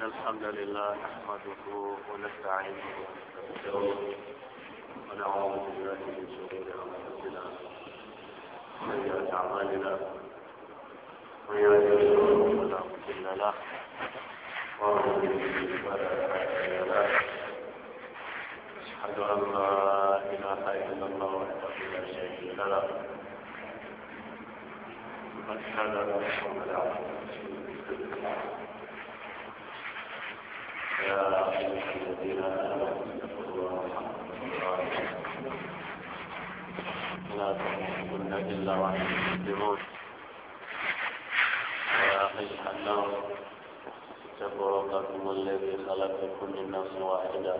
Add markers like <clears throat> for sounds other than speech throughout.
إن الحمد لله نحمده ونستعينه ونستغفره ونعوذ بالله من شرور أنفسنا ومن وسيئات أعمالنا ومن يهده الله فلا مضل له ومن يضلل فلا هادي له أشهد أن لا إله إلا الله وحده لا شريك له وأشهد أن محمدا عبده ورسوله تموتن إلا وأنتم مسلمون يا أيها اتقوا ربكم الذي خلقكم من نفس واحدة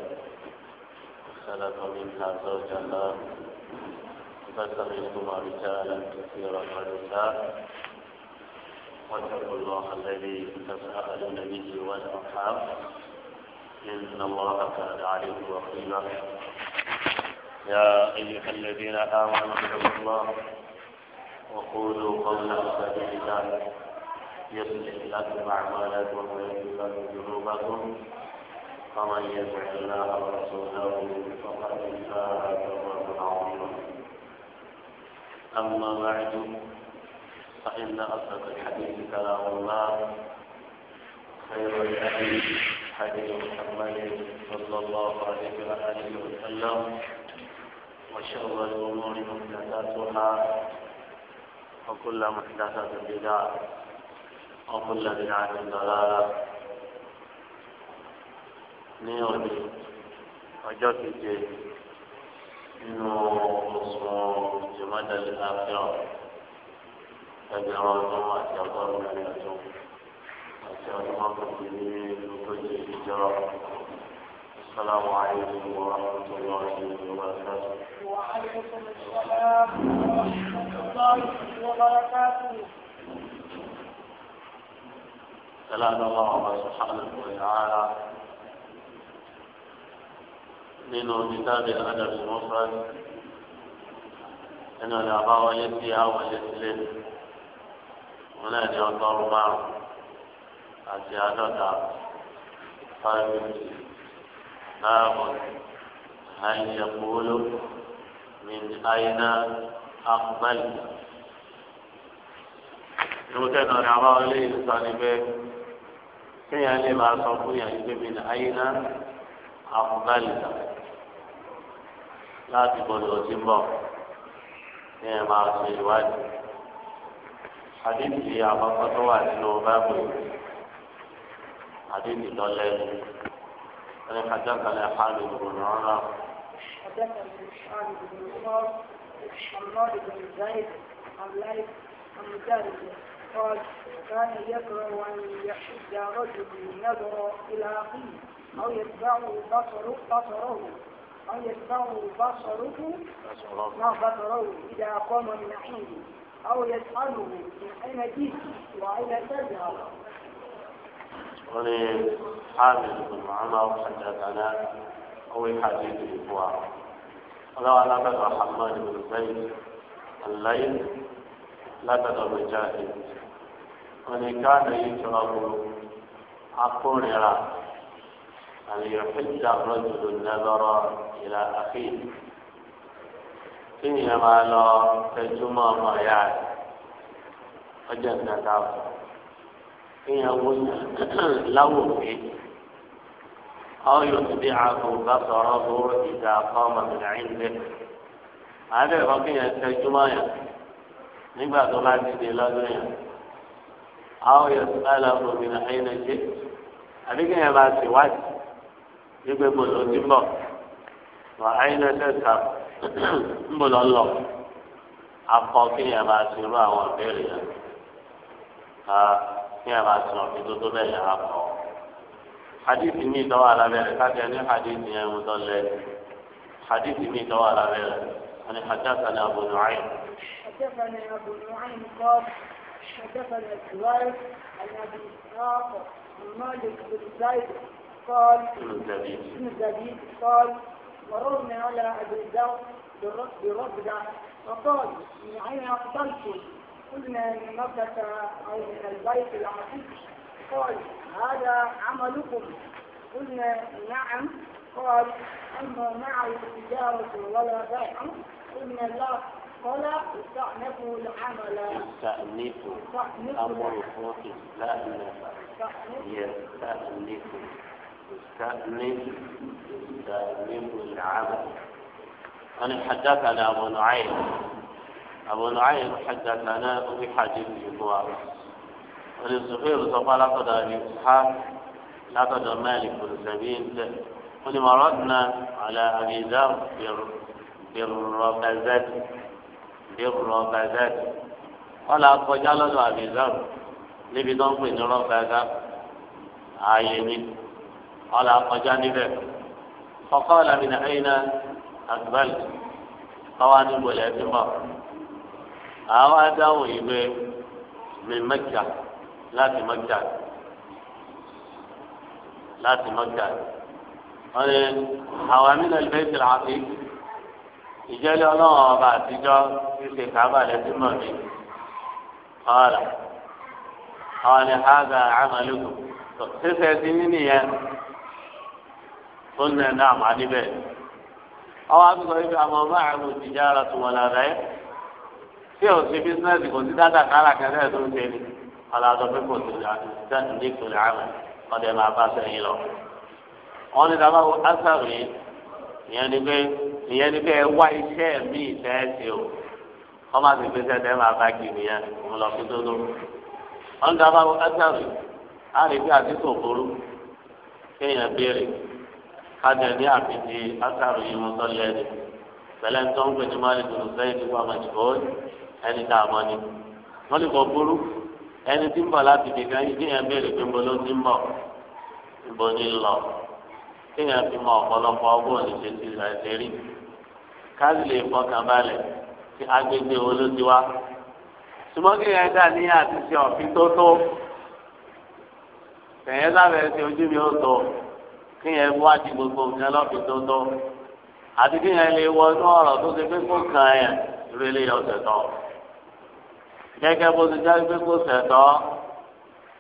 وخلق منها زوجها بث منهما رجالا كثيرا ونساء واتقوا الله الذي تساءلون به والأرحام إن الله كان عليه وقيما يا أيها الذين آمنوا اتقوا الله وقولوا قولا سديدا يصلح لكم أعمالكم ويغفر لكم ذنوبكم ومن يطع الله ورسوله فقد فاز فوزا عظيما أما بعد فإن أصدق الحديث كلام الله خير الحديث هدي محمد صلى الله عليه وآله وسلم وشر الأمور محدثاتها وكل محدثة بدعة وكل بدعة ضلالة نيوني وجاتي إنه اسمه جماد الآخرة تبعون وأتيضون من الجمهور àti ọdún ọkùnrin ní ogójì ìjọ السلام عليكم ورحمة الله وبركاته. وعليكم السلام ورحمة الله وبركاته. سلام الله سبحانه وتعالى nínú kitabi adab mufrad ẹnu ọ̀nà àbáwọlé sí àwọlé sílẹ̀ wọn náà ní ọgọ́rùn-ún márùn-ún àti àádọ́ta fáìlì báàbò àìyẹ kúló min àyínà àkùbálì. Ìlú tẹ̀nà ni àwọn ilé ìsọ ni pé kéèyàn lè máa sọ fún yàn yìí pé min àyínà àkùbálì láti gbọdọ̀ ti ń bọ̀ kéèyàn máa ṣe ìwádìí. Àdéhùn àkọ́kọ́ tó wà nínú báàbò yìí. حديث ضلال أنا حدثنا خالد بن عمر حدثنا بن عمر بن زيد عن عن قال كان يكره أن يحج رجل نذر إلى أخيه أو يتبعه بصره بصره أو يتبعه بصره ما بصره إذا قام من حينه أو يسأله من أين جئت وأين تذهب ولي حامد بن عمر حدثنا أو الحديث بفوا ولو أنا بدر حماد بن زيد الليل لا بدر مجاهد ولي كان يشرب أقول يرى أن يحج الرجل النذر إلى أخيه إنما لا تجمع ما يعني فجنة kéèyàn wo <clears throat> láwò pé àwọn yóò ti dé aago bá sọ̀rọ̀ bó ìdá kọ́ màmìlà yín bẹ́ẹ̀. àádọ́ ẹ̀kọ́ kéèyàn tẹ́jú mọ́yàn nígbà tó bá dìde lọ́dún yẹn. àwọn yóò ti bá lọ bó mìlà yín lè ṣe. àbí kéèyàn bá ṣèwádìí wípé mo lò sí bọ̀ wà á yín lẹ́sẹ̀ ta <clears throat> ń bò lọ́ lọ. akọ kéèyàn bá ṣerú àwọn àbẹ̀rẹ̀ yẹn ní àbá tí wọn fi tótó bẹ́ẹ̀ yàrá kọ́. hadithi mi dọ́wọ́ alábẹ́rẹ́ káfíà ní hadithi yẹn ń dọ́lẹ̀ hadithi mi dọ́wọ́ alábẹ́rẹ́ wọn ni حدثنا أبو نعيم. حدثنا أبو نعيم قال حدثنا الزبير عن أبي إسحاق عن مالك بن زيد قال ابن زبيب قال مررنا على أبي ذر بربدة فقال من أين أقتلتم؟ قلنا من مكة أو من البيت العتيق قال هذا عملكم قلنا نعم قال أما معه تجارة ولا بيع قلنا لا قال استأنفوا العمل استأنفوا أمر فوق استأنف استأنفوا استأنف استأنفوا العمل أنا حدثنا أبو نعيم أبو نعيم حدثنا بحديث جموع وللزبير صفى لقد أبي إسحاق لقد مالك بن سبيل ولمرضنا على أبي ذر بالربزات بالربزات قال أخرج له أبي ذر níbi tó ń pè ní rọ́ọ̀bù ẹ̀ka ààyè ni ọ̀là kọjá níbẹ̀ kọ́kọ́ làmìnà ẹ̀yìnà àgbàlù kọ́wá ní gbọ̀lẹ̀ ẹ̀fí mọ́ àwọn adáhùn yìí pé mi mẹ́kà láti mẹ́kà láti mẹ́kà wọ́n ní àwọn amínà ìbẹ́sẹ̀ làáfi ìjẹ́lẹ̀ ọlọ́run ọba àtijọ́ ṣíṣe kábà lẹ́sìn mọ̀ mi ọ̀rà àwọn ni hága àmàlùkù ṣíṣe ti ní nìyẹn ó nà ẹ̀ náà má níbẹ̀. àwọn akẹ́kọ̀ọ́ yìí fi bá àrùn ìjára tó wọn lára tí o ṣe bísíǹnẹ́sì kò sí dáadáa kára kẹlẹ́ tó ń ṣe ni aláàtọ̀ pé kò sí dáadáa ní ìpínlẹ̀ àmì ọdẹ máa bá sẹ́yìn lọ. wọ́n ní dábàá wo ásàrò yìí ìyẹn ni pé ìyẹn ni pé ẹ wá iṣẹ́ mi ìfẹ́ ṣe o wọ́n máa ti fi sẹ́dẹ̀ máa bá kì nìyẹn mo lọ fi dúró. wọ́n ní dábàá wo ásàrò yìí á rí bí àti kòkòrò kéèyàn béèrè kájọ ní àfi ti ásàrò yìí mo tọ́ lẹ́nu pẹ̀lẹ́ ń tọ́ ń pè ní má ẹni tá a mọ ni wọn lè kọ burú ẹni tí ń bọ̀ láti kéka yìí kí yẹn béèrè pé mbọ ló ti ń bọ̀ mbọ ni ń lọ kí yẹn fi mọ ọ̀pọ̀lọpọ̀ ọgbọ́n ní ṣe ti rẹ̀ lérí káàdì lè fọkàn balẹ̀ kí agbègbè wo ló ti wá ṣùgbọ́n yẹn dà ní àtúnṣe ọ̀fin tó tó tẹ̀yẹ́ lábẹ́ ti ojú mi ó tó kí wá di gbogbo nǹkan lọ́fin tó tó àti kí lè wọ inú ọ̀rọ̀ tó ti pé kó kàn yẹn ìrẹ̀lẹ̀ ọ̀sẹ̀ tó gẹ́gẹ́ bó ti jáde pé kò sẹ̀tọ́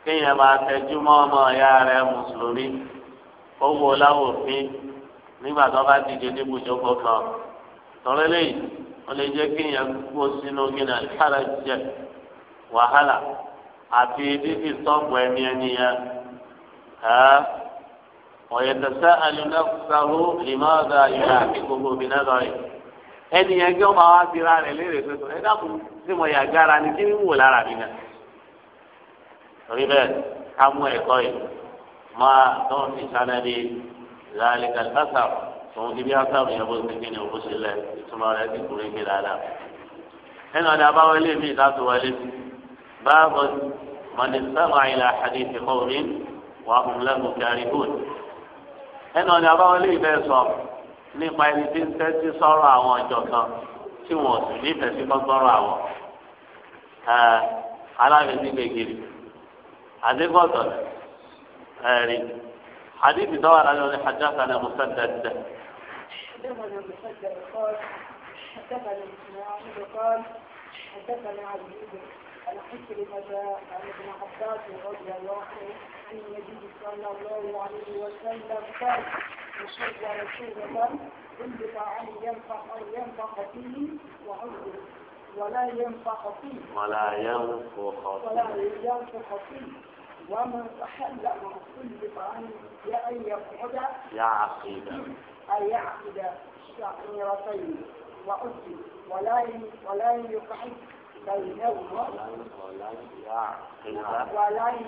kéèyàn máa tẹjú mọ́ ọmọ ìyá rẹ̀ mùsùlùmí ó wo láwòfin nígbà tó bá dìde níbu ìjókòó kan tọ́lẹ́ lẹ́yìn ó lè jẹ́ kéèyàn kó sínú gínà kára jẹ wàhálà àti fífi sọ́ọ̀bù ẹ̀mí ẹni yẹn ọ̀yẹ̀tẹ̀sẹ̀ alùpàgọ́ lè má ga àti gbogbo obìnrin náà lọ́yìn ẹni yẹn gbé ọmọ wa bira rẹ léèrè pé ẹ dákun sí mo yà gara ni kí ni wò lára mi náà torí bẹ́ẹ̀ ká mú ẹ̀kọ́ yìí máa tó ń fi sanadi láàlẹ kàlùkàsà òun ti bí asáwò yẹn bó ti kí ni o bó ṣe lẹ ìtumọ̀ rẹ ti kúrò ní dáadáa ẹnu ọdẹ abáwọlé mi ìdáàtò wọlé báàbọ mọ̀nìsàmà ìlà àdìsí kọ́ọ̀rin wà á kún lẹ́kùn kárí hùn ẹnu ọdẹ abáwọlé ìbẹ́ sọ nípa ẹni tí ń tẹ́tí sọ̀rọ̀ àwọn ọ̀jọ̀gbọ́n tí wọ́n sì nífẹ̀ẹ́ sí gbọ́gbọ́rọ̀ àwọn alábẹ̀sí gbègiri àdébọ̀tọ̀ ẹ̀rí حديث دور على حدثنا مسدد حدثنا مسدد قال حدثنا اسماعيل قال حدثنا عبد عن حكر عن ابن عباس رضي الله عنه عن يعني النبي صلى الله عليه وسلم قال رسول شجرة انبت عن ينفخ أن ينفخ فيه وعذر ولا ينفخ فيه ولا ينفخ ولا ينفخ فيه ومن تحلم كلف عنه بأن يقعد يعقد أن يعقد شعيرتين وأسد ولا ولا يقعد ولن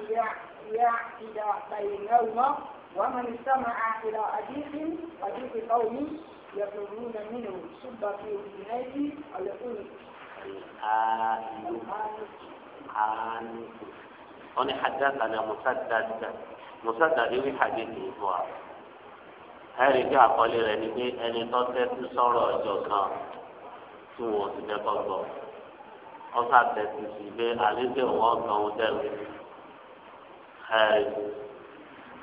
يعقد بينهما ومن استمع إلى حديث حديث قوم يفرون منه سب في أذنيه ويقول أنا حدثنا مسدد مسدد يوي حديثي هو ẹrí bí àkọlé rẹ ni pé ẹni tó tẹ́tí sọ̀rọ̀ ọjọ́ kan tí wọ́n ti dẹ́kọ̀ gbọ́ wọ́n ká tẹ̀sí sí pé àlejò wọn kan ó dẹ́rù.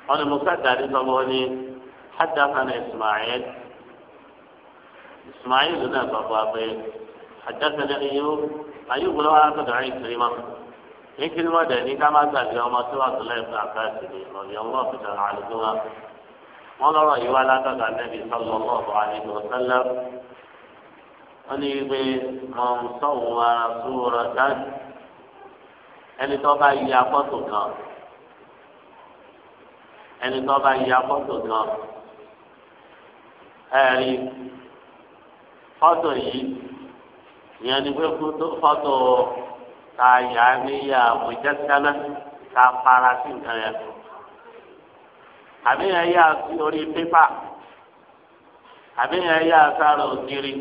wọ́n ní mùsàdá ní sọ́mọ́ ní hajjafana ismail ismail náà bàbá pé hajjafana ayélujára ayélujára wọn kọ́ dàrí kiri mọ́ nítorí wọn dẹ̀ ní ká má gbàgbé ọmọ tí wọn tó lẹ́yìn fún àkáàtì ní ọ̀dọ̀ ọmọ ọ̀fíìsì àlùkò wọn. wọn lọ́rọ̀ yìí wá látọ̀dọ̀ àlẹ́bí sọ́lọ́ ọmọ ọ̀bọ̀ àlejò sẹ́lẹ̀ wọ́n ní pé mọ̀nsọ́wọ́ ara sóòrọ̀ dájú ẹni tó bá yí akọ́tò kan ẹni tó bá yí akọ́tò kan ẹ̀rí fọ́tò yìí ìyẹn ni pé fọ́tò ta yà á níyà mọ̀jẹ́sẹ́lẹ́ ta para sí nǹkan yẹn àbí yẹn yà sí orí pépà àbí yẹn yà sára ògiri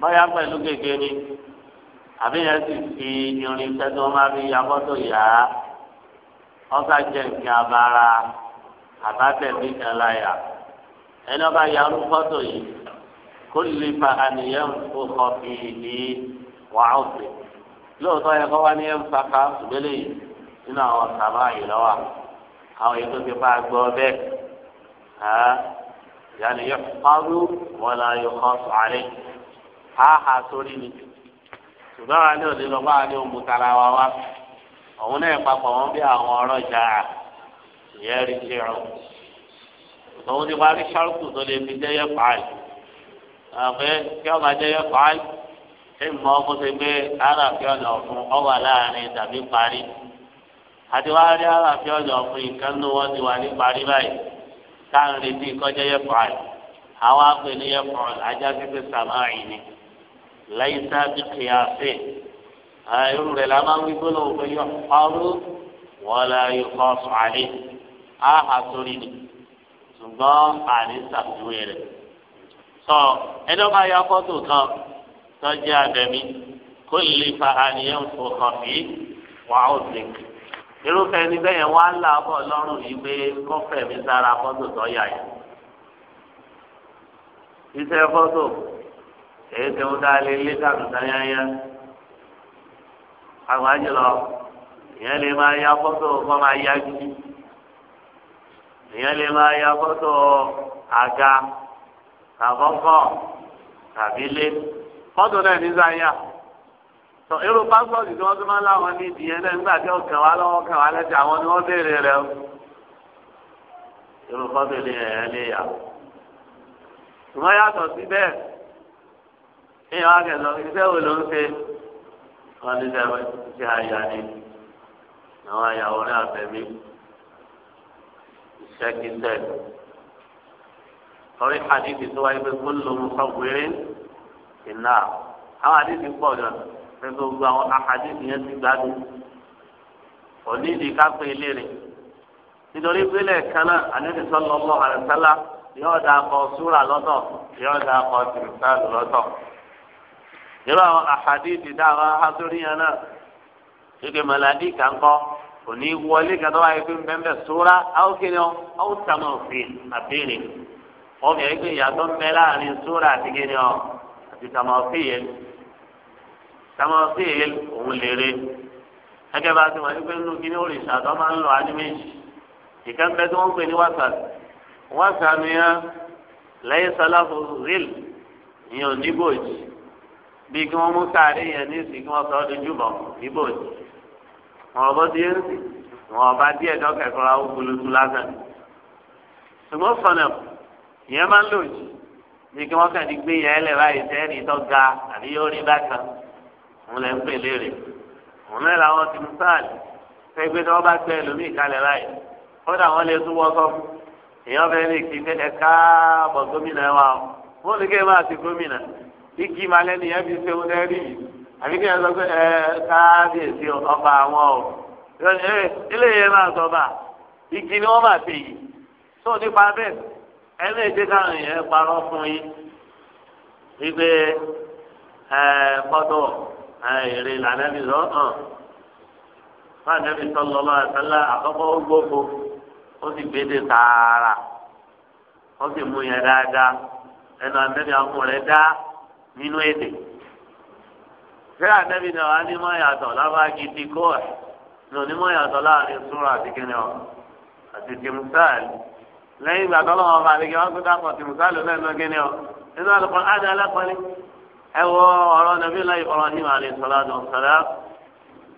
báyà pẹ̀lú kékeré àbí yẹn sì fi irin iṣẹ́ tó máa fi ya fọ́tò yá ọ̀sà jẹ́ nǹkan abara àbátẹ̀mí kan láyà ẹni ọba yarú fọ́tò yìí kó lè fa àníyàn tó kọ́ fi ní wàá òsè lóòótọ́ yẹ kó wá ní ẹ̀fọ́ kàkà ṣùgbẹ́lẹ̀ yìí nínú àwọn sàmá yìí lọ́wọ́ àwọn èyí tó ti bá a gbọ́ bẹ́ẹ̀ yàrá yẹ kọ́ ọ́rú wọ́n náà yọ kọ́ sọ̀rọ̀ háhà sórí ni ṣùgbọ́n wa ní òde lọ́gbà ní òmùtara wa wá òun náà papọ̀ wọn bí àwọn ọlọ́jà ìyẹn rí ṣe rọ òun ni wàá rí ṣárùkù tó lè fi jẹ́yẹ pààyè àgbẹ̀ kí wọ́n máa jẹ́yẹ pààyè ìmọ̀ ọkọ̀ ṣe pé aláàfin ọ̀nà ọ̀fun ọ̀wà láàrin tàbí parí àti wàá rí aláàfin ọ̀nà ọ̀fun ìkànnì wọn ti wà ní parí báyìí táà ń retí kọjá yẹ pààyè àwọn àpè ní yẹ pààyè ajá pípé sàmáà yìí ni láyísá bí kìyàfẹ́ irú rẹ̀ la máa ń wí gbólóhùn pé yọ ọrú wọn la yọ kọ́ sọ̀rọ̀ á hà sórí ni ṣùgbọ́n àní ṣàfiwé rẹ̀ sọ ẹni ọba ya fọ́tò kan tọ́jú abẹ́mi kó lè fa àníyàn fún kọfí wàá ó sì kì irúfẹ́ ẹni bẹ́ẹ̀ wá ń là bọ̀ lọ́rùn yìí pé kọ́fẹ́ mi sára fọ́tò tó yà yẹn iṣẹ́ fọ́tò èyí tó ń dá lé lé kàmùtà yányá àwọn àjùlọ ìyẹn lè máa ya fọ́tò kọ́ máa ya gidi ìyẹn lè máa ya fọ́tò àga àkọ́kọ́ tàbí lé fọ́tò náà ní sáyà tọ irú pásítọ̀tì tí wọ́n tún máa ń láwọn ní ìdíyẹn náà nígbà tí ọkàn wa lọ́wọ́ kàn wá lẹ́sẹ̀ àwọn ni wọ́n béèrè rẹ̀ o irú fọ́tò lè yẹn lè yà ṣùgbọ́n yàtọ̀ sí bẹ́ẹ̀ èèyàn á kẹsàn iṣẹ́ wo ló ń ṣe wọ́n ní sẹ́wọ́n ṣe àyà ni àwọn àyàwòrán àfẹ́mí iṣẹ́ kí sẹ́ torí àdìsí tó wáyé pé kó ló ń sọ wéré ìná àwọn àdìsí pọ̀ náà pé gbogbo àwọn àdìsí yẹn ti gbádùn òní ìdí ilé rẹ̀ nítorí pínlẹ̀ kan náà àdìsí sọ́lọ́ ọlọ́ àrẹ̀sálá yóò dáa kọ súrà lọ́tọ̀ yóò dáa kọ tìrìsà lọ́tọ̀ irú àwọn àhàdìsì dáhùn ahásórí yẹn náà ṣèké màlàíkà ńkọ́ òní wọlé kàtó wáyé pé mbẹ́mbẹ́ sóra àwọn kiri ọ́n àwọn sàmù òfin àbèrè wọ́n fi ẹgbẹ́ ìyàtọ̀ ń bẹ láàrin sóra àti kiri ọ́n àti sàmù òfin yẹn sàmù òfin yẹn òun lérè gẹ́gẹ́ bá ti wọ́n ẹgbẹ́ nínú kiri òrìṣà tó máa ń lọ àdìmẹ́jì ìkànnì tí wọ́n pè ní wásán wásán yẹn lẹ́yìn sálàfù rìl ìyẹn ò ní bòjì bí kí wọ́n mú sáré yẹn ní ìsìn kí wọ́n sọ ọdún jùmọ̀ níbò ní. wọn ọbọ díẹ̀ ń sìn wọn ọba díẹ̀ dọ́kẹ̀kọ́ra ó gbólótú lásán. ṣùgbọ́n sọnà ìyẹn máa ń lò jù bí kí wọ́n kàn ní gbé yẹn lẹ̀ báyìí sẹ́ni tó ga àbí yóò rí bákan òun lẹ́ ń pè léèrè. òun náà làwọn ti mú sáàlì fẹ́gbẹ́ tí wọ́n bá gbé ẹlòmíì kalẹ̀ báyìí kódà wọ́n lè igi máa lẹ́nu yẹn fi ṣe oúnjẹ rí yìí àbí kí ẹ sọ pé ẹ káàdìsí ọba àwọn o ilé yẹn máa sọba igi ni wọ́n máa fi yìí tó nípa bẹ́ẹ̀ ẹ lè dé káwọn yẹn parọ́ fún yín wípé ẹ kọ́tọ̀ èrè ìlànà mi sọ hàn fún àdébí sọlọ́lọ́ àtàlà àkọ́kọ́ ó gbófo ó sì gbé dé tààrà ó sì mú yẹn dáadáa ẹnu àtẹ́bí àwọn ọmọ dáa. nínú èdè ṣé ànábì náà wà ní mọ́ yàtọ̀ lábàájí ti kó ẹ̀ ní onímọ̀ yàtọ̀ láàrin súnra àti kíni ọ àti tìmùsáàlì ìgbà tó ọba àdìgẹ́ wọn kó dàpọ̀ tìmùsáàlì lẹ́nu lọ kíni ọ nínú àlùkò àdé alápọ̀lẹ́ ẹ wọ ọ̀rọ̀ nàbí láì ọ̀rọ̀ ní màálí sọlá sọlá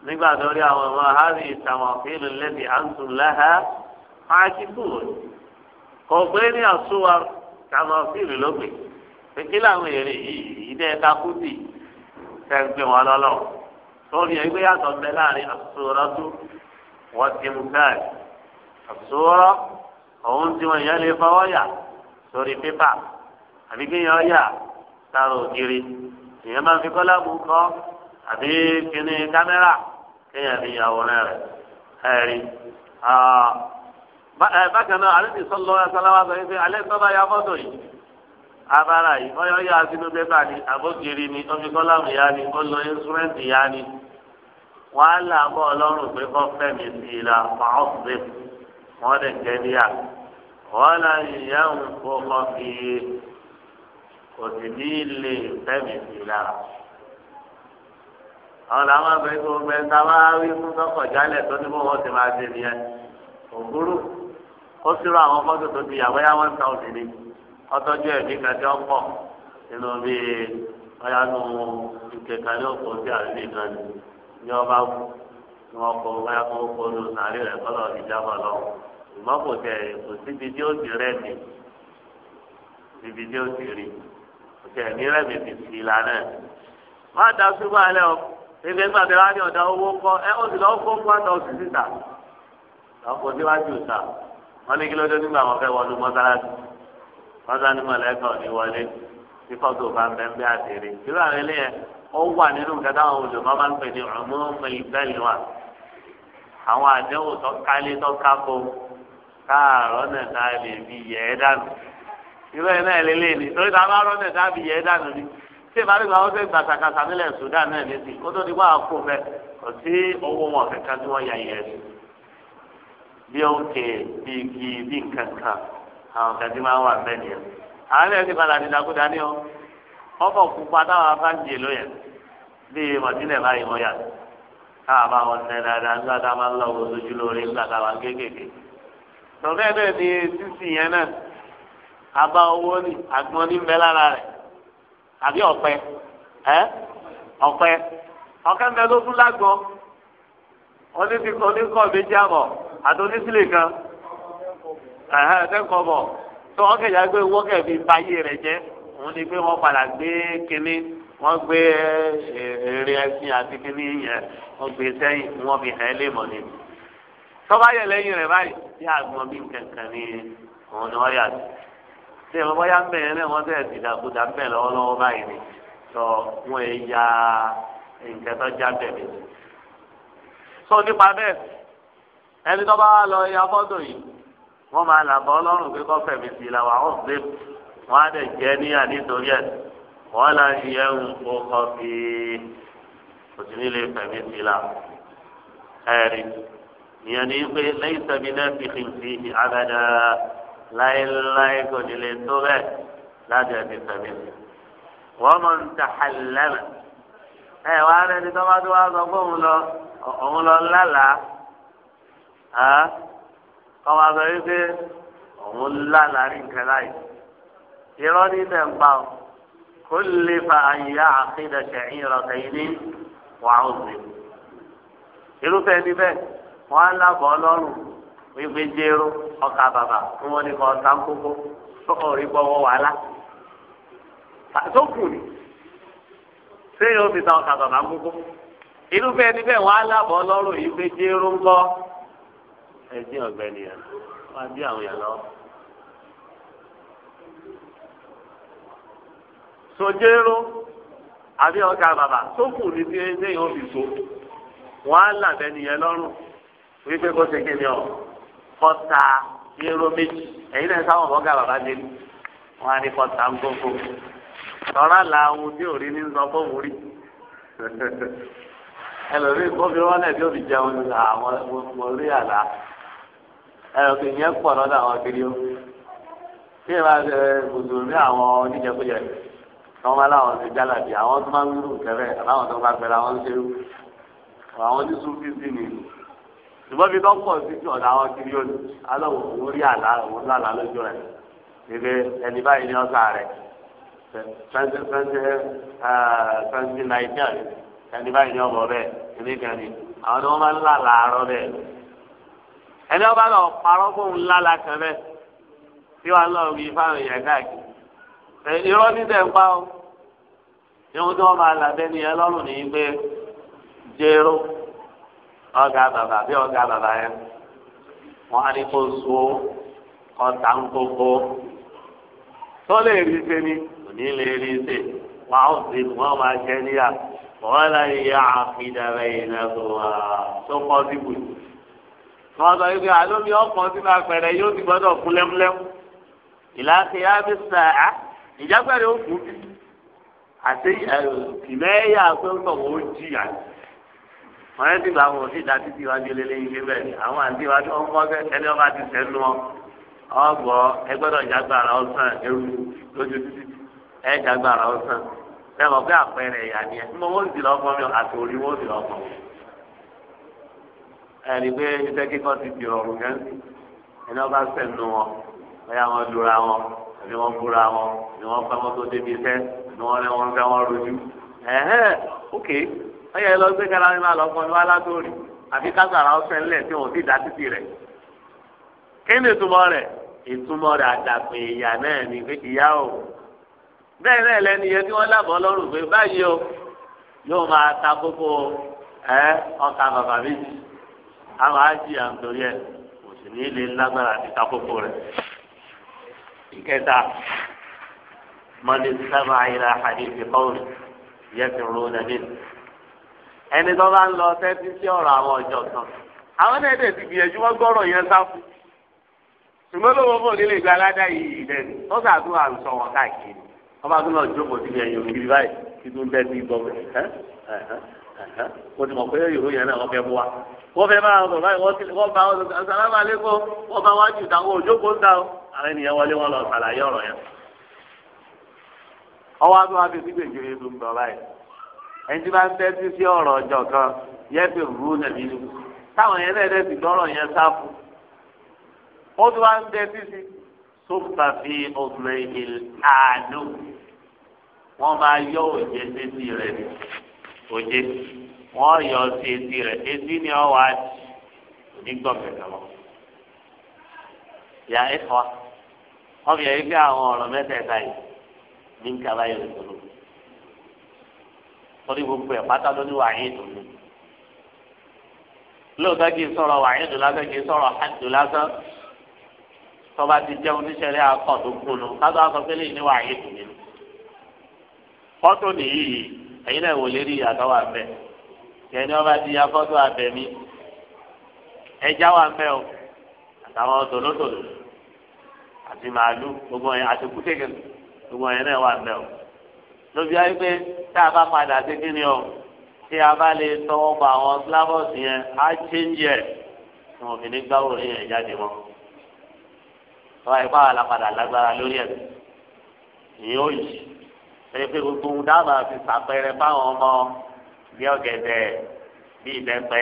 nígbà tó rí àwọn ọmọ ìtàwọn fíìlì àǹtù kò gbé ní àṣùwà tàwọn fíìlì pèkí làwọn èrè yìí ìdẹ ẹka kúndì tẹgbẹ wọn lọlọ lórí ẹgbẹ yàtọ̀ bẹ láàrin àsòrọtò wọn ti mú káàdì àsòrọ òun tí wọn yẹn lè fọwọ́ yà sórí pépà àbí kéèyàn yà sára ògiri èèyàn máa fi kọ́lá mú kọ́ àbí kíní kámẹ́rà kéèyàn fi yàwòrán rẹ̀ ẹ̀rí bákan náà alẹ́ ti sọ lọ́wọ́ sálámà sọ pé alẹ́ sọ́ba ya fọ́tò yìí abala yìí ọyọ yà sínú pépà ni àbókiri ni ọmikọ́lámù yá ni ọlọ ẹ́nsúrẹ́ǹtì yá ni wọ́n á là bọ́ ọlọ́run pé kọ́ fẹ́mi sí i la fàáhùn pé wọ́n lè jẹ́ níyà wọ́n là yìí ń kó kọ́ fi kò sì ní lè fẹ́mi sí i la. àwọn làwọn abẹ́ tó gbẹ ta bá rí fún tọkọ̀ jálẹ̀ tó ní bó ti máa ṣe nìyẹn òkúrú ó sì àwọn fọ́tò tó ti yà wáyà one thousand ni ọtọjú ẹbí kàtí ọ̀pọ̀ nínú bí ọyánú ìkẹkà ní ọkọ tí àrídì nìkan ni ní ọba kú ní wọn kọ báyà kó kó lu sàárì rẹ kọlọ ìjábọ lọ ìmọ̀ kò tẹ kò síbi tí ó ti rẹ ni síbi tí ó ti rí kò tẹ ní rẹ mi ti fi lánà má da súnmọ́ alẹ́ o ẹgbẹ́ gbàgbé wa ní ọ̀dà owó ńkọ́ ẹ ó sì lọ́ọ́ kó fún àtọ̀ sí síta lọ́kọ̀ síwájú ìta wọ́n ní kí ló dé nígbà wọn fẹ́ wọnú mọ́sálásí fọ́tà ní mọ̀lẹ́kà ò ní wọlé tí fọ́tò bá ń bẹ́ ń bẹ́ àtẹ̀rẹ́ irú àwọn eléyẹ ó wà nínú nǹkan táwọn olùkọ́ máa ń pè ní ọ̀mọ́mọ́ ìgbẹ́lẹ́wà àwọn àdéhùn tó kálé tó kákó káàárọ̀ náà lè fi yẹ̀ ẹ́ dànù irú ẹ̀ náà lélẹ̀ ni torí tá a bá rọ́ náà tá a fi yẹ̀ ẹ́ dànù ni tí ìbáraẹ̀ gba ọ̀sẹ̀ gbàsàkàsà nílẹ̀ Sudan náà ní sí kó tó di wá kó fẹ́ kò sí owó wọn kẹ̀kẹ́ tí wọ́n yà yẹ̀ ẹ́ bí ó ń kè bí igi bí nǹkan àwọn kẹsí máa ń wà bẹ́ẹ̀ nìyẹn àwọn ẹ̀sìn padà ti dàkú dání o ọkọ̀ pupa táwọn afáǹjì ló yẹ bíi mọ̀tílẹ̀ báyìí mọ̀ yà káà bá wọn tẹ dáadáa nígbà tá a máa ń lọ wo lójú lórí nígbà tá a máa kéékèèké tọ́kẹ́ bẹ́ẹ̀ ni sísì yẹn náà abá owó ni àgbọn ní bẹ́ lára rẹ̀ àbí ọ̀pẹ ẹ́ ọ̀pẹ ọ̀kẹ́ ń bẹ ló tún lágbọn oníkọ̀ méjì àbọ̀ àti onísìlè ẹ̀ẹ́dẹ́kọ̀ bọ̀ tó wọ́n kẹ̀yà gbé wọ́n kẹ̀bi báyé rẹ̀ jẹ́ òun ni pé wọ́n padà gbé kínní wọ́n gbé èrè eh, ẹ̀sìn àti kínní yẹn wọ́n gbé sẹ́yìn wọ́n fi hẹ́ lè mọ̀ ni. tọ́ba yẹ lẹ́yìn rẹ̀ báyìí tí àgbọn bí kankan ni òun ni wọ́n yà sí. tí ẹ̀rọ bọ́yá ń bẹ̀rẹ̀ náà wọ́n tẹ̀ sí ìdàkudà ń bẹ̀ lọ́wọ́lọ́wọ́ báyìí ni tọ́ wọ́n ẹ̀ ya nǹkan tó já bẹ̀rẹ̀. sọ nípa bẹ́ẹ̀ ẹni tọ́ba lọ ya fọ́tò yìí wọ́n máa là bọ́ ọlọ́run pé kọ́ fẹ̀mí sí la wà wọ́n gbé wọ́n á dẹ̀ jẹ́ níyà nítorí ẹ̀ wọ́n là ń yẹ ń kó kọ́ fi òsì nílé fẹ̀mí sí la ẹ̀rí ìyẹn ní pé lẹ́yìn sẹ́mi náà fi fi fi abẹ́dá láéláé kò ní lè tó bẹ́ẹ̀ láti ẹ̀mí fẹ̀mí sí. wọ́n mọ̀ ń ta àlẹ́mẹ̀ ẹ̀ wá rẹ̀ ní tọ́mọ́tò wá sọ fún òun lọ òun lọ lálàá. kọwa sọ wípé òun ńlá láàrin nǹkan láì irọ́ ní bẹ́ẹ̀ ń ọ́ kó lè fa àyíyá àkéde ṣẹ̀yìn ìrọ̀kẹ́ yìí ní wàá òsè irúfẹ́ ẹni bẹ́ẹ̀ wọ́n á lábọ̀ ọlọ́run wípé jéró ọkà bàbà ní kọ́ sáńkókó sọ́kọ̀ rí gbọ́wọ́ wàhálà ni sẹ́yìn ta ọkà bàbà ń kókó irúfẹ́ bẹ́ẹ̀ ẹdín ọ̀gbẹ́ni yẹn wá bí àwọn yẹn lọ. sojero àbí ọkà bàbà tó kù ní bí ẹyìn òbí so wọn á là bẹni yẹn lọ́rùn wípé kó ṣe kí ni ọ kọta yẹrọ méjì ẹyin náà sáwọn ọgá bàbá dé wọn á ní kọta ń gbogbo tọ́ra làwọn tí ò rí ní sọ fóun rí <laughs> ẹlòmíì kó fi wọn náà tí ò fi jẹun àwọn mo rí àlá ẹ̀rọ kì í yẹn pọ̀ lọ́dọ̀ àwọn kiri ó tí ìbá ṣe mùsùlùmí àwọn oníjẹkújẹ wọn máa láwọn ti jálàbí àwọn tó máa ń wúlò kẹfẹ àbáwọn tó máa pẹ̀lú àwọn ṣerú àwọn tí sún fífi ni ṣùgbọ́n bí tó pọ̀ sí ti ọ̀dọ̀ àwọn kiri ó ní alọ́wọ̀ orí àlá òun lálá lójú rẹ̀ ìgbé ẹni báyìí ní ọ̀sà rẹ̀ twenty twenty eh, twenty nineteen ẹni báyìí ní ọ̀bọ̀ bẹ́ẹ̀ ìníkẹ́ni àwọn tó máa ń lálá àárọ̀ bẹ́ẹ̀ ẹni ọba lọ parọ́ fóun lálá kan bẹ́ẹ̀ tí wàá lọ rí fáwọn èèyàn káàkiri irọ́ títẹ̀ ń pa ó ihun tí wọ́n máa là bẹ́ẹ̀ nìyẹn lọ́rùn ní pé jẹ́rọ ọ̀gá bàbá bí ọ̀gá bàbá yẹn wọ́n á ní kó so ọ̀tá ń gbogbo tó lè rí ṣe ni kò lè rí ṣe wàá ó sì wọ́n máa jẹ́ níyà wọ́n láyé àfidàrẹ́ ìnáwó tó pọ́ síbùdó wọn sọ wípé àlómi ọkàn sínú apẹ̀rẹ̀ yóò ti gbọ́dọ̀ kú lẹ́múlẹ́mú ìlàkè ábí sàá ìjágbẹ́rẹ́ ó kú bí àti kìlẹ́yà pé ó tọ̀ wọ́n jì yà wọ́n yẹn ti gba àwọn òsì ìdá títí wájú lélẹ́yìn ilé bẹ́ẹ̀ ni àwọn àti wájú wọn kọ́ fẹ́ ẹni ọba ti sẹ́nu wọn ọgbọ ẹgbẹ́dọ̀ ìjágbára ọ̀sán ẹrú lójú títí ẹ ìjágbára ọ̀sán ẹ mọ̀ pé àpẹẹrẹ ìyá ni ẹ mọ̀ wọ́n ti lọ́ fọ́ mi àtòrí wọ́n ti lọ́ fọ́ mi ẹni pé iṣẹ́ kíkọ́ ti di ọ̀rùn yẹn ẹni wọ́n bá sẹ̀nu wọn bóyá wọ́n lura wọn àbí wọ́n búra wọn àbí wọ́n fẹ́ wọn tó débi iṣẹ́ àbí wọ́n rẹ́ wọn fẹ́ wọn rojú. ẹ̀hẹ́n ókè ọyẹ lọ gbé kára ní lọ fún ọdún alátòrí àfi kásàrà ọsẹ ńlẹ tí wọn ò dá títì rẹ. kí ni ìtumọ̀ rẹ̀ ìtumọ̀ rẹ̀ àdàpọ̀ ìyá náà ni pé ìyá o bẹ́ẹ̀ náà lẹ́nu yẹn tí wọ́n lábọ̀ lọ́rùn pé báyìí o yóò máa ta kókó ọkà bàbá méjì àwọn ájì à ń torí ẹ kò sì ní lè lágbára àti takoko rẹ. ìkẹta mọ̀lẹ́ sábà ìlà àdìsí kọ́ọ̀lù yẹ fi ro nàní. ẹni tó bá ń lọ tẹ́tí sí ọ̀rọ̀ àwọn ọjọ́ kan àwọn náà dẹ̀ ti gbìyànjú wọ́n gbọ́rọ̀ yẹn sáfù ṣùgbọ́n lówó fún onílé ìgbà aládá yìí ìdẹ́nu tó sàtún àrùsọ wọn káàkiri wọ́n bá lọ jókòó síbi ẹ̀yìn òkiri báyìí wọ́n ti mọ̀ pé ìró yẹn náà wọ́n fẹ́ bu wa wọ́n fẹ́ máa bọ̀ báyìí wọ́n ti wọ́n bá wọn sàlámà lẹ́kọ̀ọ́ wọ́n bá wá jù táwọn òjòkó ń ta o àwọn ènìyàn wọlé wọn lọ sàlàyé ọ̀rọ̀ yẹn. ọwọ́ àti wọn fi sígbè ju ebi ń bọ̀ báyìí ẹni tí wọ́n fẹ́ sí sí ọ̀rọ̀ ọjọ́ kan yẹn fi rú nàbí ni táwọn yẹn náà ti gbọ́rọ̀ yẹn sáfù ó ti wọ́n òjé wọ́n yọ sí etí rẹ̀ etí ni ọ wá nígbọ̀gbẹ̀gbẹ̀ lọ. ìyá ẹ̀fọ́ wọ́n fi ẹ̀rí pé àwọn ọ̀rọ̀ mẹ́tẹ̀ẹ̀ta yìí ní ń kaba yẹn lọ́dọ̀ torí gbogbo ẹ̀ pátá ló ní wàhíì tó ní. lóòótọ́ kì í sọ̀rọ̀ wàhíì tó lásán kì í sọ̀rọ̀ hàjò lásán tọ́ba ti jẹ́ oníṣẹ́lẹ̀ akọ̀ tó kúnnú kátó akọ̀ pélé ní wàhíì tó ní. fọ́tò nìyí yìí ẹ̀yin náà wò lérí ìyàtọ̀ wà bẹ́ẹ̀ kẹ́ni ọba di afọ́tò abẹ̀mí ẹja wà bẹ́ẹ̀ o àtàwọn tòlótòló àti màálù gbogbo yẹn àti kútẹ́kẹ́ gbogbo yẹn náà wà bẹ́ẹ̀ o lóbi ayé pé tá a bá padà sí kí ni o tí a bá lè tọwọ́ bọ àwọn slavos yẹn á chéńjì ẹ̀ tí wọ́n fi ní gbáwò rí yẹn jáde mọ́ tọ́wọ́ ipá wà lápadà lágbára lórí ẹ̀ ìyẹn ó yìí pé gbogbo ohun dábàá fi sàpẹrẹ fáwọn ọmọ bí ọ̀gẹ̀dẹ̀ bí ìbẹ́pẹ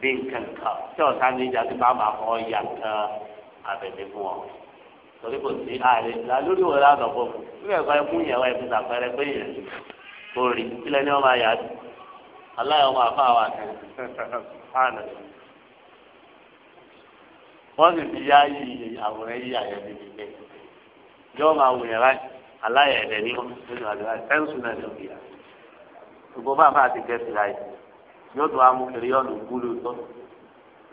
bí nǹkan kan tí ọ̀tá ní tí bàbá kan yà kan àbẹ̀lẹ̀ fún ọ torí kò sí ààrẹ ìlà lórí wọn lánàá fún mi bí ẹ̀kọ́ ẹ̀kú yẹn wá ẹ̀fí sàpẹrẹ pé yẹn kò rí kílẹ̀ ní ọmọ àyà aláyọ̀ ọmọ àfa wa kan fáànà wọ́n sì fi yá yí àwòrán yí àyẹ̀dẹ̀ nílé yọ́ọ́ máa wù yẹn báyìí aláyẹ ẹ̀rẹ̀ ní nínú àdúrà fẹ́ǹsì náà ló bìyà gbogbo bá bá ti gẹ̀ẹ́sì láyé yóò tún amú kiri yóò lù gbúlù tó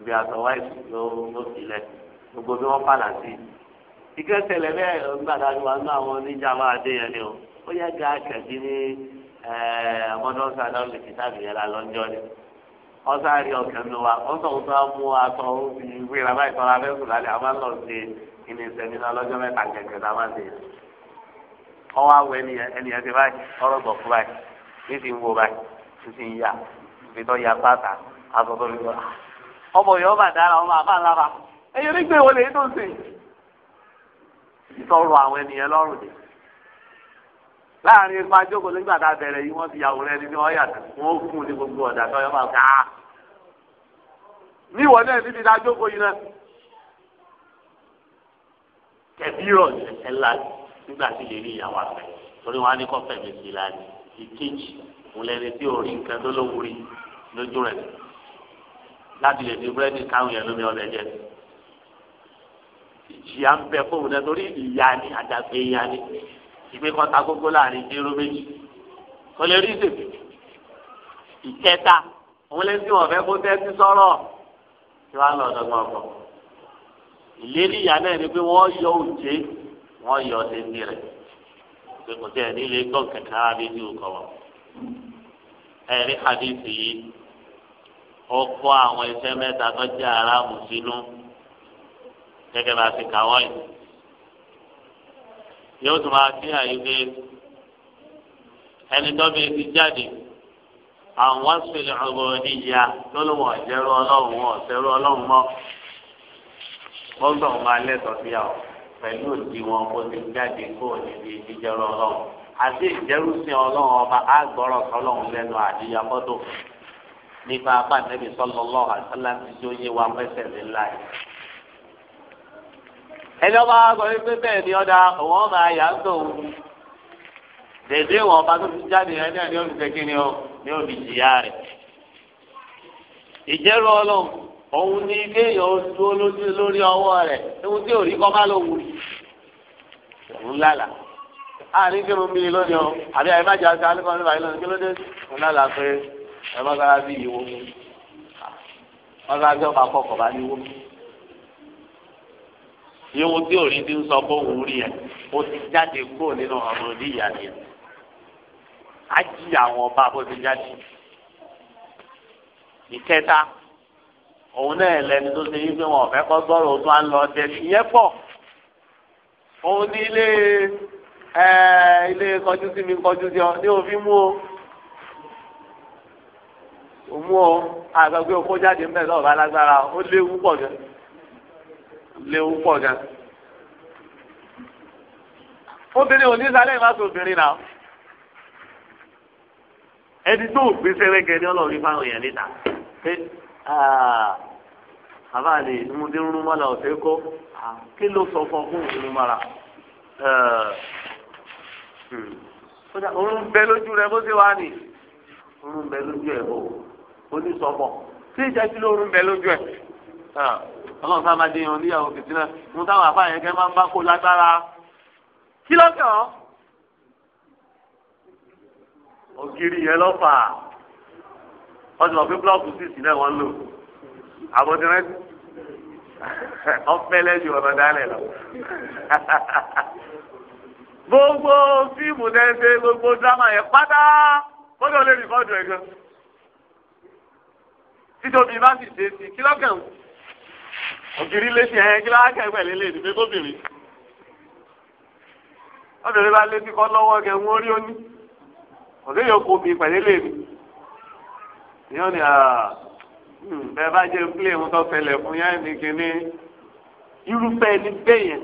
bí àtọwá ìsìn yóò sílẹ̀ gbogbo bí wọ́n pàlà sí i ìkẹsẹ̀lẹ̀ bẹ́ẹ̀ gbàdá ni wàá nú àwọn oníjà máa dé yẹn ni o ó yẹ ká kẹ̀kí ní ọmọdọ́sà náà lè fi sábì ọwọ́ awọ ẹnìyẹn ẹnìyẹn ti báyìí ọ̀rọ̀ gbọ̀ fún báyìí ní ń wo báyìí ní ń yà ní ya pátá aṣọ ní gbọ́dọ̀. ọmọ yìí ọba dára ọmọ àbá lára ẹyẹ nígbè wọlé tó ń sìn. ìtọrọ àwọn ẹnìyẹn lọ́rùn ni. láàrin ipa jókòó nígbà tá a bẹ̀rẹ̀ yìí wọ́n ti yàwó rẹ ni wọ́n yàtọ̀ wọ́n kún ní gbogbo ọ̀dà tó yọ máa ká. níwọ̀n náà níbi nígbà tí lè rí ìyàwó àfẹ torí wọn á ní kọ́ fẹ̀mí sí la ní ìkejì òun lẹni tí ò rí nǹkan tó lówó rí lójú rẹ̀ láti lè fi búrẹ́dì káwọn yẹn lómi ọbẹ̀ jẹ ìjìyà ń bẹ fóun náà torí ìyá ni àdàgbé ìyá ni ìgbé kan ta gógó láàrin dírú méjì kò lè rí ìsèpì ìkẹta òun lè tí wọn fẹ́ kó tẹ́tí sọ̀rọ̀ tí wọn lọ dọgbọn ọkọ ìlérí ìyá náà ni pé wọn yọ òjé wọ́n yọ ọdẹ ní rẹ̀ pé kò tẹ́ ẹ̀ nílé gbọ́n kẹ̀kẹ́ rárá bí kọ̀ ẹ̀rí hadithi yìí ó àwọn iṣẹ́ mẹ́ta tó jẹ́ aráàmù sínú gẹ́gẹ́ bá ti kà wọ́n yìí. yóò tún máa fi àyè pé ẹni tó ti jáde àwọn sì lè lọ́lọ́wọ́ ọ̀jẹ̀rú ọlọ́run ọ̀sẹ̀rú ọlọ́run mọ́. wọ́n gbọ́n máa lẹ́tọ̀ọ́ sí àwọn. pẹ̀lú òdiwọ̀n kó ti jáde kó níbi jíjẹrọ ọlọ́run àti ìjẹrúsìn ọlọ́run ọba àgbọ̀rọ̀ sọlọ́run lẹ́nu àdíyà fọ́tò nípa abánẹ́bí sọlọ́lọ́ àtàlà ti tó yé wa mẹ́sẹ̀ nílá yìí. ẹni ọba àgọ́ yìí pé bẹ́ẹ̀ ni ọ̀dà òun ọba àyà ń tò wù. dèdè ìwọ̀n ọba tó ti jáde rẹ ní ẹni olùdókè ni ó ní òbí jìyà rẹ̀. ìjẹrú ọlọ́run òun ni kéèyàn dúró lójú lórí ọwọ́ rẹ̀ ewu tí òrí kọ́ bá ló wù òun lálà àárín kí mo mi lónìí o àbí àyè má jẹ àti alẹ́ kan nípa yìí lónìí kí ló dé òun lálà pé ẹ má sára sí ìwọ wọn bá gbé ọkọ akọkọ bá ní wọ ewu tí òrí ti ń sọ bó wù rí ẹ ó ti jáde kúrò nínú ọmọ oníyà ni á jí àwọn ọba bó ti jáde ìkẹta òun náà lẹni tó ṣe wípé wọn ọ̀fẹ́ kọ́ gbọ́rọ̀ tó à ń lọ ọdẹ ìyẹn pọ̀ òun ní ilé ilé kọjú sí mi kọjú sí ọ ní òfin mú o òmú ọ àgbàgbé okó jáde ń bẹ̀ lọ́ọ̀bá lágbára ó léwu pọ̀ gan léwu pọ̀ gan obìnrin òní sálẹ̀ má so obìnrin náà ẹni tó gbé sẹ́rẹ́gẹ́ ní ọlọ́run fáwọn èèyàn níta Ah, àbá lè múdé rún mọ́ra ọ̀sẹ̀ kó ah. kí ló sọ fún fún ìrún mọ́ra òun bẹ lójú rẹ bó ṣe wà ní òun bẹ lójú ẹ o onísọmọ tí ìjà sí ló òun bẹ lójú ẹ ah, ọlọ́run sábà dé yan níyàwó kìtìnà mo táwọn àfáà yẹn kẹ́ máa ń bá kó lágbára kí lọ́kàn ọ́ ògiri yẹn lọ́fà á wọ́n ti mọ̀ pé búlọ́ọ̀kù sísì náà wọ́n lò àbọ̀dúnrẹ́dì <laughs> ọ̀pẹ lẹ́yìn ọ̀nà dálẹ̀ lọ. <laughs> gbogbo fíìmù náà ṣe gbogbo dírámà yẹn pátá kódà lè rìkọ́dù ẹ̀ gan. títóbi bá sì ṣe sí kí lọ́kàn ògiri lé sí ẹ̀ kí lọ́kàn pẹ̀lú ilé ìdìbò gómìnrin. obìnrin bá lé sí kọ́ lọ́wọ́ kẹ́ ń wọ́n rí ó ní. òṣèlú yóò kó mi pẹ̀lú ilé mi yóò ní hmm, bẹ́ẹ̀ bá jẹ́ pílẹ̀ ń tọ́ tẹlẹ̀ fún yá ní kínní irúfẹ́ ẹni bẹ́ẹ̀ yẹn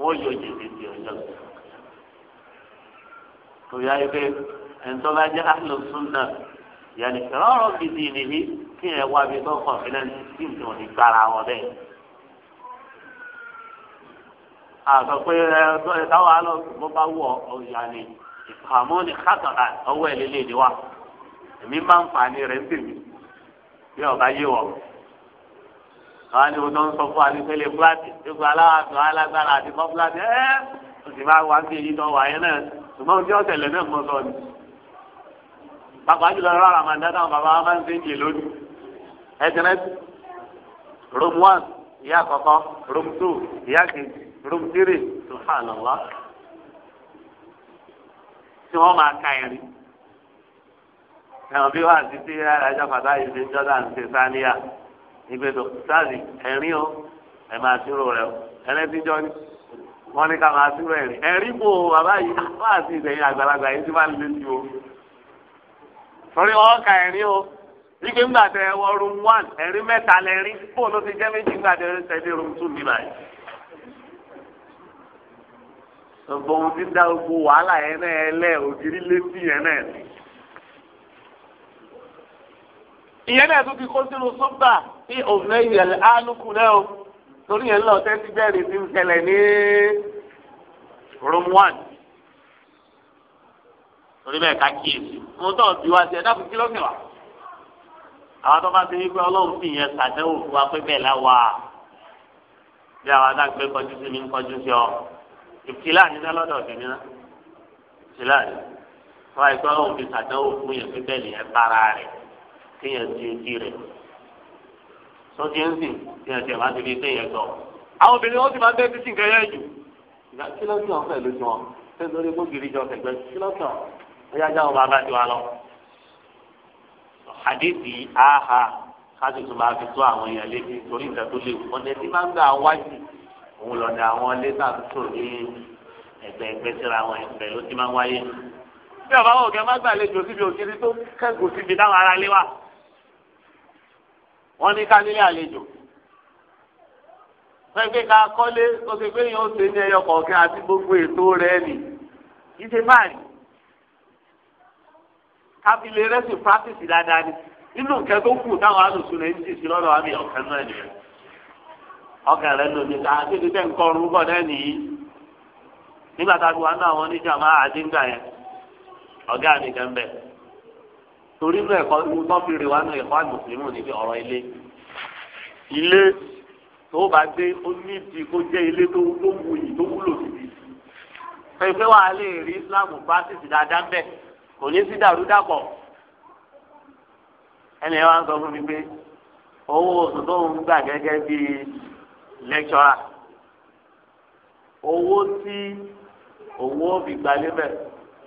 wọ́n yọ jèjì di ọjọ́ tó yá ife ẹ̀ńtọ́ bá jẹ́ ahlus sunnah yàní ìrọ̀rọ̀ gidi nìyí kí ẹ̀ wá bí tó kọ̀ǹfìlẹ́ǹsì tí nǹkan ò ní gbára wọn bẹ́ẹ̀ àtọ̀ pé ẹ táwọn alọ́ bó bá wọ̀ ọ̀yà ni ìfàmọ́ ni kátàlá ọwọ́ ẹ̀ lélẹ́ẹ̀dẹ́ wa èmi máa ń fààní rẹ̀ ń tèmi bí ọba yé wọ. àwọn ni mo tó ń sọ fún anífẹ́lẹ́ fúláàtì gbogbo aláwàtò alágbára àti kọ́ fúláàtì ẹ́ o sì máa wá sí èyí tó wà yẹn náà ṣùgbọ́n ojú ọ̀sẹ̀lẹ̀ náà mọ̀ sọ ni. pàpà jùlọ rárá màá dáná àwọn bàbá wa máa ń ṣe ń jè lónìí. ẹ ti rẹ́sì room one ìyá àkọ́kọ́ room two ìyá kejì room three subhanallah. tí wọ́n máa ka ẹ̀rín ẹ̀wọ̀n bí wàá ti ti ajá fàtà yìí ti jọ́dá ń ṣe sáníyà ìgbé tó sáàzì ẹ̀rín o ẹ̀ máa ṣírò rẹ o ẹlẹ́tìjọ́ ni wọ́n ní ká máa ṣírò ẹ̀rín ẹ̀rín bò ó bàbá yìí wàá sí ìdẹ̀yìn àgbàlagbà yìí tí wàá lè ti o. torí ọkà ẹ̀rín o ìgbé ńgbà tẹ wọ room one ẹ̀rín mẹ́ta lẹ́rín bò ló ti jẹ́ méjì ńgbà tẹ tẹ̀lé gbogbo ohun tí gbogbo wàhálà yẹn náà ẹlẹ́ ògiri létí yẹn náà ìyẹn náà tún fi kó sínú sọ́gbà tí òun náà yẹ alùpùpù náà o torí yẹn lọ́ọ́ tẹ́tí bẹ́ẹ̀rẹ̀ ti ń ṣẹlẹ̀ ní room one torí bẹ́ẹ̀ ká kíyèsí mo tọ́ bí wá sí ẹ dákun kí lọ́sìn wa àwọn tó bá ti rí pé ọlọ́run fi yẹn ṣàtẹ́wò fún wa pé bẹ́ẹ̀ láwa bí àwọn adágbé kọjú sí mi ń kọjú sí ọ ìfìlà nínú lọ́dọ̀ ọ̀dẹ̀ nínú ìfìlà rẹ̀ wọ́n á yẹ fi ṣàtẹ́wò fún yẹn pé bẹ́ẹ̀ lè yẹn bára rẹ̀ kéèyàn ti ojú rẹ̀ sọ́jí ń sìn kéèyàn ti ẹ̀ma ti fi kéèyàn tọ̀. àwọn obìnrin wọn sì máa ń bẹ́ẹ̀ títí nǹkan yẹn jù. kí ló ń sàn pẹ̀lú tiwọn ṣé lórí gbógiri jọ kẹgbẹ́ kí ló sàn ẹ̀yà jáwọ́ máa bá tiwa lọ. àdéhì áhà káṣí tó máa fi tó àwọn èèyàn létí torí nǹkan tó léwu ọ̀nà tí máa ń gbà wájú òun lọ́dà àwọn lẹ́tà tó ní ẹgbẹ́ ẹgbẹ́ síra àwọn ẹgbẹ́ ló ti máa wáyé. bí ọ̀bá wọn kẹ́ wọ́n ní ká nílé àlejò pẹ́ẹ́pẹ́ ká kọ́lé ó ti pé yẹn ó ṣe ní ẹyọ kọ̀ọ̀kan àti gbogbo ètò rẹ̀ nì kí ṣe pàtìsì dáadáa ni nínú nǹkan tó kù táwọn alùsùn rẹ̀ ń jì sí lọ́dọ̀ àmì ọ̀kan náà nìyẹn ọkàn ló ní ká ń kọrun bọ̀ náà nìyí nígbà tá a ti wà ní àwọn oníjàmbá torí inú ẹ̀kọ́ inú tó fi rè wá nù ẹ̀kọ́ àgbòsílẹ̀mù níbi ọ̀rọ̀ ilé ilé tó bá dé ó nídìí kó jẹ́ ilé tó wuyì tó wúlò síbi pẹ̀pẹ́ wàá lè rí Islam practice dáadáa bẹ́ẹ̀ kò ní sí dàrúdàpọ̀ ẹnì wa ń sọ fún mi pé owó oṣù tó ń gbà gẹ́gẹ́ bí lecturer owó tí owó fi gbalé bẹ́ẹ̀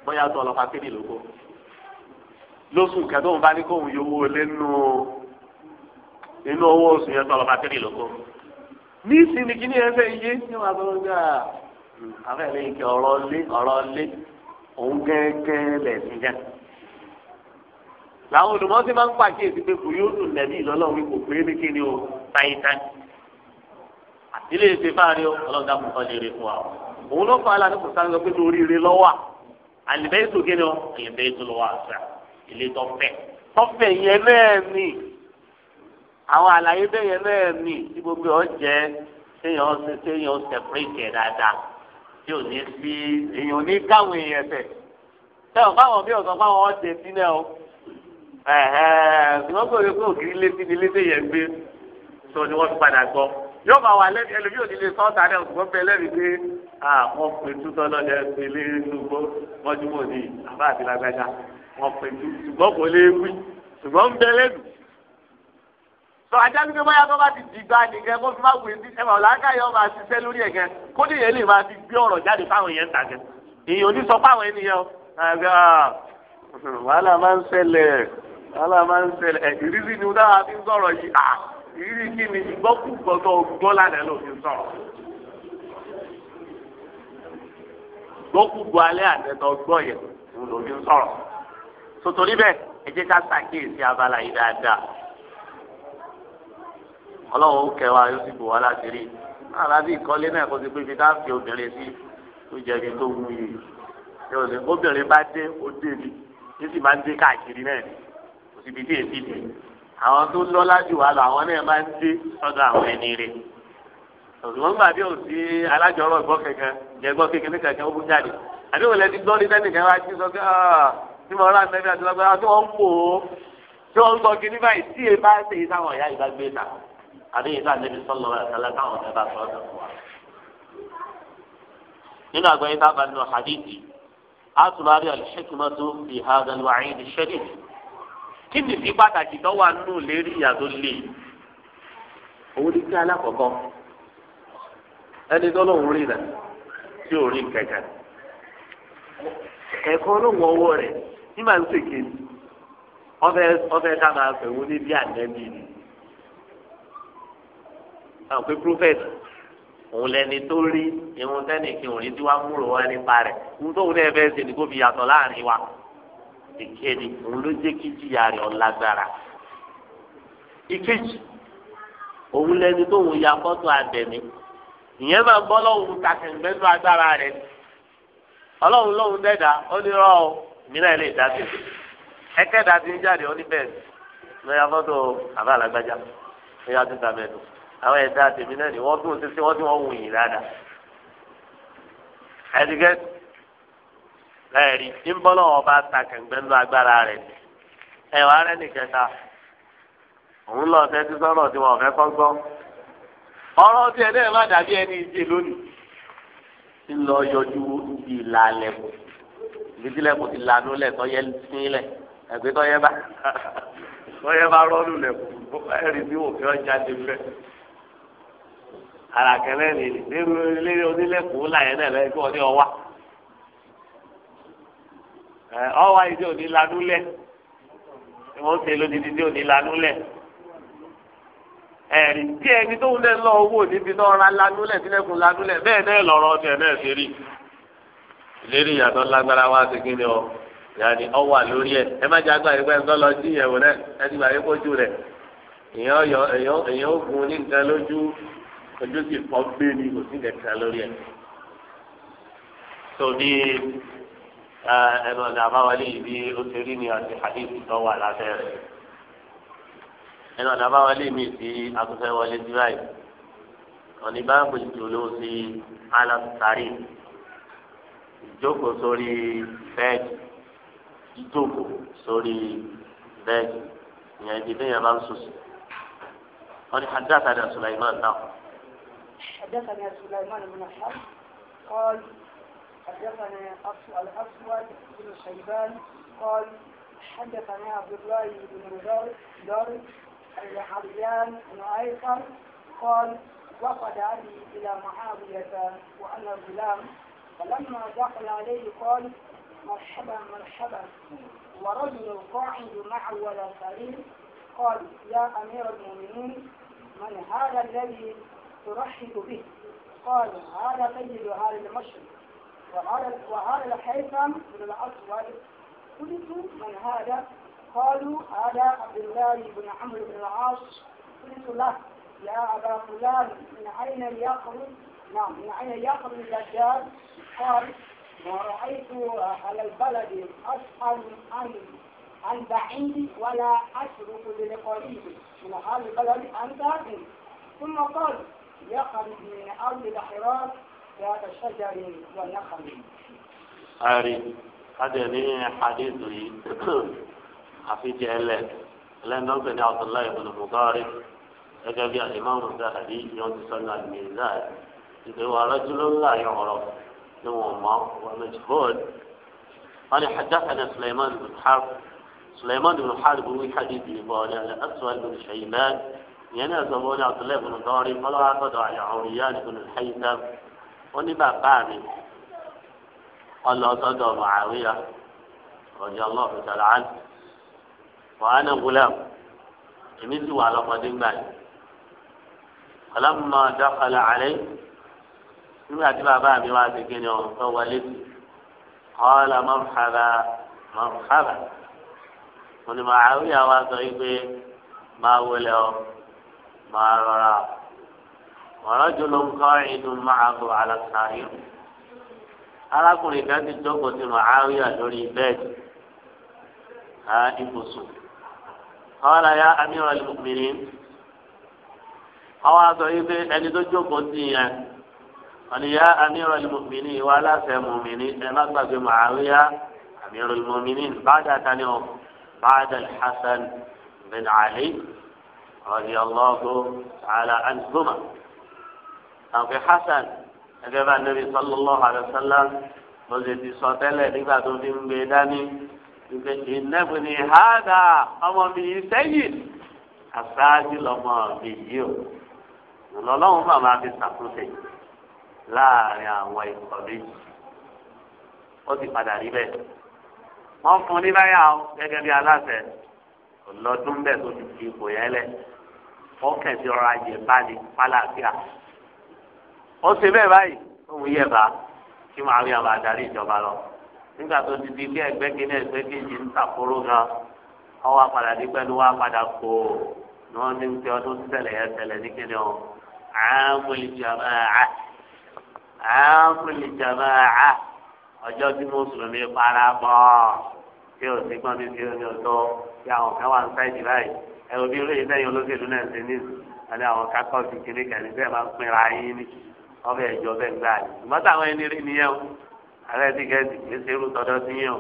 bóyá tó ọlọ́pàá kéde lóko lóṣù kẹtọ́ òun bá ní kóun yọ owó lé nínú inú owó oṣù yẹn tọrọ bàtẹ́rì lóko ní ìsinmi kí ni ẹ fẹ́ yé ní wàá tọrọ gbà àwọn ẹ̀rẹ́ ìkẹ́ ọ̀rọ̀ lé ọ̀rọ̀ lé òun gẹ́gẹ́ lẹ̀sìn jẹ́ làwọn olùmọ́sí máa ń pàkíyèsí pé kò yóò dùn lẹ́bí ìlọ́lọ́run kò pé ní kíni o táyìtáyì àtìlé ṣe fáàrí o ọlọ́run dá kùn kan lè rí fún wa òun ló fà á lánàá kò sáré lọ pé lórí rẹ lọ́wọ́ àlìbẹ́yìí tó kíni o àlìbẹ́yìí lọ́wọ́ àṣà ilé tọ́fẹ́ tọ́fẹ́ yẹn náà ni àwọn àlàyé bẹ́ẹ̀ yẹn náà ni tí gbogbo ọ̀ jẹ́ séèyàn ṣe séèyàn sẹpẹrẹtì ẹ dáadáa tí ò ní sí èèyàn ò ní káwọn èèyàn tẹ sẹ́wọ̀n fáwọn bí ọ̀sán fáwọn ọ̀dẹ sílẹ̀ o ṣùgbọ́n kò rí pé òkìrí létí ni létí yẹn gbé tó ni wọ́n fi padà gbọ́ yóò bá wà lẹ́nu ẹlòmíì òní lè sọ́ọ̀tà rẹ̀ òṣùgbọ́n bẹ lẹ́nu pé wọ́n pe tútọ́ lọ́lẹ̀ pé lé lógbó mọ́júmọ́ ní àbá àti lágbájá wọ́n pe tú ṣùgbọ́n kò lè wí ṣùgbọ́n ń bẹ lẹ́nu. sọ ajá ní pé bóyá tó bá ti dìgbà nìkan kó fi má wù sí ẹ̀fà ọ̀làkà yóò máa ṣiṣẹ́ lórí ẹ̀gẹ́ kó ní ìyẹn lè máa fi gbé ọ̀rọ̀ jáde fáwọn èèyàn tàgẹ́ èèyàn ò ní sọ fáwọn ènìyàn wàhálà máa ń ṣẹlẹ̀ wàhálà ìrírí kí ni ìgbọ́kùgbọ́ tó gbọ́ lálẹ́ ló fi sọ̀rọ̀ ìgbọ́kùgbọ́ alẹ́ àtẹ̀tọ̀ gbọ́ yẹn ló fi sọ̀rọ̀ sotori bẹ́ẹ̀ ẹ jẹ́ ká ṣàkíyèsí abala yìí dáadáa ọlọ́wọ́ ó kẹwàá yóò sì bò wá láti rí alábí ìkọ́lé náà kó ti pé fi dáàfin obìnrin sí tó jẹbi tó wù yìí yóò lè obìnrin bá dé ó dé ni yóò sì máa ń dé káàkiri náà kò àwọn tó lọ́lá jù wá lọ àwọn náà máa ń dé sọ́dọ̀ àwọn ẹni rẹ̀ ṣùgbọ́n gbà bí òsì alájọrọ̀ gbọ́ kẹ̀kẹ́ jẹ́gbọ́ kékeré kẹ̀kẹ́ ó bú jáde àbí òun lẹ́ni gbọ́ ní sẹ́nìkan wá sí sọ pé ah, tí mo rà nẹ́bí àti lọ́gbọ́n tí wọ́n ń pò ó tí wọ́n ń gbọ́ kíní báyìí tí èyí bá ṣe ìtàwọn ìyá ìgbà gbé ta àbí ìta nẹ́bí sọ́lọ́ ẹ̀sẹ̀lẹ̀ táwọn ọ̀sẹ̀ bá sọ ọ̀sẹ̀ fún wa. nínú àgbẹ̀yìn tábà kí ni ìdí pàtàkì tó wà nínú lérí ìyá lè owó ní kí alákọ̀ọ́kọ́ ẹni tó lóun rìn náà tí ò rí kẹ̀kẹ́ ẹ̀kọ́ lóun ọwọ́ rẹ̀ nígbà tó ṣèké ọfẹ ọfẹ ká máa fẹ̀wọ́ níbi ànẹ́bí ni àwọn pé prophet òun lẹni tó rí irun tẹ́nìkì òun rí tí wàá múrò wá nípa rẹ̀ ohun tóun náà fẹ́ ṣe ni kó fi yàtọ̀ láàrin wa. ìkéde òun ló jẹ́ kí jìyà rẹ̀ ọ̀lágbára ìkejì òun lẹni tó ya fọ́tò àbẹ̀mí ìyẹn máa ń bọ́ lọ́hùn takẹ̀ǹgbẹ́nu agbára rẹ̀ ọlọ́hun lọ́hùn dẹ́dà ó ní rọ́ ọ mìíràn lè dá sí i ẹ̀kẹ́dà ti ń jáde ó ní bẹ́ẹ̀ lọ ya fọ́tò àbá ó yá àwọn ẹ̀dá tèmi náà ni wọ́n wọ́n wọ́n wù yìí ẹ̀dígẹ́tì. lẹ́ẹ̀rí tí ń bọ́ lọ́wọ́ bá ta kẹ̀ǹgbẹ́ ńlọ agbára rẹ̀ ẹ̀wà rẹ̀ nìkẹta òun lọ tẹ́tí sọ́rọ̀ tí wọ́n fẹ́ kọ́ gbọ́ ọ̀rọ̀ tí ẹ̀ náà má dàbí ẹni ìdí lónìí ń lọ yọjú ìlà lẹ́kùn ìdí lẹ́kùn ti lanú lẹ̀ tọ́ yẹ sílẹ̀ ẹ̀gbẹ́ tọ́ yẹ bá <laughs> tọ́ yẹ bá rọ́ọ̀lù lẹ́kùn ẹ̀rí bí òfin ọjà ti fẹ́ àràkẹ́lẹ́ nìyí lérò onílẹ̀kùn láyẹ̀ náà lẹ́kùn ọ ọwọ́ ayé ò ní ni wọ́n ṣe lódìdí ò ní ẹ̀rí tí ẹni tó ń lẹ̀ lọ owó níbi náà ra lanú sílẹ̀kùn lanú bẹ́ẹ̀ náà lọ́rọ̀ ọtí ẹ̀ náà ṣe rí ìlérí ìyàtọ̀ lágbára wá sí kí ọ yàní ọ ẹ má jẹ́ àgbà yìí pé ń lọ sí ìyẹ̀wò ẹ ti gbà yín kójú èèyàn ògùn ní nǹkan lójú ojú sì ẹnu ọ̀dà àbáwọlé yìí bí ó ti rí ni àti hadith tó wà lábẹ́ rẹ̀ ẹnu ọ̀dà àbáwọlé mi ti akúfẹ́ wọlé sí báyìí ọ̀ní báàbù ìjòló sí alásàárì ìjókòó sórí bẹ́ẹ̀dì ìjókòó sórí bẹ́ẹ̀dì ìyẹn ibi bẹ́ẹ̀ yẹn bá ń sòsì ọ̀ní hadith àtàdà sùlàìmán náà. hadith àtàdà sùlàìmán náà. حدثنا الأسود بن شيبان قال حدثنا عبد الله بن مدار دار العريان بن أيقر قال وقد أبي إلى معاوية وأنا غلام فلما دخل عليه قال مرحبا مرحبا ورجل قاعد معه ولا سرير قال يا أمير المؤمنين من هذا الذي ترحب به قال هذا سيد أهل المشرق وهذا الحيثم بن الأسود قلت من هذا قالوا هذا عبد الله بن عمرو بن العاص قلت له يا أبا فلان من أين يخرج نعم من أين يخرج الدجال قال ما رأيت على البلد أسأل عن عن بعيد ولا أشرك لقريب من هذا البلد عن بعيد ثم قال يخرج من أرض بحيرات كشجر أري هذا لي حديث لي <clears throat> حفيد الله لأن نوبة عبد الله بن مبارك أجاب يا إمام الذهبي يوم تسنى الميلاد إذا هو رجل لا يعرف نوع ما ومجهود قال حدثنا سليمان بن حرب سليمان بن حرب هو حديث لبالي على أسوال بن شيمان ينا زبون عبد الله بن داري قال عقد على عريان بن الحيثم ó ní bàbá mi ọlọ́sọ́dọ̀ màáwíyà ọ̀jọ̀ ọlọ́ọ̀fẹ́ sọ̀rọ̀ án wàhánà gúlẹ̀m èmi sì wà lọ́mọdé gbà yìí ọlọ́mọ dákọ̀lá àlẹ́ nígbà tí bàbá mi wá sí kíni ọ̀hún tó wọlé sí ọ̀ọ́lá mọ̀rùhábà mọ̀rùhábà mo ní wá sọ yìí pé máa wọlé ọ máa rọra ورجل قاعد معه على السرير arákùnrin kan ti jókòó sí màáríà lórí bẹ́ẹ̀dì á ibùsùn ọlá ya amíràn lùmìnì àwọn àtọ yìí pé ẹni tó jókòó sí yẹn wọn ni ya amíràn lùmìnì wa aláṣẹ mùmìnì ẹ má gbàgbé màáríà amíràn lùmìnì bàdà tani o bàdà hasan bin ali rọdíyàlọ́hu tààlà àdìgúnmá àfi hasan ẹgbẹ́ bá níbi sallallahu alaihi wasallam mo sì ti sọ tẹ́lẹ̀ nígbà tó fi ń gbé dání ìgbẹ́ ìnẹ́bù ni hádà ọmọ mi yìí sẹ́yìn aṣáájú lọmọ mi yìí o lọ́lọ́run bá máa fi ṣàkóso láàrin àwọn ikọ̀ méjì ó ti padà rí wọ́n fún un ní báyà ó gẹ́gẹ́ bí aláṣẹ lọ́dún bẹ́ẹ̀ tó ti fi ipò yẹn lẹ̀ ó ọrọ̀ ajé bá ní pálàfíà ó ṣe bẹ́ẹ̀ báyìí òun yẹ bá kí màá rí àwọn adarí ìjọba lọ nígbà tó ti di bí ẹgbẹ́ kejì ẹgbẹ́ kejì ń tàkóró gan ọwọ́ apàdà ní pẹ̀lú wọ́n apàdà kó o ni wọ́n ní ń pẹ́ ọdún tẹ̀lẹ̀ yẹn tẹ̀lẹ̀ ní kíni o àmúlì jàmáà àmúlì ọjọ́ tí mùsùlùmí para pọ̀ tí o sì gbọ́n mi fi omi ọ̀tọ́ tí àwọn kan wà ń sáìdì báyìí ẹ òbí olóyè sẹ́yìn olóṣèlú náà ti ní àwọn kákọ́ọ̀tì kìnnìkan ní bẹ́ẹ̀ máa ń pinra yín ní kìí ọbẹ̀ ẹ̀jọ̀ bẹ́ẹ̀ gbà yìí ṣùgbọ́n táwọn ẹni rí nìyẹn o ààrẹ ti gẹ̀ẹ́sì kì í ṣe irú tọ́jọ́ sí yẹn o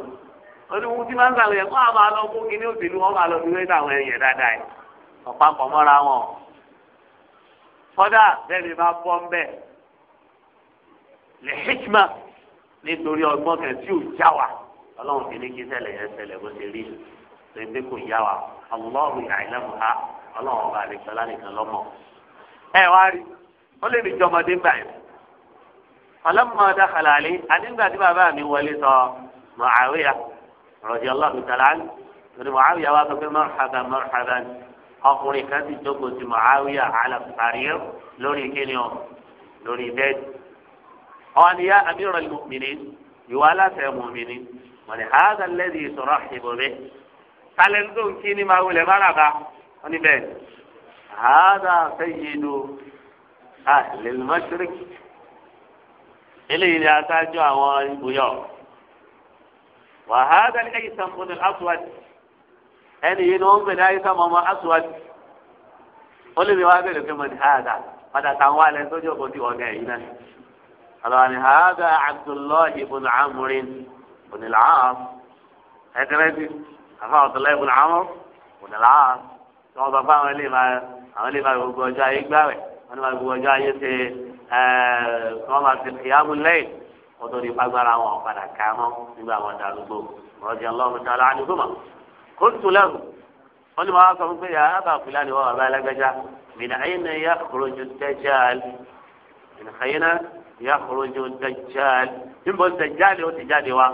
oníwú tí máa ń sàlẹ̀ kó àwọn àlọ́ kó kíní òṣèlú wọn máa lọ fi wé táwọn ẹ̀yẹ dáadáa yìí ọ̀pápọ̀ mọ́ra wọn kọ́dà bẹ́ẹ̀ ni máa bọ́ ń bẹ̀ lè hikma nítorí ọgbọ́n kan tí ò já wa ọlọ́run ti ní kí ṣẹlẹ̀ yẹn ṣẹlẹ̀ bó ṣe rí ṣèǹdé kò yá wa ọlọ́run àìlẹ́mù wọ́n lè rí jọmọdé gbà yẹn ọlọ́mọ dákàlà àlẹ́ àdíngbà tí bàbá mi wọlé sọ Muawiya radiyallahu ta'ala anhu torí Muawiya wá sọ pé marhaban marhaban ọkùnrin kan ti jókòó sí Muawiya ala sarir lórí kíni o lórí bẹ́ẹ̀dì ọ̀hún ni yá amiral mu'minin ìwà aláṣẹ mu'minin wọ́n ni hadha alladhi turahhibu àlè mọ́ṣíríkì eléyìí ni aṣáájú àwọn ibùyọ wàhálà ní ẹyìn sàmúlò aswad ẹni yìí ni wọn ń pè ní ẹyìn sàmúlò aswad ó lè mi wá bẹ̀rẹ̀ pé mo ní hàdà padà táwọn alẹ́ sójú òkò tí wọ́n ní ẹ̀yìn náà alọ́ni hàdà abdullahi ibùn amúrin ibùn al-aas ẹ̀kẹ́rẹ́tì àfọwọ́ ọ̀tọ̀lá ibùn amúr ibùn al-aas tí wọ́n sọ fún àwọn ilé ìmọ̀ àwọn ilé ìmọ̀ gbogbo ọjọ́ ayé gbáwẹ̀ wọn ní wọn gbogbo ọjọ́ ayé ṣe wọn máa fi kìyàmù lẹ́yìn wọn tó ní fagbára wọn padà ká mọ nígbà wọn darúgbó rọjò ọlọ́run tí aláàánú tó mọ kó tù lẹrù wọn ní wọn wá sọ fún pé yà á bá fúlàní wọn bàbá ẹlẹgbẹjá mìíràn ayé náà yà kúròjò dẹjà mìíràn ayé náà yà kúròjò dẹjà níbo dẹjà ó ti jáde wá.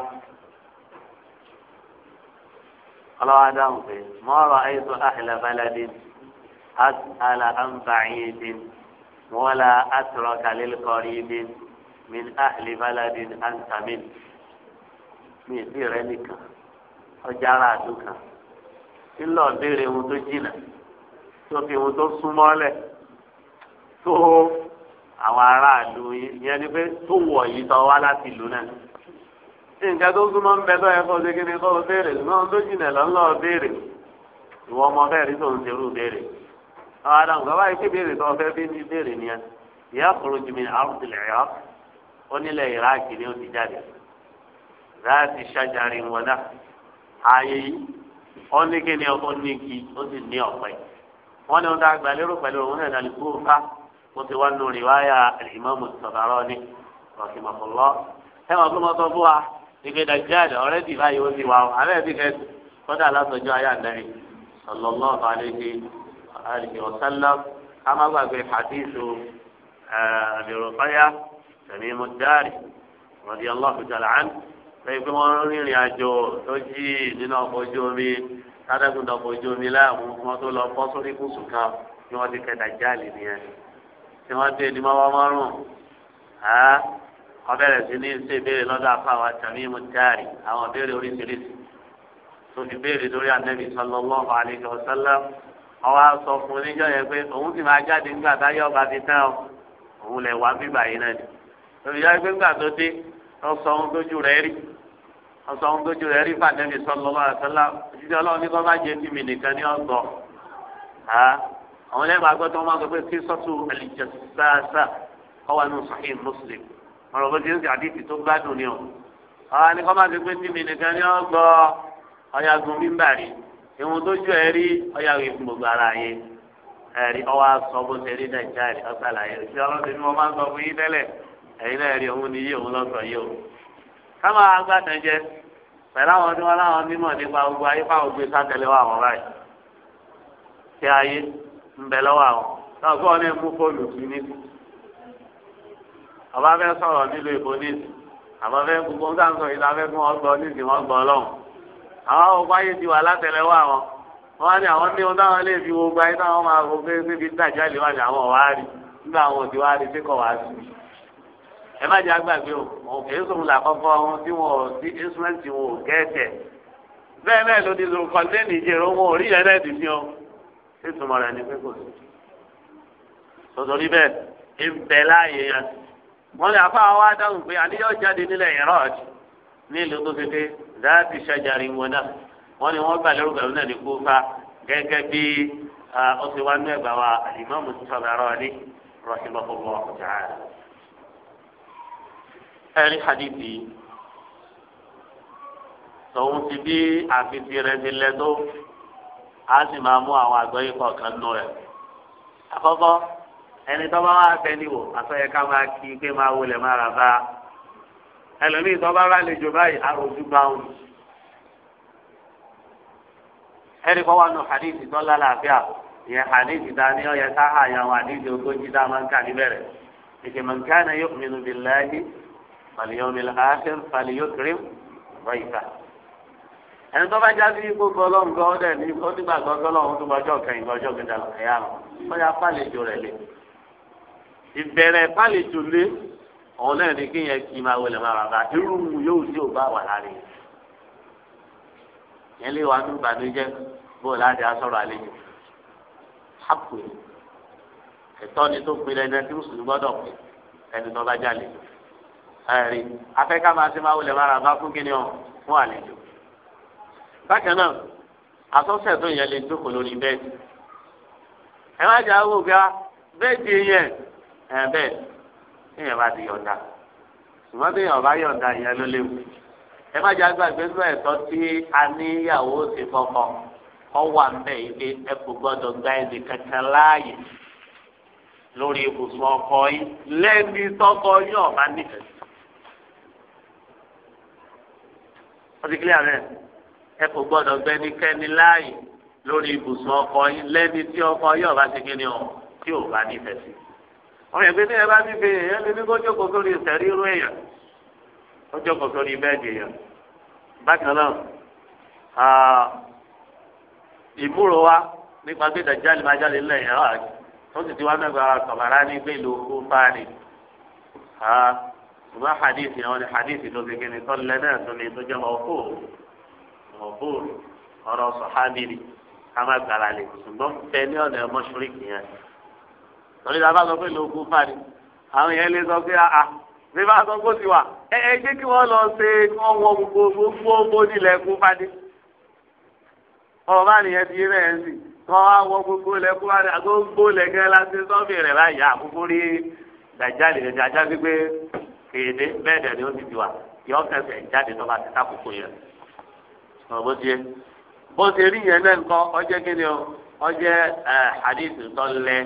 ọlọ́wọ́ adáhùn pé mọ́ọ̀rọ̀ ayé tó àhìlẹ̀ bá lẹ́dí wala atraka lil qaribin min ahli baladin anta min mi ti rẹ nìkan ọjà ara àdúgbò ńlọ béèrè ohun tó jìnà tó fi ohun tó súnmọ́ lẹ̀ tó àwọn aráàlú yẹn ni pé tó wọ̀ yìí tọ́ wá láti ìlú náà nǹkan tó súnmọ́ ń bẹ tó yẹ kó ṣe kí ni kó béèrè ṣùgbọ́n ohun tó jìnà lọ́nlọ́ béèrè ìwọ ọmọ bẹ́ẹ̀ rí tòun ṣerú béèrè àwọn adáhùn bàbá yìí kébèrè tó ọfẹ bí mi béèrè nìyẹn ìyá kúrò jù mí àrùtì lẹ́yìn ọ́ onílẹ̀ ìráàkì ni ó ti jáde láti ṣàjàre wọ̀dà ààyè yìí ó ní kí ni ọkọ ní kí ó sì ní ọ̀pẹ wọn ni wọn ta àgbà lérò pẹ̀lú òun náà dàlí kúrò ká ó ti wá nù rìwáyà ìmọ̀mù sọ̀rọ̀ ni rọ̀kìmọ̀fọ̀lọ́ ẹ mọ̀ pé mo sọ fún wa ìgbéda jáde ọ̀rẹ́ ti báyìí ó ti wà ó àbẹ́ẹ̀ ti kẹ́ kọ́dà látọjọ́ ayé àdẹ́rì sallallahu alaihi alihi wa sallam ká má gbàgbé hadithu eh, Abi Ruqayyah Tamim ad-Dari radiyallahu ta'ala anhu lẹ́yìn pé wọ́n rìnrìn àjò tó jí nínú ọkọ̀ ojú omi sádẹ́kùn dọ̀kọ̀ ojú omi láàmú kí wọ́n tó lọ bọ́ sórí kùsù kan kí wọ́n ti kẹta jáàlì nìyẹn tí wọ́n dé ní mọ́wọ́ márùn-ún wọ́n bẹ̀rẹ̀ sí ní ṣe ìbéèrè lọ́dọ̀ afọ àwọn Tamim ad àwọn ìbéèrè oríṣiríṣi tó fi béèrè lórí Ànábì sallallahu alaihi wasallam ọwọ́ sọ fún oníjọ́ yẹn pé òun sì máa jáde nígbà táyé ọba ti tán ọ òun lẹ̀ wá bíbà yìí náà ni lórí yá pé nígbà tó dé ọsọ ohun tójú rẹ̀ rí ọsọ ohun tójú rẹ̀ rí fàdébí sọlọ lọ àtọlá òṣìṣẹ́ Ọlọ́run ní kó má jẹ tìmí nìkan ní ọgbọ àwọn lẹ́gbàá gbọ́ tó máa sọ pé kí sọ́tù àlìjẹsáàsá ọwọ́ inú sahih muslim ọ̀rọ̀ bó ti ń sè àdìsí tó gbádùn ni ọ. àwọn ni kó má sọ tìmí nìkan ní ọgbọ ọ̀yàgùn bímbà ìwọn tó jọ ẹ̀rí rí ìfún gbogbo ara yẹn ẹ̀rí ọwọ́ aṣọ bó ṣe rí nàìjíríà ni wọ́n máa ń sọ fún yín tẹ́lẹ̀ ẹ̀yin náà rí òun òun lọ́sọ̀ o. káma agbátẹ̀ jẹ pẹ̀lú àwọn tí wọ́n láwọn nípa gbogbo ayé fáwọn gbé wà wọ́n báyìí. ṣé ayé ń bẹ lọ́wọ́ àwọn ní fóònù àwọn ọkọ ayé ti wà látẹlẹwọ àwọn wọn ní àwọn ní ohun táwọn lè fi wo gba iná wọn máa fò pé síbi ìtajà lè wà ní àwọn ọ̀wárí nígbà àwọn òdì wá rí síkọ̀ wá sí i ẹ má jẹ o ohun tí wọn ò sí wọn ò bẹ́ẹ̀ bẹ́ẹ̀ ló kọ́ńtẹ́ẹ̀nì wọn ò rí ní nílùú tó fi pé dáàbì ṣàjàrin wọn wọn ni wọn gbà lérò pẹ̀lú náà ní kófà gẹ́gẹ́ bí ó ti wá ní ẹgbà wa alimami Tabarani rahimahullah ta'ala. ẹ̀rí hadithi tòun ti bí àfitì rẹ̀ ti lẹ́ tó a sì máa mú àwọn àgbọ̀yé kọ̀ọ̀kan nù rẹ̀. àkọ́kọ́ ẹni tó bá wà fẹ́ níwò àtọ́yẹ ká máa kí pé máa wọlé máa rà bá a ẹlòmíì tó bá bá lè jò báyìí àròjù bá wọn. ẹnì kan wà nù hadithi tó lálàáfíà ìyẹn hadithi tá a ní ọyẹ sáhà yẹn àwọn hadithi ogójì tá a máa ń kà níbẹ̀rẹ̀ ìkè mọ̀nkánà yóò mìíràn bí láàyè fàlìyàn mi láàfin fàlìyàn kiri wáyìíká. ẹni tó bá já sí gbogbo ọlọ́run gan ní ó nígbà gbọ́dọ̀ ọlọ́run tó gbọ́jọ́ kẹyìn gbọ́jọ́ gbẹdàlọ́ yà pálẹ̀ òun náà ní kéèyàn kì í máa wọlé máa bàbá irú mu yóò sí ò bá wà lára yẹn yẹn lé wa ní ìbànújẹ́ bóòlù àti asọ̀rọ̀ àlejò hapò ẹ̀tọ́ ni tó pinnu ẹni tí mùsùlùmí gbọ́dọ̀ pè ẹni tó bá jalè ẹ̀rí afẹ́ká máa ti máa wọlé máa bàbá fún kíni ọ fún àlejò bákan náà àtọ́sẹ̀ tó yẹn lè jókòó lórí bẹ́ẹ̀ ẹ má jà owó gbá bẹ́ẹ̀ di yẹn ẹ̀ bẹ́ẹ̀ èèyàn bá ti yọ̀ǹda ṣùgbọ́n bí èèyàn bá yọ̀ǹda ìyẹn ló léwu ẹ má jẹ́ àgbàgbé sọ ẹ̀tọ́ tí a níyàwó ti fọ́kọ́ ọ wà mbẹ́ ilé ẹ kò gbọ́dọ̀ gba ẹni kankan láàyè lórí ibùsùn ọkọ yín lẹ́ni tọ́kọ yín ọ̀bá nífẹ̀ẹ́ wọ́n ti kílíà rẹ̀ ẹ kò gbọ́dọ̀ gba ẹnikẹ́ni láàyè lórí ibùsùn ọkọ yín lẹ́ni tí ọkọ yín ọ̀bá ti kíni ọ̀ tí ò bá nífẹ̀ẹ́ sí i ọ̀rọ̀ ẹ̀gbẹ́ tí ẹ bá ti fi èèyàn lé ní kọjọ́ kò sórí ìsẹ̀rí irú èèyàn kọjọ́ kò sórí bẹ́ẹ̀dì èèyàn bákan náà ìmúrò wa nípa pé dàjáde máa jáde ńlẹ̀ yẹn wà tó sì ti wá mẹ́gbà kọ̀mọ̀rá ní pé ìlú kúfáàní ṣùgbọ́n hadith yẹn wọ́n ní hadith ló ti kéde tó lẹ́ náà tó lè tó jẹ́ ọ̀rọ̀ sọ̀hábìrì ká má gbàlálẹ̀ ṣùgbọ́n fẹ́ ní ọ̀nà mọ́ṣúrì kìíyàn torí ta bá sọ pé lóògùn fani àwọn yẹn lè sọ pé àà bí bá sọ pé ó ti wà ẹ ẹ jẹ́ kí wọ́n lọ ṣe kí wọ́n wọ gbogbo gbogbo nílẹ̀ kú fani ọ̀rọ̀ bá nìyẹn ti rẹ̀ ẹ́ sì kọ́ wá wọ gbogbo lẹ́kú wá gbogbo lẹ́kẹ́ láti sọ́ọ̀bì rẹ̀ láyé àkókò rí dàjáde rẹ̀ dàjáde pé kéde bẹ́ẹ̀ dẹ̀ ni ó ti di wa yọ kẹsẹ̀ jáde tó bá ti sákòókò yẹn ọ̀rọ̀ bó ti yẹ bó ti rí yẹn náà nǹkan ọjẹ́ kí ni o ọjẹ́ hadith tó lẹ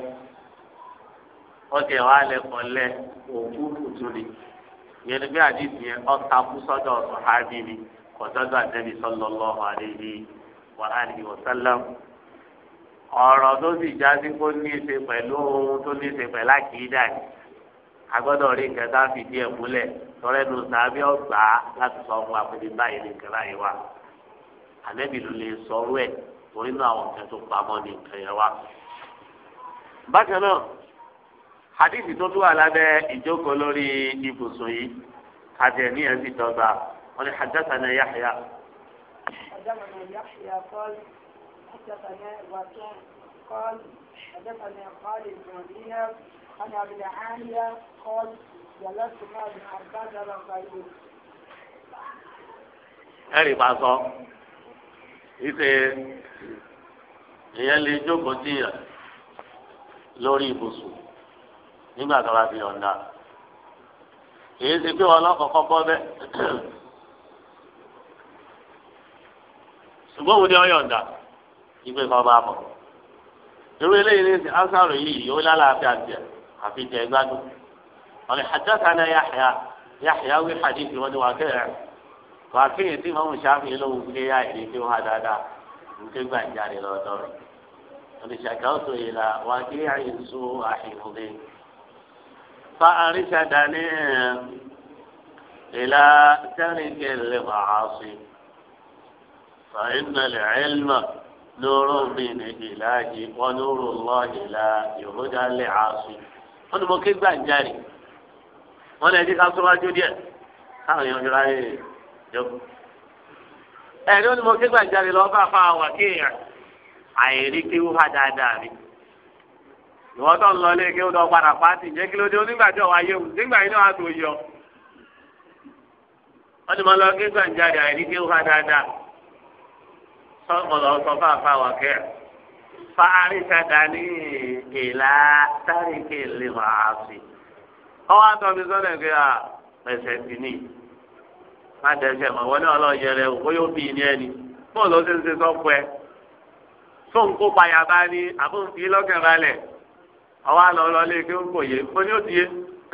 ọkẹ wa lẹ kọlẹ òkú kùtùlì yẹn bí àdìsí yẹn ọta kú sọ́dọ̀ sọhábì ni wa alihi wa sallam ọ̀rọ̀ tó sì jáde kó ní í ṣe ohun tó ní í ṣe pẹ̀lú àkìídà ni rí nǹkan tá a fi sàbí ọgbà wa ló lè sọrú torí náà àwọn hadithi tó tún wà lábẹ́ ìjókòó lórí ibùsùn yìí àti ẹ̀mí ẹ̀ sì dọ́gba wọn ni hadathana Yahya. hadathana Yahya kọ́lì hadathana wàtún kọ́lì hadathana kọ́lì ìgbọ̀nìyà wọn àbí làánìyà kọ́lì yàlásù náà ní àbájára báyìí. ẹ̀rì máa sọ ìṣe ìyẹn lè jókòó sí yàn lórí ibùsùn nígbà tó bá fi ọ̀nà èyí ti pé wọn lọ́kọ̀ọ́kọ́ bọ́ bẹ́ẹ̀ ṣùgbọ́n òun ni ọ̀yọ̀ ọ̀dà ìgbé kan bá mọ̀ irú eléyìí ní ti ansaro yìí yóò lálàáfíà àti àfi jẹ gbádùn ọ̀nà hadathana Yahya Yahya wí hadith wọn ni wà kẹ́rẹ̀ wà kéèyàn tí mọ̀mú sáfì lóhùn gbé yá èdè tí ó hà dáadáa nké gbà فأرشدني إلى ترك المعاصي فإن العلم نور من إله ونور الله لا يهدى لعاصي wọ́n ní mo ké gbà ń járe wọ́n lè jí ká síwájú díẹ̀ káwọn èèyàn jọra yìí jókòó. ẹ̀rí wọ́n ní mo ké gbà ń járe lọ́ọ́ bá fa wà kéèyàn àìrí kéwú ha dáadáa rí ìwọ tó ń lọ ilé kí ó lọ padà pàtì jẹ́ kí ló dé onígbà tí ọ̀wá yẹ̀wò nígbà yìí náà tó yọ. wọ́n ti máa lọ kí gbàǹjarì àìní kí ó wá dáadáa. sọ́kùnrin ọ̀sán fà fà wà kẹ́ fa àríṣàdá ní ìlà táríkì lè máa fi. ọwọ́ àtọ́ mi sọ́dọ̀ pé à pẹ̀sẹ̀ sí ni má dẹ́sẹ̀ mọ̀ wọlé ọlọ́yẹrẹ òkú yóò bí ní ẹni bóòlù ó ti ń ṣe sọ́kù ẹ. sóńkó payà bá ní àbóǹfì lọ́kẹ̀ balẹ̀ àwọn alọ́lọ́ lé kí ó kò yé mo ní ó ti yé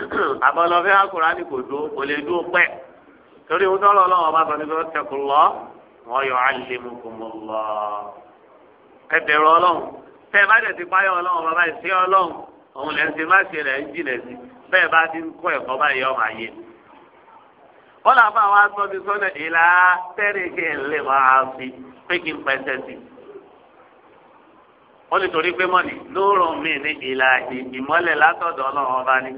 <clears throat> àbọ̀lọ́fẹ́ àkùránì kò dúró kò lè dúró pẹ́ torí ohun tó lọ lọ́wọ́ bá sọ ní sọ tẹkùn lọ wọn yọ alimukumulọ ẹ bẹ̀rù ọlọ́run tẹ ẹ bá dẹ̀ ti páyọ̀ ọlọ́run bàbá ìṣe ọlọ́run òun lẹ́ ń ṣe má ṣe rẹ̀ ń jìnà sí bẹ́ẹ̀ bá ti ń kọ́ ẹ̀kọ́ báyìí ọmọ ayé wọn ó lè torí pé mọ́ni lóòrùn mi ní ìlà ìmọ́lẹ̀ látọ̀dọ̀ ọlọ́run ọba ni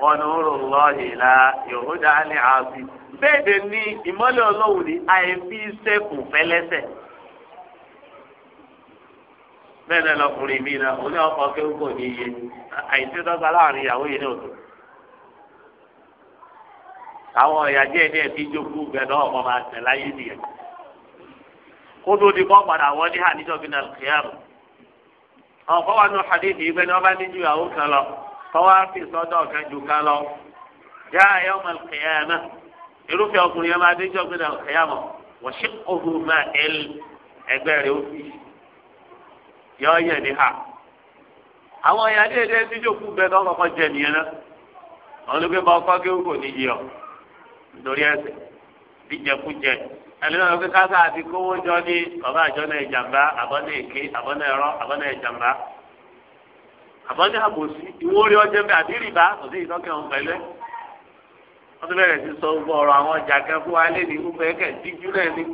wọn lóòrò lọ ìlà yòhúdà ní àbí bẹ́ẹ̀ dẹ̀ ni ìmọ́lẹ̀ ọlọ́run ní àìfi sẹ́kù fẹ́lẹ́sẹ̀ bẹ́ẹ̀ náà lọkùnrin mi náà ó ní ọkọ̀ kéwòkò ní iye àìsí dọ́gba láàrin ìyàwó yìí ní òtò àwọn ọ̀yà díẹ̀ díẹ̀ fi jókòó bẹ̀ ọmọ máa tẹ̀ láyé nìyẹn kó tó di kọ́ padà wọ́n ní àwọn kan wà nù hadith yìí pé ní wọn bá ní ju àwọn kan lọ tọwọ àfi sọ́dọ̀ kan ju kan lọ já ẹyọ ọmọ kẹyà náà irúfẹ́ ọkùnrin yẹn máa dé jọ gbé dàgbà wọ́n ṣe ohun máa ẹl ẹgbẹ́ rẹ̀ ó fi yọ yẹ ní ha àwọn ìyá déédéé tí jòkú bẹ tó kọ́kọ́ jẹ nìyẹn náà àwọn olùgbé bá ọkọ kéwù kò ní nítorí ẹsẹ̀ bí ẹlẹ́nà ló fi kásá àti kówó jọ ní bàbá àjọ náà ìjàmbá àbọ̀nà èké àbọ̀nà ẹ̀rọ àbọ̀nà ìjàmbá àbọ̀nà àbòsí ìwó orí ọjọ́ bẹ́ẹ̀ àti rìbá òsì ìtọ́kẹ́ òun pẹ̀lú ẹ̀ wọ́n ti bẹ̀rẹ̀ sí sọ gbọ́ ọ̀rọ̀ àwọn ọjà kan fún wa lé ní gbogbo ẹ̀kẹ́ díjú náà ní ń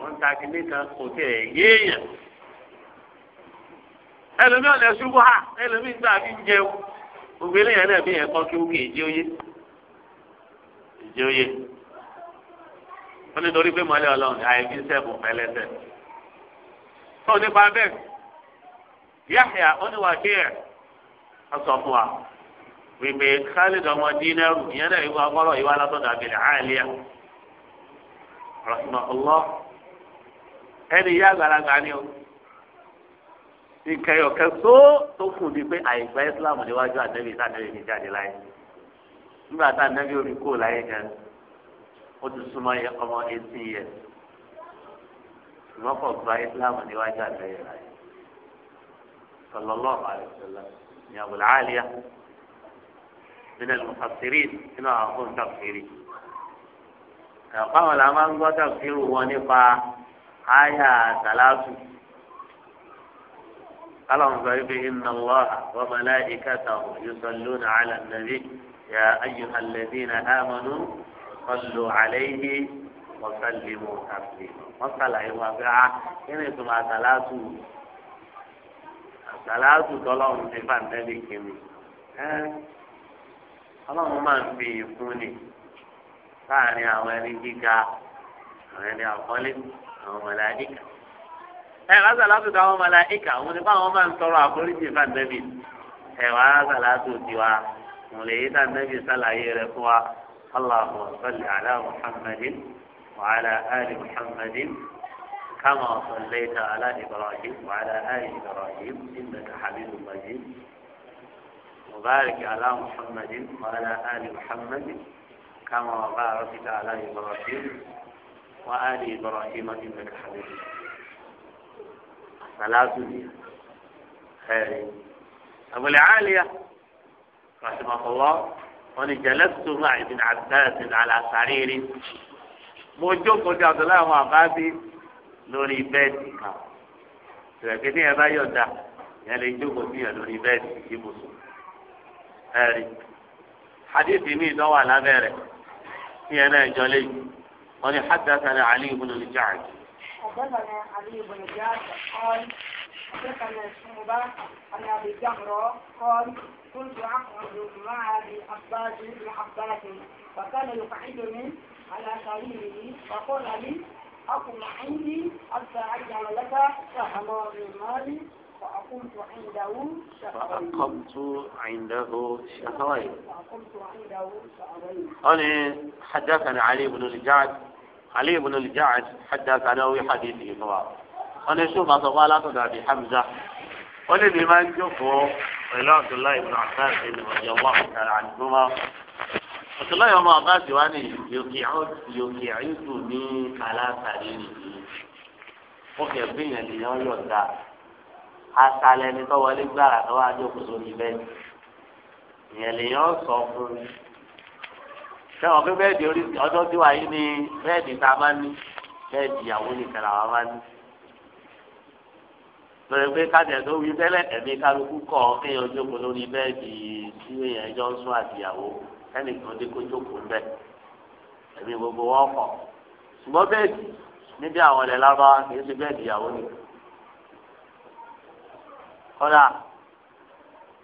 wọ́n ń ta kíní kan kò tẹ̀ yéèyàn ẹlòmíràn lẹ wọ́n ní torí pé mọ́lẹ́ ọlọ́run àìbí sẹ́bù pẹ́lẹ́sẹ̀. tó nípa bẹ́ẹ̀ Yahya oníwàkíyà ọsọ fún wa wípé Khalid ọmọ dínẹ́rù ìyẹn náà ìwà ọgọ́rọ̀ ìwà látọ̀dọ̀ àbẹ̀lẹ̀ àìlíyà rahmatullah ẹni yá àgbàlagbà ni o ìkẹyọ̀kẹ́ tó tó kù ni pé àìgbà Islam níwájú àdébí sàdébí jáde láyé nígbà tá àdébí orí kò láyé gan ó ti súnmọ́ yẹ ọmọ eighteen years ṣùgbọ́n kò gba islam níwájú àgbẹ̀yẹ rẹ̀ sallallahu alayhi wa sallam ní abul aliya min al-mufassirin nínú àwọn akóhùn tafsiri ẹ̀fọ́n la máa ń gbọ́ tafsiru wọn nípa àyà tàlásù kálọ̀n sọ wípé inna Allaha wa malaikatahu yusalluna ala nabi ya ayyuhal ladina amanu. sọlù àlẹ́yé mọ̀sálẹ́mù tàbí mọ̀sálàyé wà pé a ah, kí ni ìtumọ̀ àtàlátù àtàlátù tọ́lọ́run ti bá nẹ́ẹ̀lì kìíní ẹ́ ọlọ́run máa ń fi ìfún ni láàrin àwọn ẹni gíga àwọn ẹni àkọ́lé àwọn màláíkà ẹ wá sàlátù tó àwọn màláíkà òun ni báwọn máa ń tọrọ àforíjì bá nẹ́ẹ̀lì ẹ wá sàlátù tiwa òun lè yí tá nẹ́ẹ̀lì sàlàyé rẹ fún wa. اللهم صل على محمد وعلى آل محمد كما صليت على إبراهيم وعلى آل إبراهيم إنك حميد مجيد وبارك على محمد وعلى آل محمد كما باركت على إبراهيم وآل إبراهيم إنك حميد صلاة خير أبو العالية رحمه الله wọn ni jalastu ma'a ibn Abbas ala sariri mo jókòó di Abdullahi àwọn àbábí lórí bẹ́ẹ̀dì kan tìrẹ̀kì ní ẹ bá yọ̀dà yẹn lè jókòó sí yẹn lórí bẹ́ẹ̀dì ibùsùn ẹ̀rí hadithi mi dọ́wà lábẹ́rẹ̀ tí ẹ náà jọ léyìí wọn ni haddathana Ali ibn al-Ja'd. حدثنا شعبة عن أبي جهرة قال كنت أقعد مع أبي عباس بن عباس فكان يقعدني على سريره فقال لي أقم عندي حتى أجعل لك شهرا من مالي فأقمت عنده شهرين فأقمت عنده شهرين فأقمت عنده شهرين أنا حدثنا علي بن الجعد علي بن الجعد حدثنا في حديثه طبعا wọn ní sùn máa sọ fún alátọ̀dọ̀ àbí Hamza wọn ní bí máa ń jókòó pẹ̀lú Abdullahi ibn Abbas ibn ọ̀yọ̀wọ́ ọ̀tàrà àdúgbò Abdullahi ọmọ Abbas wa ní yòókì àìsù ní alátàrí nìyí ó kẹ̀ bí yẹn lè yàn yọ̀ọ̀dà asalẹ̀ ni tọ́wọlé gbára tó wá jókòó sórí bẹ́ẹ̀ ìyẹn lè yàn sọ fún un sẹ́wọ̀n pé bẹ́ẹ̀ di ọjọ́ tí wàá yí ni bẹ́ẹ̀ di ta máa ní bẹ́ẹ̀ di ìyàwó nìkan làwọn máa ní lọ́yọ̀ pé kájà tó wí tẹ́lẹ̀ ẹ̀mí kálukú kọ̀ kéèyàn jókòó lórí bẹ́ẹ̀dì tí èèyàn jọ ń sún àtìyàwó ẹnìkan dé kó jókòó ń bẹ̀ ẹ̀mí gbogbo wọn kọ̀ ṣùgbọ́n bẹ́ẹ̀dì níbi àwọn ilẹ̀ lábá kì í ṣe bẹ́ẹ̀dì ìyàwó ni. kọ́dà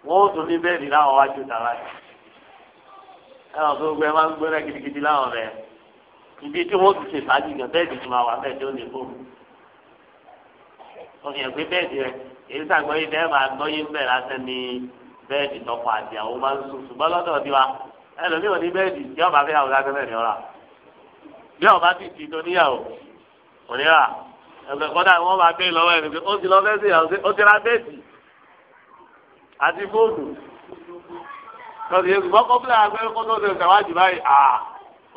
wọ́n ó tún ní bẹ́ẹ̀dì láwọn wájú tàwa yìí ẹ̀rọ tó gbẹ máa ń gbẹ́rẹ́ gidigidi láwọn rẹ̀ ọkàn ẹgbẹ́ bẹ́ẹ̀dì rẹ èyí sàgbọ́ yìí bẹ́ẹ̀ máa gbọ́ yín bẹ́ẹ̀ lásán ní bẹ́ẹ̀dì tọkọ àti àwọn máa ń sùn ṣùgbọ́n lọ́dọ̀ wa ẹlòmíì ò ní bẹ́ẹ̀dì ọba fẹ́ àwọn lásán bẹ́ẹ̀ ọ̀rà bí ọba ti ti tó níyàwó kò ní rà wọn máa gbé lọ́wọ́ ẹni pé ó ti lọ fẹ́ ó ti ra bẹ́ẹ̀dì àti fóònù lọ́dọ̀ yẹn ṣùgbọ́n kọ́pílà agbẹ́rẹ́ kó tó ṣe ṣèwádìí báyìí à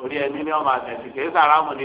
orí ẹni ni ọmọ àtẹ̀sí kì í sàrámù ní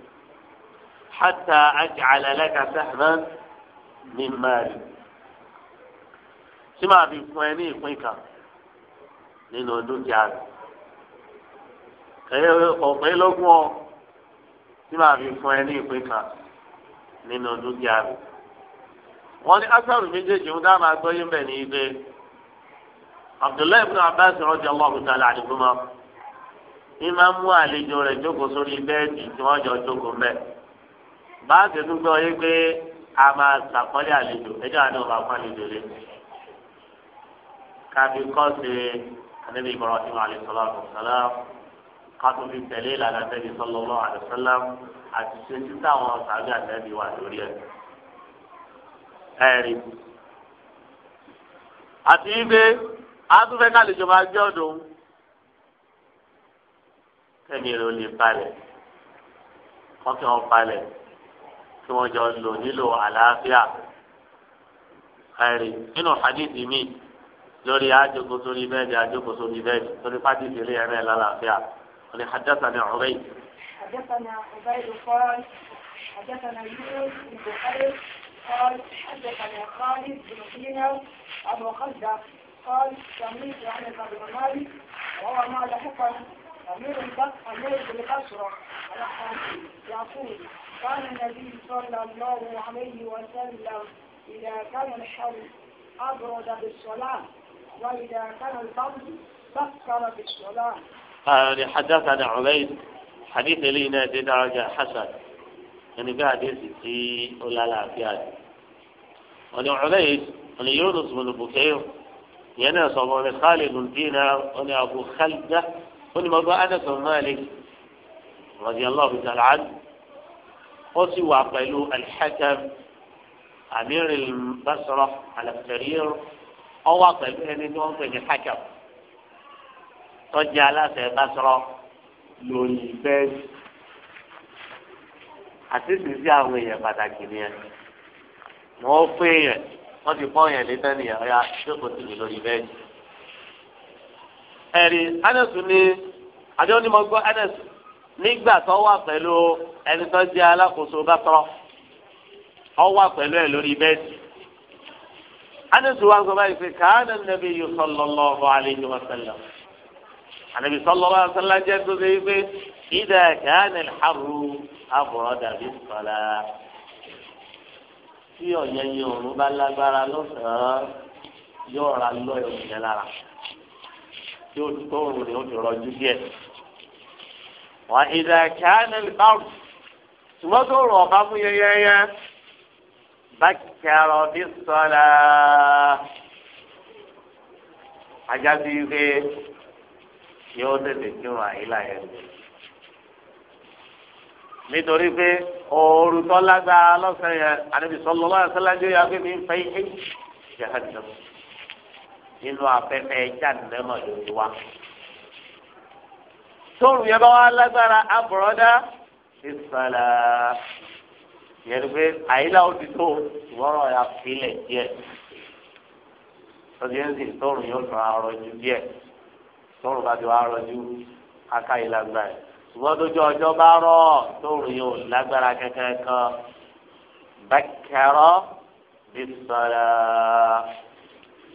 حتى أجعل لك سحبا من مالي tí màá fi fún ẹ ní ìpín kan nínú dúkìá rẹ kẹyẹ ọ̀pẹ́ lógún ọ wọ́n ní méjèèjì ń dá máa gbọ́yé mbẹ̀ ní ibẹ̀ Abdullahi ibn Abbas radiyallahu ta'ala anhuma ìmáàmù àlejò rẹ̀ jókòó sórí bẹ́ẹ̀dì tí wọ́n jọ bá a ti dúpẹ́ ọyẹ́ pé a máa sàkọ́lé àlejò ẹjọ́ àná ọba fún àlejò rẹ kábí kọ́ sí anábì Ibrahim alayhi salatu wassalam kátó fi tẹ̀lé ìlànà àtẹ́bí sallallahu alayhi wasallam àti ṣe títà àwọn sàbí àtẹ́bí wà lórí ẹ̀. ẹ̀rí àti ibẹ̀ àtúfẹ́ kálíjọ máa jẹ́ ọ̀dùn kẹ́mi rẹ̀ lè balẹ̀ kọ́kẹ́ wọn balẹ̀ tí wọ́n jọ lò nílò àlàáfíà ẹ̀rí nínú hadithi mi lórí àjòkó sórí bẹ́ẹ̀dì àjòkó sórí bẹ́ẹ̀dì lórí pàtì ìdílé ẹ̀rẹ́ lálàáfíà wọ́n ní حدثنا عبيد. حدثنا عبيد قال حدثنا يونس بن بخير قال حدثنا خالد بن دينار ابو خزة قال سميت عن ابن مالك وهو ما لحقه امير البصره يقول قال النبي صلى الله عليه وسلم إذا كان الحر أبرد بالصلاة وإذا كان البرد فكر بالصلاة يعني حدثنا عبيد حديث لينا درجة حسن يعني بعد يسكي ولا لا هذا ولو عبيد يونس بن بكير ناس أبو خالد بن وأنا أبو خلدة ولمرضى أنس بن مالك رضي الله تعالى عنه ó sì wà pẹ̀lú alḥakam amiril basra alaftarir ó wà pẹ̀lú ẹni tí wọ́n pè ní hakam tó jẹ́ aláṣẹ basra lórí bẹ́ẹ̀ àti sísí àwọn èèyàn pàtàkì nìyẹn wọ́n fún èèyàn wọ́n ti fọ́ èèyàn létẹ́ nìyẹn ọ̀yà ṣòkò sí mi lórí bẹ́ẹ̀. ẹ̀rí Anas ni àjọ ni gbọ́ Anas nígbà tó wà pẹ̀lú ẹni tó jẹ́ alákòóso bá tọ́ ọ wà pẹ̀lú ẹ lórí bẹ́ẹ̀dì. ánìsù wa sọ báyìí pé káàdà nàbí yìí sallallahu alayhi wa sallam. ànàbì sallallahu alayhi wa sallam jẹ́ tó ṣe pé ìdá káàdà ìhàrú àbọ̀rọ̀ dàbí sọ̀la. tí ọ̀yẹ́ yìí òun bá lágbára lọ́sàn-án yóò ra lọ́ọ̀ ìròyìn tí ó tó òun ni ó ti rọjú wà ìdá kánà lùbáwù ṣùgbọ́n tó rọ̀ ọ̀bá fún yẹyẹyẹ bákẹ́rọ̀ bí sọ́la ajá sí pé yóò tètè kírun àyílà yẹn nítorí pé ooru tó lágbára lọ́sẹ̀ yẹn àdébí sọ́lọ́ lọ́sẹ̀ lájú yà pé mi ń fẹ́ yìí ṣe é ṣe é nínú afẹ́fẹ́ jáde lẹ́mọ̀ yóò ti wá tóòrùn yẹn bá wà lágbára àbùrọ̀dá ìsàlà yẹn pé àyílá ó ti tó ìwọ́rọ̀ ya fílẹ̀ díẹ̀ tọ́jú ẹ̀ńsì tóòrùn yóò tún arọjú díẹ̀ tóòrùn bá ti wà arọjú aká yìí lágbára yẹn ṣùgbọ́n tójú ọjọ́ bá rọ̀ tóòrùn yóò lágbára kankan kan bákẹ́rọ́ bí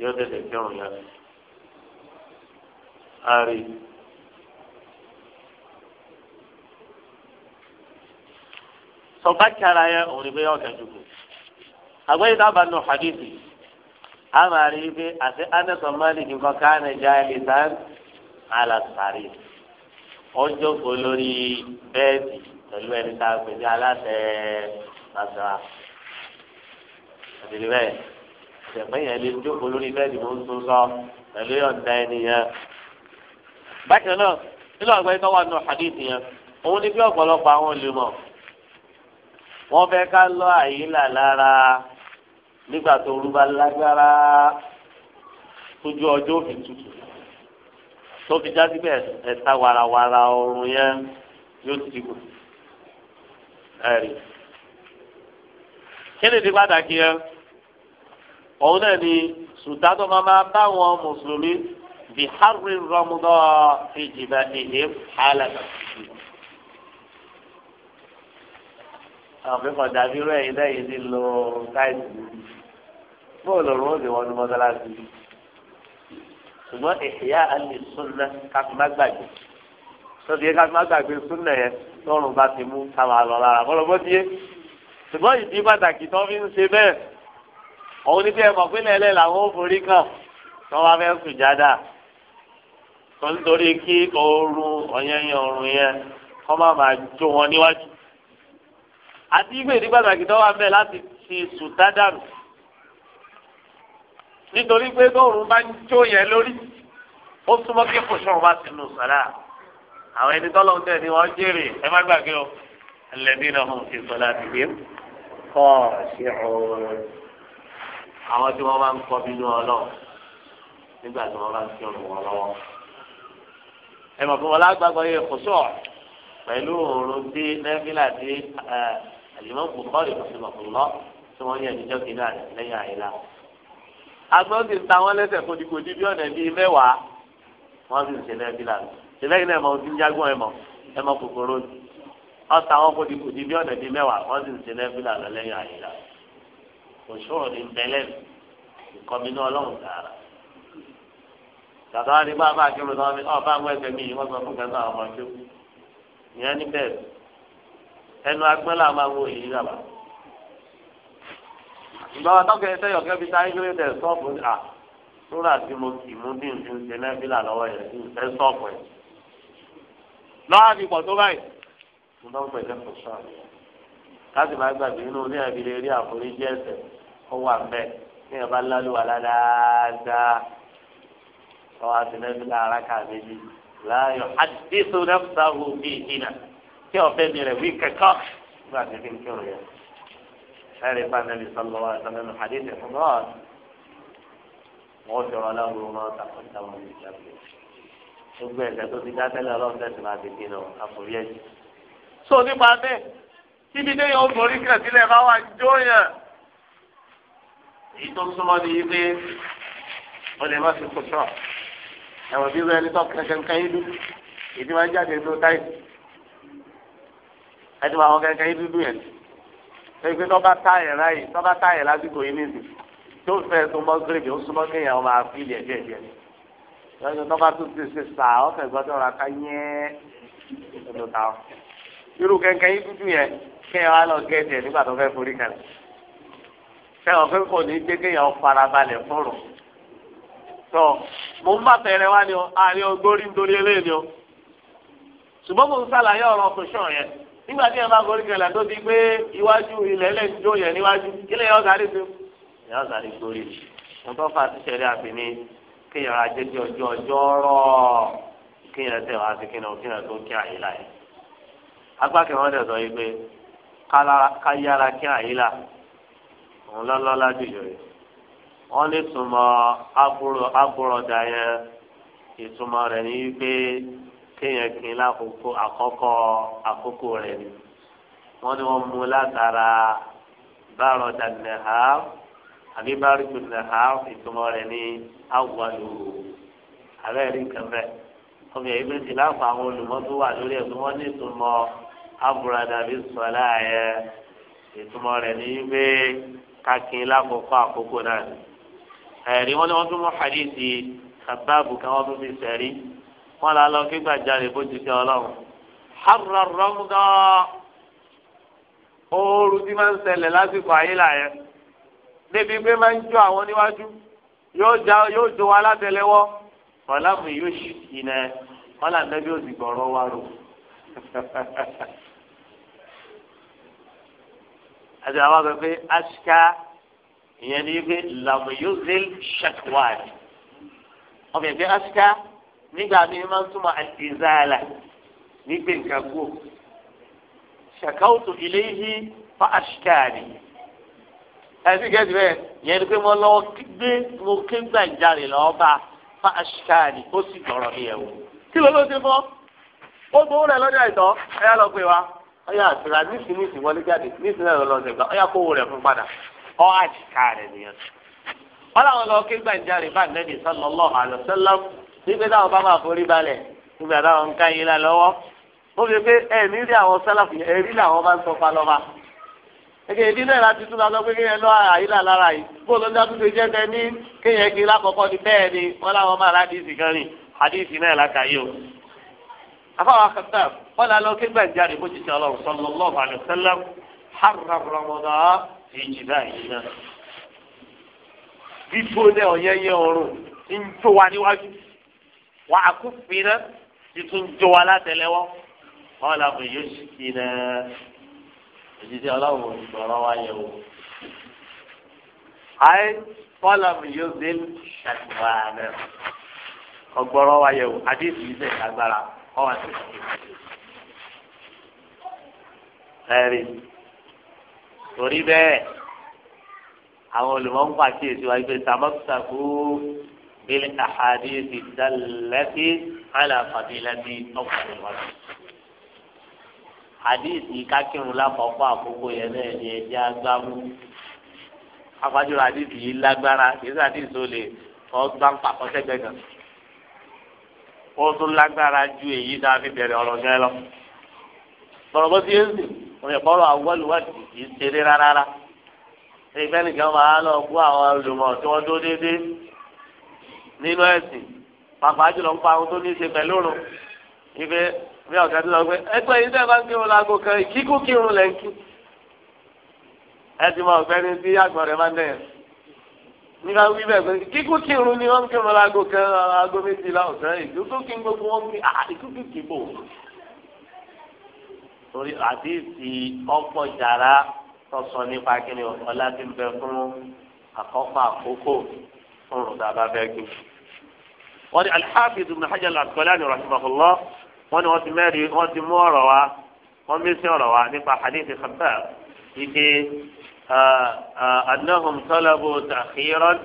yóò tètè kírun yẹn. tọba kyara yẹn òun ni pé yọ kẹjú kù àgbẹ̀yìn dábàá nù hadithi ama rí i pé àti anẹ́sọ̀ malik nǹkan káàní já ẹni tán alàsàrí ọjọ́ kò lórí bẹ́ẹ̀dì pẹ̀lú ẹni tá a pè ní aláṣẹ àṣà àtìrí bẹ́ẹ̀ ṣẹ̀pẹ́ yẹn lè jókòó lórí bẹ́ẹ̀dì mo ń tún sọ pẹ̀lú yọ̀ǹda ẹni yẹn. bákan náà nínú àgbẹ̀yìn tó wà nù hadith yẹn òun ni bí ọ̀pọ̀lọpọ̀ àwọn olùmọ̀ wọ́n fẹ́ ká lọ àyílà lára nígbà tó rú bá lágbára tójú ọjọ́ òfin tutù tó fi jáde bẹ́ẹ̀ ẹ̀ta warawara ọrùn yẹn yóò ti kù ẹ̀rí. kí ni ìdí pàtàkì yẹn òun náà ni sùtá tó máa máa bá wọn mùsùlùmí bíi harry rọmọdọ́ ìjìbá ìhè hálẹ̀ náà. àwọn fífọ̀ dàbí irú ẹ̀yin lẹ́yìn ti lo táìsì bóòlù òórùn ó sì mọ́sálásí ṣùgbọ́n ìhìyà àlè súnà káfíńmágbàgbé sọ́dí yẹ súnà yẹn lọ́rùn bá ti mú káwọn àlọ́ lára bọ́lọ̀ yé ṣùgbọ́n ìdí pàtàkì tó fi ń ṣe bẹ́ẹ̀ òun ní bí ẹ mọ̀ pé lẹ́lẹ́ làwọn ò forí kàn tó wá fẹ́ sùn jáda tó nítorí kí oorun ọ̀yẹ́yẹ́ oorun yẹn kọ́ má máa jó wọn níwájú àti ìgbè ní pàtàkì tó wà mẹ́ láti fi sùtá dànù nítorí pé tóòrùn bá ń jó yẹn lórí ó súnmọ́ kí kòsùn bá ti nù àwọn ẹni tọ́lọ́ ń tẹ̀ ni wọ́n jèrè ẹ má gbàgbé o ẹlẹ́bí náà hàn fi sọ́lá ti gbé kọ́ ṣe ọ̀rọ̀ àwọn tí wọ́n bá ń kọ́ bínú ọlọ́run nígbà tí wọ́n bá ń kírun wọn lọ́wọ́ ẹ mọ̀ fún wọn lágbàgbọ́ yẹ kòsùn pẹ̀lú òòrùn dé nẹ́fílà dé Al-Imam Bukhari rahimahullah tí wọ́n yẹ ìjọ kìíní àti lẹ́yìn àyílá. agbọ́n ti ń ta wọ́n lẹ́sẹ̀ kòdìkòdì bí ọ̀nà bíi mẹ́wàá wọ́n sì ń ṣe lẹ́bí lànà ṣẹlẹ́yìn náà ẹ̀mọ́ ti ń jágún ẹ̀mọ́ ẹ̀mọ́ kòkòrò ni wọ́n ta wọ́n kòdìkòdì bí ọ̀nà bíi mẹ́wàá wọ́n sì ń ṣe lẹ́bí lànà lẹ́yìn àyílá. òṣùwọ̀n ni bẹ́lẹ̀ ìkọminú ọlọ́run tààrà tàbá ni bá bá kí ẹnu agbọ́n là máa wo èyí rà bá. ìgbà wa tọ́kẹ́ ẹsẹ̀ yọ̀kẹ́ fi sáré kéré tẹ̀ sọ́ọ̀bù à lórí àti mo kì mú bí n fi ń ṣe nẹ́bílà lọ́wọ́ yẹn kí n fẹ́ sọ́ọ̀bù ẹ̀. lọ́wọ́ ti pọ̀ tó báyìí. mo lọ́ pẹ̀lẹ́ kò sọ àná. máa gbàgbé inú ní ẹ̀bí lè rí àforíjì ẹ̀ṣẹ̀ kó wà mbẹ́ ní ẹ̀bá lálùwà ládáadáa. lọ́wọ́ àti nẹ́bílà arákà láàyò àdìsó kí ọ̀fẹ́ mi rẹ̀ wí kẹ́kọ́ nígbà tí fi ń kírun yẹn. ẹ̀rí pàtàkì sọ̀rọ̀ wa sọ̀rọ̀ nù hadith ẹ̀fọ́ náà wọ́n sọ̀rọ̀ aláwòrán náà tàkùn táwọn ọmọ ìjàpè. gbogbo ẹ̀ṣẹ̀ tó ti dá tẹ́lẹ̀ ọlọ́run tẹ̀sí máa fi kíni ọ̀ àforí ẹ̀jẹ̀. so nípa bẹ́ẹ̀ kíbi dé yóò borí kẹ̀sílẹ̀ bá wà jó yẹn. èyí tó súnmọ́ ni yí pé ó lè má fi kó sọ̀ ẹ̀wọ̀n bí wọ́n ẹni tó kẹ̀kẹ́ ń kẹ́yìn dúdú ìdí máa ń jáde tó táyì ẹtì máa wọn kẹ̀kẹ́ yín dúdú yẹn pé tọ́ba táyẹ̀ láyè tọ́ba táyẹ̀ lásìkò yín nìsí tó fẹ́ tó mọ́ gírèbì ó súnmọ́ kéèyàn máa fi ilẹ̀ díẹ̀ díẹ̀ lọ́jọ́ tọ́ba tó ti ṣe sà ọ̀fẹ́ gbọ́dọ̀ ra ká yẹ́n ẹ̀dọ̀ ta ọ́ irú kẹ̀kẹ́ yín dúdú yẹn kéèyàn á lọ gẹ́ tiẹ̀ nígbà tó fẹ́ forí kalẹ̀ sẹ́wọ̀n pé kò ní kéèyàn farabalẹ̀ fọ̀rọ̀ tọ́ mo ń bá tẹ̀rẹ̀ wá ni ọ àárín ọgbórí nítorí eléyìí ni ọ ṣùgbọ́n mo ń sàlàyé ọ̀rọ̀ kò ṣọ̀yẹn nígbà tí ẹ bá gorí kẹlẹ tó di pé iwájú ilẹ̀ lẹ́ńdó yẹn níwájú kí lè yọ sáré tó yọ sáré gorí mo tọ́ fà ti ṣẹlẹ̀ àfi ni kéèyàn ajé tí ọjọ́ ọjọ́ rọ̀ kéèyàn tẹ̀ wá sí kéèyàn tó kí àyè láyé agbá kẹwọn dẹ̀ sọ yìí pé ká yára kí àyè là òun lọ́lọ́lá jùlọ yìí wọ́n ní ìtumọ̀ agbóró agbóró yẹn ìtumọ̀ rẹ̀ ní pé kéèyàn kí n lákòókò àkọ́kọ́ àkókò rẹ̀ ni wọ́n ní wọ́n mú látara bárọ̀ dànìhà àbí bárìkù dànìhà ìtumọ̀ rẹ̀ ní awàlù àbẹ́rẹ́ kẹfẹ́ ọmọ yẹn bí tìláfà àwọn olùmọ́tò wà lórí ẹ̀sùn wọn ní ìtumọ̀ abúradà bí sọlá yẹ ìtumọ̀ rẹ̀ ní wípé kákin lákòókò àkókò náà ẹ̀rí wọn ni wọ́n tún mú hadithi kàbáàbù kan tún fi sẹ́rí wọn là lọ kí gbàjarè bójú sí ọlọ́run harra rọmdọ ooru tí máa ń ṣẹlẹ̀ lásìkò àyílà yẹn débi pé máa ń jó àwọn níwájú yóò já yóò jó wa látẹ́lẹwọ́ ọlámù yóò ṣì ìnà wọn là nẹbi ó sì gbọrọ wa rò àti àwọn àgbẹ̀ pé aṣíká ìyẹn ní pé làmù yóò zèl ṣàkíwáàdì ọmọ ìgbẹ́ aṣíká. nígbà mi máa ń túmọ̀ àtìzáàlà nígbè nǹkan kú ṣàkáwùtò ilé yìí fa àṣìkáàdì ẹsì gẹ́gẹ́ bẹ́ẹ̀ yẹn ni pé mo lọ gbé mo ké gbà ìjàre lọ́ọ́ fa àṣìkáàdì ó sì dọ̀rọ̀ mi yẹ̀wò kí ló ló ti fọ́ ó gbowó ẹ yá lọ pé wa ọ yà àtìrà wọlé jáde yà fún padà ọ nìyẹn. wọ́n ké gbà bá nẹ́ẹ̀dì wípé táwọn bá máa forí balẹ̀ nígbà táwọn ń ká yín lá lọ́wọ́ ó fi pé ẹ̀mí rí àwọn sálàfù yẹn ẹ̀rí làwọn bá ń sọ pa lọ́ba. ẹ̀kẹ́ ìdí náà láti tún lọ pé kéèyàn lọ́ àyílà lára yìí bó ló ń dá tún ṣe jẹ́ tẹ ní kéèyàn kiri lákọ̀ọ́kọ́ ni bẹ́ẹ̀ ni wọ́n láwọn máa ládìsí kan rìn àdìsí náà lákàáyé o. afáwọn akẹ́kọ̀ọ́ wọn lọ kí gbàǹjarè bó ti ṣe ọlọ́run sallallahu alaihi wasallam bíbó náà wà á kú fi rẹ titun jó wa látẹlẹwọ wọn là fún yóò sì kí rẹ òjijì ọlọ́run ìgbọràn wa yẹ o ayé wọn là fún yóò dé ṣàtìwá rẹ ọgbọràn wa yẹ o àdéhùn yìí bẹ agbára wọn wà sí i ẹrí torí bẹ́ẹ̀ àwọn olùmọ̀ ń pàkíyèsí wa pé tàbátàkù. بالأحاديث الدالة على فضيلة طهر الوجه حديث كاكين لا فوقا فوقو ينادي يجازم afajúro àdìsí yìí lágbára kìsì àdìsí olè ọgbà ń pàkọ́ sẹ́gbẹ́ kan ó tún lágbára ju èyí tá a fi bẹ̀rẹ̀ ọ̀rọ̀ gan lọ. sọ̀rọ̀ bó ti yé sí òye kọ́rọ̀ àwọ̀lùwádìí kì í ṣeré rárá. ìfẹ́ nìkan máa lọ nínú ẹ̀sìn pàápàá jùlọ ń pa ohun tó ní í ṣe pẹ̀lú òrùn ife bí ọ̀gá tó lọ pé ẹgbẹ́ yìí tẹ́ bá ń kírun láago kan kíkú kírun lẹ́ ń kí ẹ ti mọ ọ̀gbẹ́ni tí àgbọ̀n rẹ̀ máa ń dẹ̀yẹ̀ nígbà wí bẹ́ẹ̀ pé kíkú kírun ni wọ́n ń kírun láago kan aago méjìlá ọ̀sán ìkúkú kí gbogbo wọn kí ìkúkú kì bò torí àdéhìsì ọ̀pọ̀ jàrá tọ̀sán nípa kíni ọ̀la ti ń bẹ fún àkọ́kọ́ àkókò fún òrùn tàbá fẹ́ kí wọ́n ní alḥafiz ibn hajar al-asqalani rahimahullah wọ́n ní wọ́n ti mẹ́rin wọ́n ti mú ọ̀rọ̀ wa wọ́n bí sí ọ̀rọ̀ wa nípa hadith khabbab ike annahum talabu ta'khiran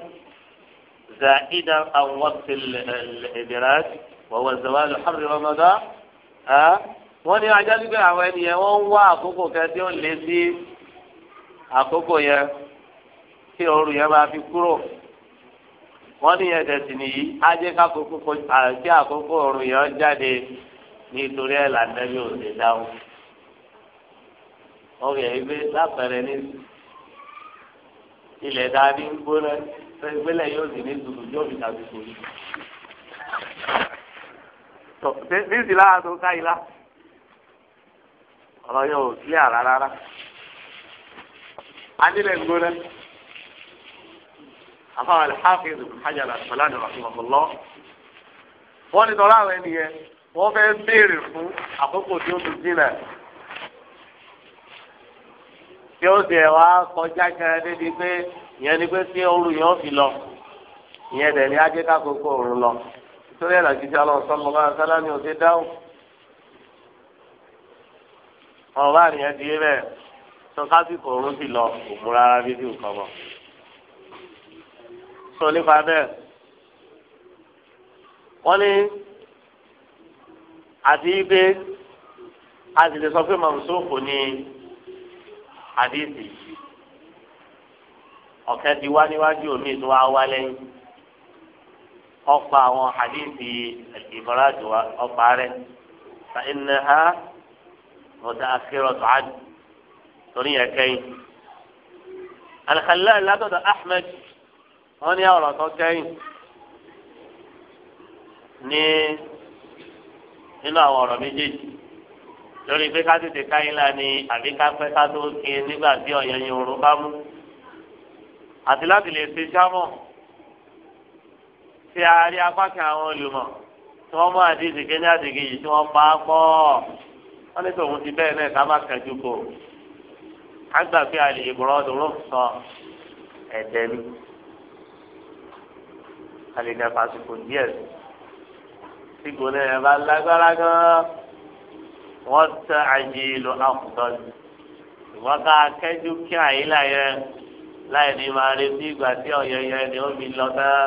za'idan an waqt al-idraj wa huwa zawal al-harr ramadan wọ́n ní ajálù pé àwọn ènìyàn wọ́n wá àkókò kan ó lé sí àkókò yẹn kí òru yẹn máa fi kúrò. wọ́n ní ẹ̀dẹ̀ sì nìyí ajé kákòókò àti àkókò ọ̀run yẹn jáde nítorí ò lè dáhùn. ilẹ̀ gbóná yóò sì ní tutù yóò àfàwọn alḥafiz hajar asalani rahimahullah wọ́n ní tọ́lá àwọn ènìyàn wọ́n fẹ́ béèrè fún àkókò tí ó ti dínà tí ó tiẹ̀ wá kọjá kan débi pé ìyẹn ni pé tí ooru yẹn fi lọ ìyẹn dẹ̀ ní ajé kákòókò òru lọ torí ẹ̀ làjíjá ọlọ́run sọ́nù bá sálá ò ti dáhùn ọ̀rọ̀ bá ti yé bẹ́ẹ̀ sọ kásìkò òru fi lọ òmùrà rárá bí ti ò kọ́ bọ̀ sọ nípa bẹ́ẹ̀ wọ́n ní àti pé a sì lè sọ pé màmúsófò ni àdìsí ọ̀kẹ́ ti wá níwájú omi tó wá wá lẹ́yìn ọ̀pọ̀ àwọn àdìsí ìfọ̀rọ̀jù ọ̀pá rẹ̀ ta iná ha mọ̀tà akérò tó àdù torí yẹn kẹ́yìn. alḥalal látọ̀dọ̀ Ahmed wọ́n ní ọ̀rọ̀ tó kẹ́yìn ní nínú àwọn ọ̀rọ̀ méjèèjì lórí pé ká tètè káyín la ni àbí ká pẹ́ ká tó ké nígbà tí ọ̀yàn yẹn òru bá mú àti láti lè ṣe sámọ̀ tí a rí apá kan àwọn olùmọ̀ tí wọ́n mú àdìsí kéde àdìgí yìí tí wọ́n pa á pọ̀ wọ́n ní tòun ti bẹ́ẹ̀ náà ká má kẹjú kò á gbà pé àlè ìbúrọ̀ ọdún ló ń sọ ẹ̀dẹ́ mi alẹ́ ní afásitì díẹ̀ tí gbọ́dọ̀ yẹn bá lágbára gan wọ́n tẹ àyè lọ àkùdọ́lù ìwọ́n ká kẹ́jú kí àyílà yẹn láì ní máa retí ìgbà tí ọ̀yẹ́ yẹn ni ó mi lọ náà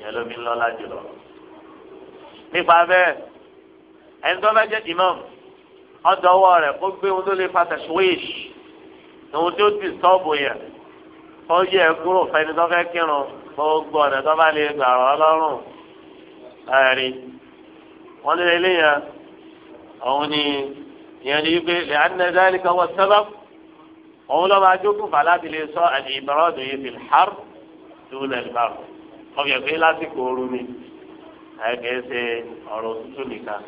yẹn ló mi lọ lájú lọ. nípa bẹ́ẹ̀ ẹni tó bá jẹ́ imam ọ̀dọ̀ ọwọ́ rẹ̀ kó gbé ohun tó lè fa tẹ̀síwéèsì ohun tó ti sọ́ọ̀bù yẹn ó yẹ kúrò fẹ́ni tó fẹ́ kírun gbogbo ọ̀nà tó bá lè gbà rọ̀ ọlọ́run ẹ̀rí wọ́n lé eléyà òun ni ìyẹn ni wípé lè anadali kan wọ́n sábà òun lọ́ máa jókòó fà láti lè sọ àti ìbárọ̀dù yìí fi har dúlẹ̀ ìbárò ọbẹ̀ pé lásìkò ooru ni ẹ̀kẹ́ ṣe ọ̀rọ̀ òtútù nìkan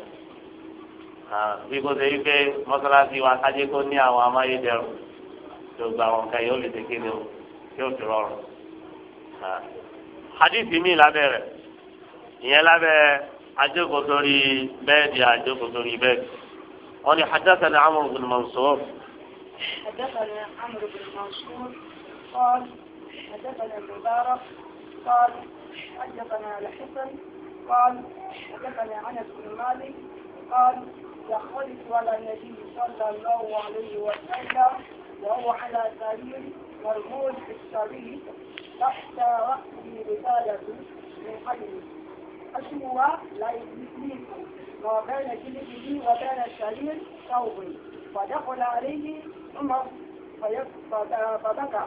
bí kò ṣe wípé mọ́sálásí wa kájé kó ní àwọn amáyédẹrùn tó gba àwọn nǹkan yóò lè ṣe kí ni o yóò fi rọrùn. hadithi mi lábẹ́ rẹ̀ ìyẹn lábẹ́ ajókòtórí bẹ́ẹ̀dì ajókòtórí bẹ́ẹ̀dì wọ́n ní hadathana amr bin mansur. hadathana amr bin mansur قال حدثنا المبارك قال حدثنا الحسن قال حدثنا انس بن مالك قال دخلت على النبي صلى الله عليه وسلم وهو على سرير مرمول في تحت رأسه رسالة من حيث حجمها لا يثنيه ما بين جلده وبين الشرير ثوبي فدخل عليه عمر فبكى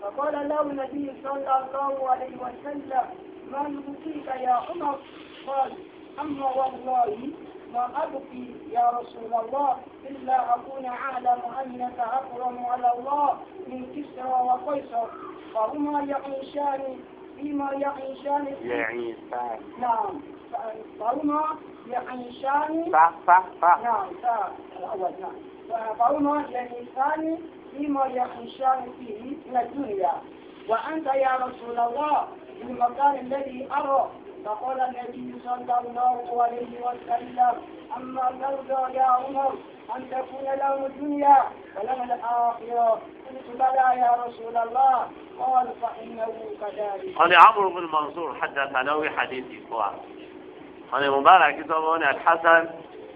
فقال له النبي صلى الله عليه وسلم ما يبكيك يا عمر قال أما والله ما أبكي يا رسول الله إلا أكون أعلم أنك أكرم على الله من كسرى وقيصر فهما يعيشان فيما يعيشان في يعيشان نعم فهما يعيشان صح صح صح نعم صح الأول نعم فهما يعيشان فيما يعيشان فيه من الدنيا وأنت يا رسول الله في المكان الذي أرى فقال النبي صلى الله عليه وسلم أما ترضى يا عمر أن تكون له الدنيا ولنا الآخرة قلت بلى يا رسول الله قال فإنه كذلك قال عمرو بن منصور حدث له حديث إخوان قال مبارك طبعا الحسن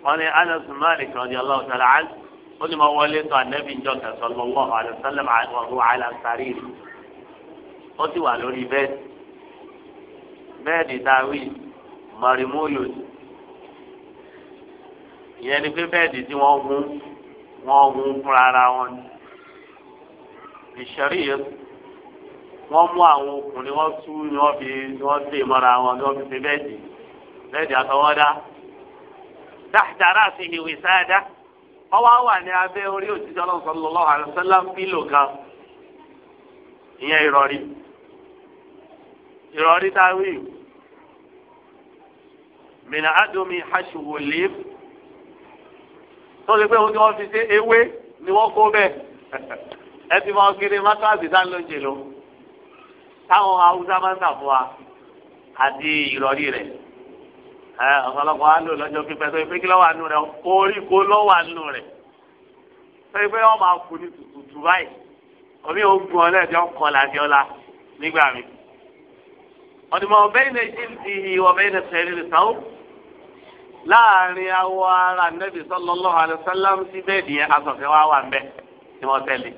قال أنس مالك رضي الله تعالى عنه قل ما وليت النبي صلى الله عليه وسلم وهو على سريره قلت ولولي بيت mẹ́rin dáwì mọ̀rìmúlù ìyẹn ni pé bẹ́ẹ̀dì tí wọ́n hun wọ́n hun fúnra ara wọn ni ìṣẹ̀rí yẹn wọ́n mú àwọn ọkùnrin wọ́n tú ni wọ́n fi wọ́n mọ́ra wọn ni wọ́n fi fi bẹ́ẹ̀dì bẹ́ẹ̀dì àtọwọ́dá dáhàdàrà sí ìwé sáadá wọ́n ní abẹ́ orí pílò kan ìyẹn ìrọ̀rí ìrọ̀rí mìnà ádomi aṣòwò lé tó ṣe pé ohun tí wọ́n fi ṣe ewé ni wọ́n kó bẹ́ẹ̀ <laughs> ẹ ti máa kiri mátàlásì dánilóúnjẹ ló táwọn haúsá máa ń tà fún wa àti ìrọ̀rí rẹ̀ ẹ ọ̀pọ̀lọpọ̀ á lò lọ́jọ́ pípẹ́ tó ìpín kí lọ́wọ́ àánú rẹ̀ oríko lọ́wọ́ àánú rẹ̀ tó ìpín wọn máa kú ní tutù báyìí omi ò gun ọlẹ́ẹ̀dẹ́ ọkọlá àti ọlá nígbà mi ọ̀dùnmọ̀ ọ̀bẹ́yìn náà ṣì ń di ọ̀bẹ́yìn náà ṣẹlẹ̀ sáwọ́ láàrin awọ ara nẹ́bí sallallahu alaihi wasallam sí bẹ́ẹ̀dì yẹn asọ̀fẹ́ wa wà mbẹ́ tí wọ́n tẹ̀lé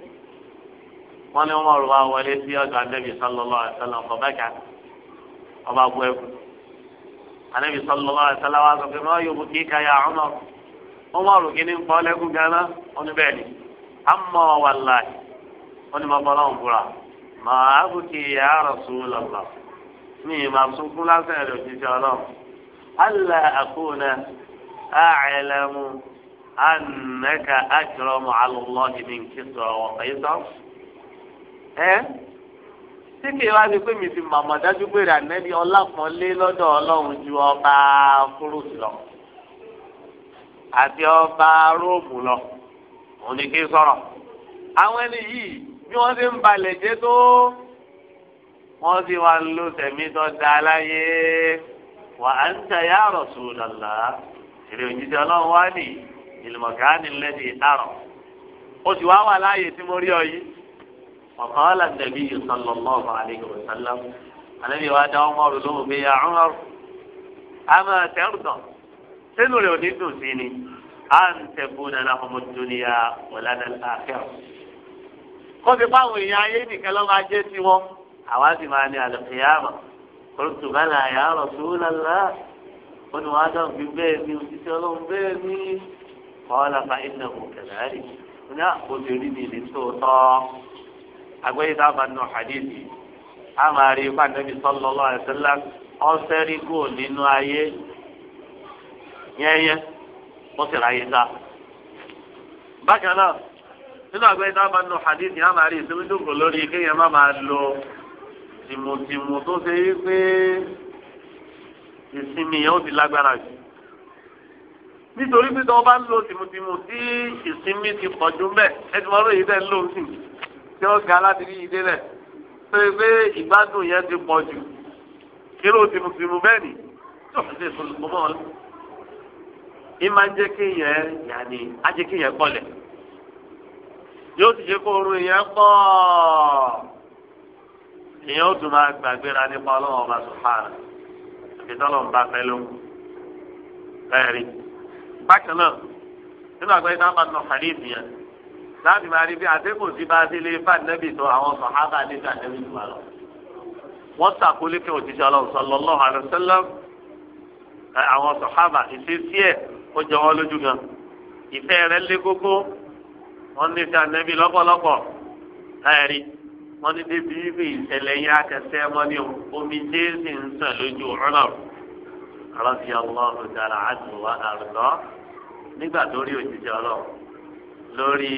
wọ́n ní wọ́n rọ̀ wá wọlé sí ọ̀dọ̀ nẹ́bí sallallahu alaihi wasallam kọ̀ bẹ́ẹ̀ kan ọba bu ẹkú anẹ́bí sallallahu alaihi wasallam wa sọ̀fẹ́ mọ́ yóò bu kí káyà ọmọ wọ́n mọ̀ rò kíní pọ́ lẹ́kùn gánà wọ́n ní bẹ́ẹ̀ ni àmọ́ wàláhì wọ́n ní mo bọ́ lọ́hùn búra màá bù kí ya Rasulullah mi ì máa sunkún lásán ẹ̀rọ ألا أكون أعلم أنك أكرم على الله من كسرى وقيصر ẹ síkè wá ní pé mi ti màmá dájú pé ìrànlẹ́bí ọlápọ̀nlé lọ́dọ̀ ọlọ́run ju ọba kúrúùsì lọ àti ọba róòmù lọ òun ni kí n sọ̀rọ̀ àwọn ẹni yìí bí wọ́n ti ń balẹ̀ jẹ́ tó wọ́n sì wá ń lo tẹ̀mí tó da láyé wà á ń tẹ̀yà Rasulullah èrè òjijì ọlọ́run wá ní ìlmọ̀gánì lẹ́dí àrọ̀ ó sì wá wà láàyè tí mo rí ọ yìí ọ̀kan ọ̀là nàbí sallallahu alaihi wa sallam àlẹ́bí wa dá ọmọ rẹ lóhùn bí ya ọmọ rẹ àmọ́ tẹ́rùtàn sínú rẹ̀ ò ní dùn sí ni à ń tẹ̀kú nana ọmọ dúnìyà wọlé nana àfẹ́rù kó fi fáwọn èèyàn ayé nìkan lọ́ máa jẹ́ tiwọn àwa sì máa ní àlùkìyàmọ̀ kòtò bàlà àyà rọ̀ṣúlàlá wọn ni wọn á dáhùn bí bẹ́ẹ̀ ni òṣìṣẹ́ ọlọ́run bẹ́ẹ̀ ni kọ́lá fa iná kò kẹlẹ́ rí wọn ni àkóso rí mi ní tòótọ́ agbẹ́yẹ tá a bá nù hadithi a máa rí ipá nẹ́bí sọ́lọ́lọ́ àṣẹlá ọ̀sẹ̀ rí gò nínú ayé yẹ́yẹ́ ó sì ráyé sá. bákan náà nínú agbẹ́yẹ tá a bá nù hadithi a máa rí ìsinmi dùnkù lórí kéèyàn má máa lo tìmùtìmù tó ṣe yí pé ìsinmi yẹn ó ti lágbára jù nítorí pé tí wọn bá ń lo tìmùtìmù tí ìsinmi ti pọ̀ jù mẹ́ ẹtì wọn lóye dẹ́ ló ń sìn tí wọn ga láti rí ìdí rẹ̀ pé pé ìgbádùn yẹn ti pọ̀ jù kíró tìmùtìmù bẹ́ẹ̀ ni tó fi ṣe ìfowópamọ́ ọ̀la ìmá jẹ́ kéèyàn yàní ajẹ́ kéèyàn pọ̀lẹ̀ yóò ti jẹ́ kó oorun yẹn pọ̀ èèyàn ó tún máa gbàgbéra nípa ọlọ́wọ́n ọba sùhánà àti tọ́lọ̀ ń bá fẹ́ ló ẹ̀rí. bákan náà nínú àgbáyé náà bá tún hàní ìdìyàn láti máa rí bí àdékù sí bá sí ilé ifá nẹ́bì tó àwọn sàhábà nígbà nẹ́bì tó wà lọ. wọ́n sàkólé kí òjíṣẹ́ ọlọ́run sallallahu alaihi wasallam àwọn sàhábà ìṣesí ẹ̀ ó jẹ wọ́n lójú gan. ìfẹ́ rẹ̀ lé gógó wọ́n ní sí ànẹ́bì lọ́pọ̀lọpọ̀ ẹ̀rí wọ́n ní débi wípé ìṣẹ̀lẹ̀ yẹn akẹsẹ́ wọn ní omi jésì ń sàn lójú ọ̀nà rọ́bì ọlọ́run dára àdùnwá àrùtọ́ nígbà tó rí òjijì ọlọ́run lórí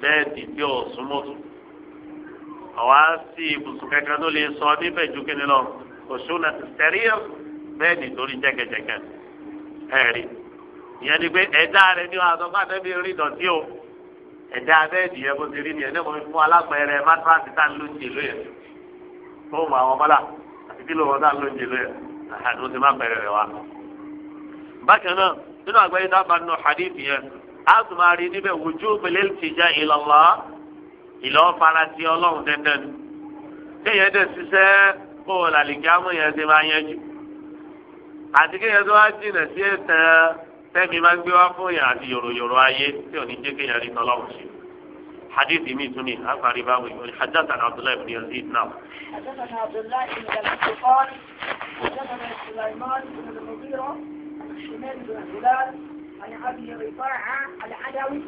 bẹ́ẹ̀dì tí ò súnmọ́tò ọ̀wá sí ibùsùn kankan tó lè sọ níbẹ̀ ju kí ni lọ oṣù náà ti tẹ̀rí bẹ́ẹ̀dì tó rí ìyẹn ni pé ẹ̀dá rẹ ni wàá sọ fún àtẹ́bí rí dọ̀tí o ẹ̀dá abẹ́ẹ̀dì yẹn bó ti rí ni ẹ̀dá mo fún alágbẹ̀rẹ̀ mátíráàsì tá ń lò ń jèló yẹn tó mọ àwọn ọmọlá àti kí ló wọn tá ń lò ń jèló yẹn àti ó ti má bẹ̀rẹ̀ rẹ̀ wá. bákan náà nínú àgbáyé tá a bá nù hadith yẹn a tún máa rí níbẹ̀ wùjú pẹ̀lẹ́ ti ìlọ́lá ìlọ́ farasí ọlọ́run dandan kéèyàn dẹ̀ ṣiṣẹ́ kó làlìkí àmúyẹn ti sẹ́mi máa ń gbé wá fún yàn àti yòròyòrò ayé tí ò ní jẹ́ kéèyàn rí tọ́lọ́run ṣe. حديث ميتني أخبر باوي حدثنا عبد الله بن يزيد نعم حدثنا عبد الله بن يزيد قال حدثنا سليمان بن المغيرة شمال بن هلال عن أبي رفاعة العدوي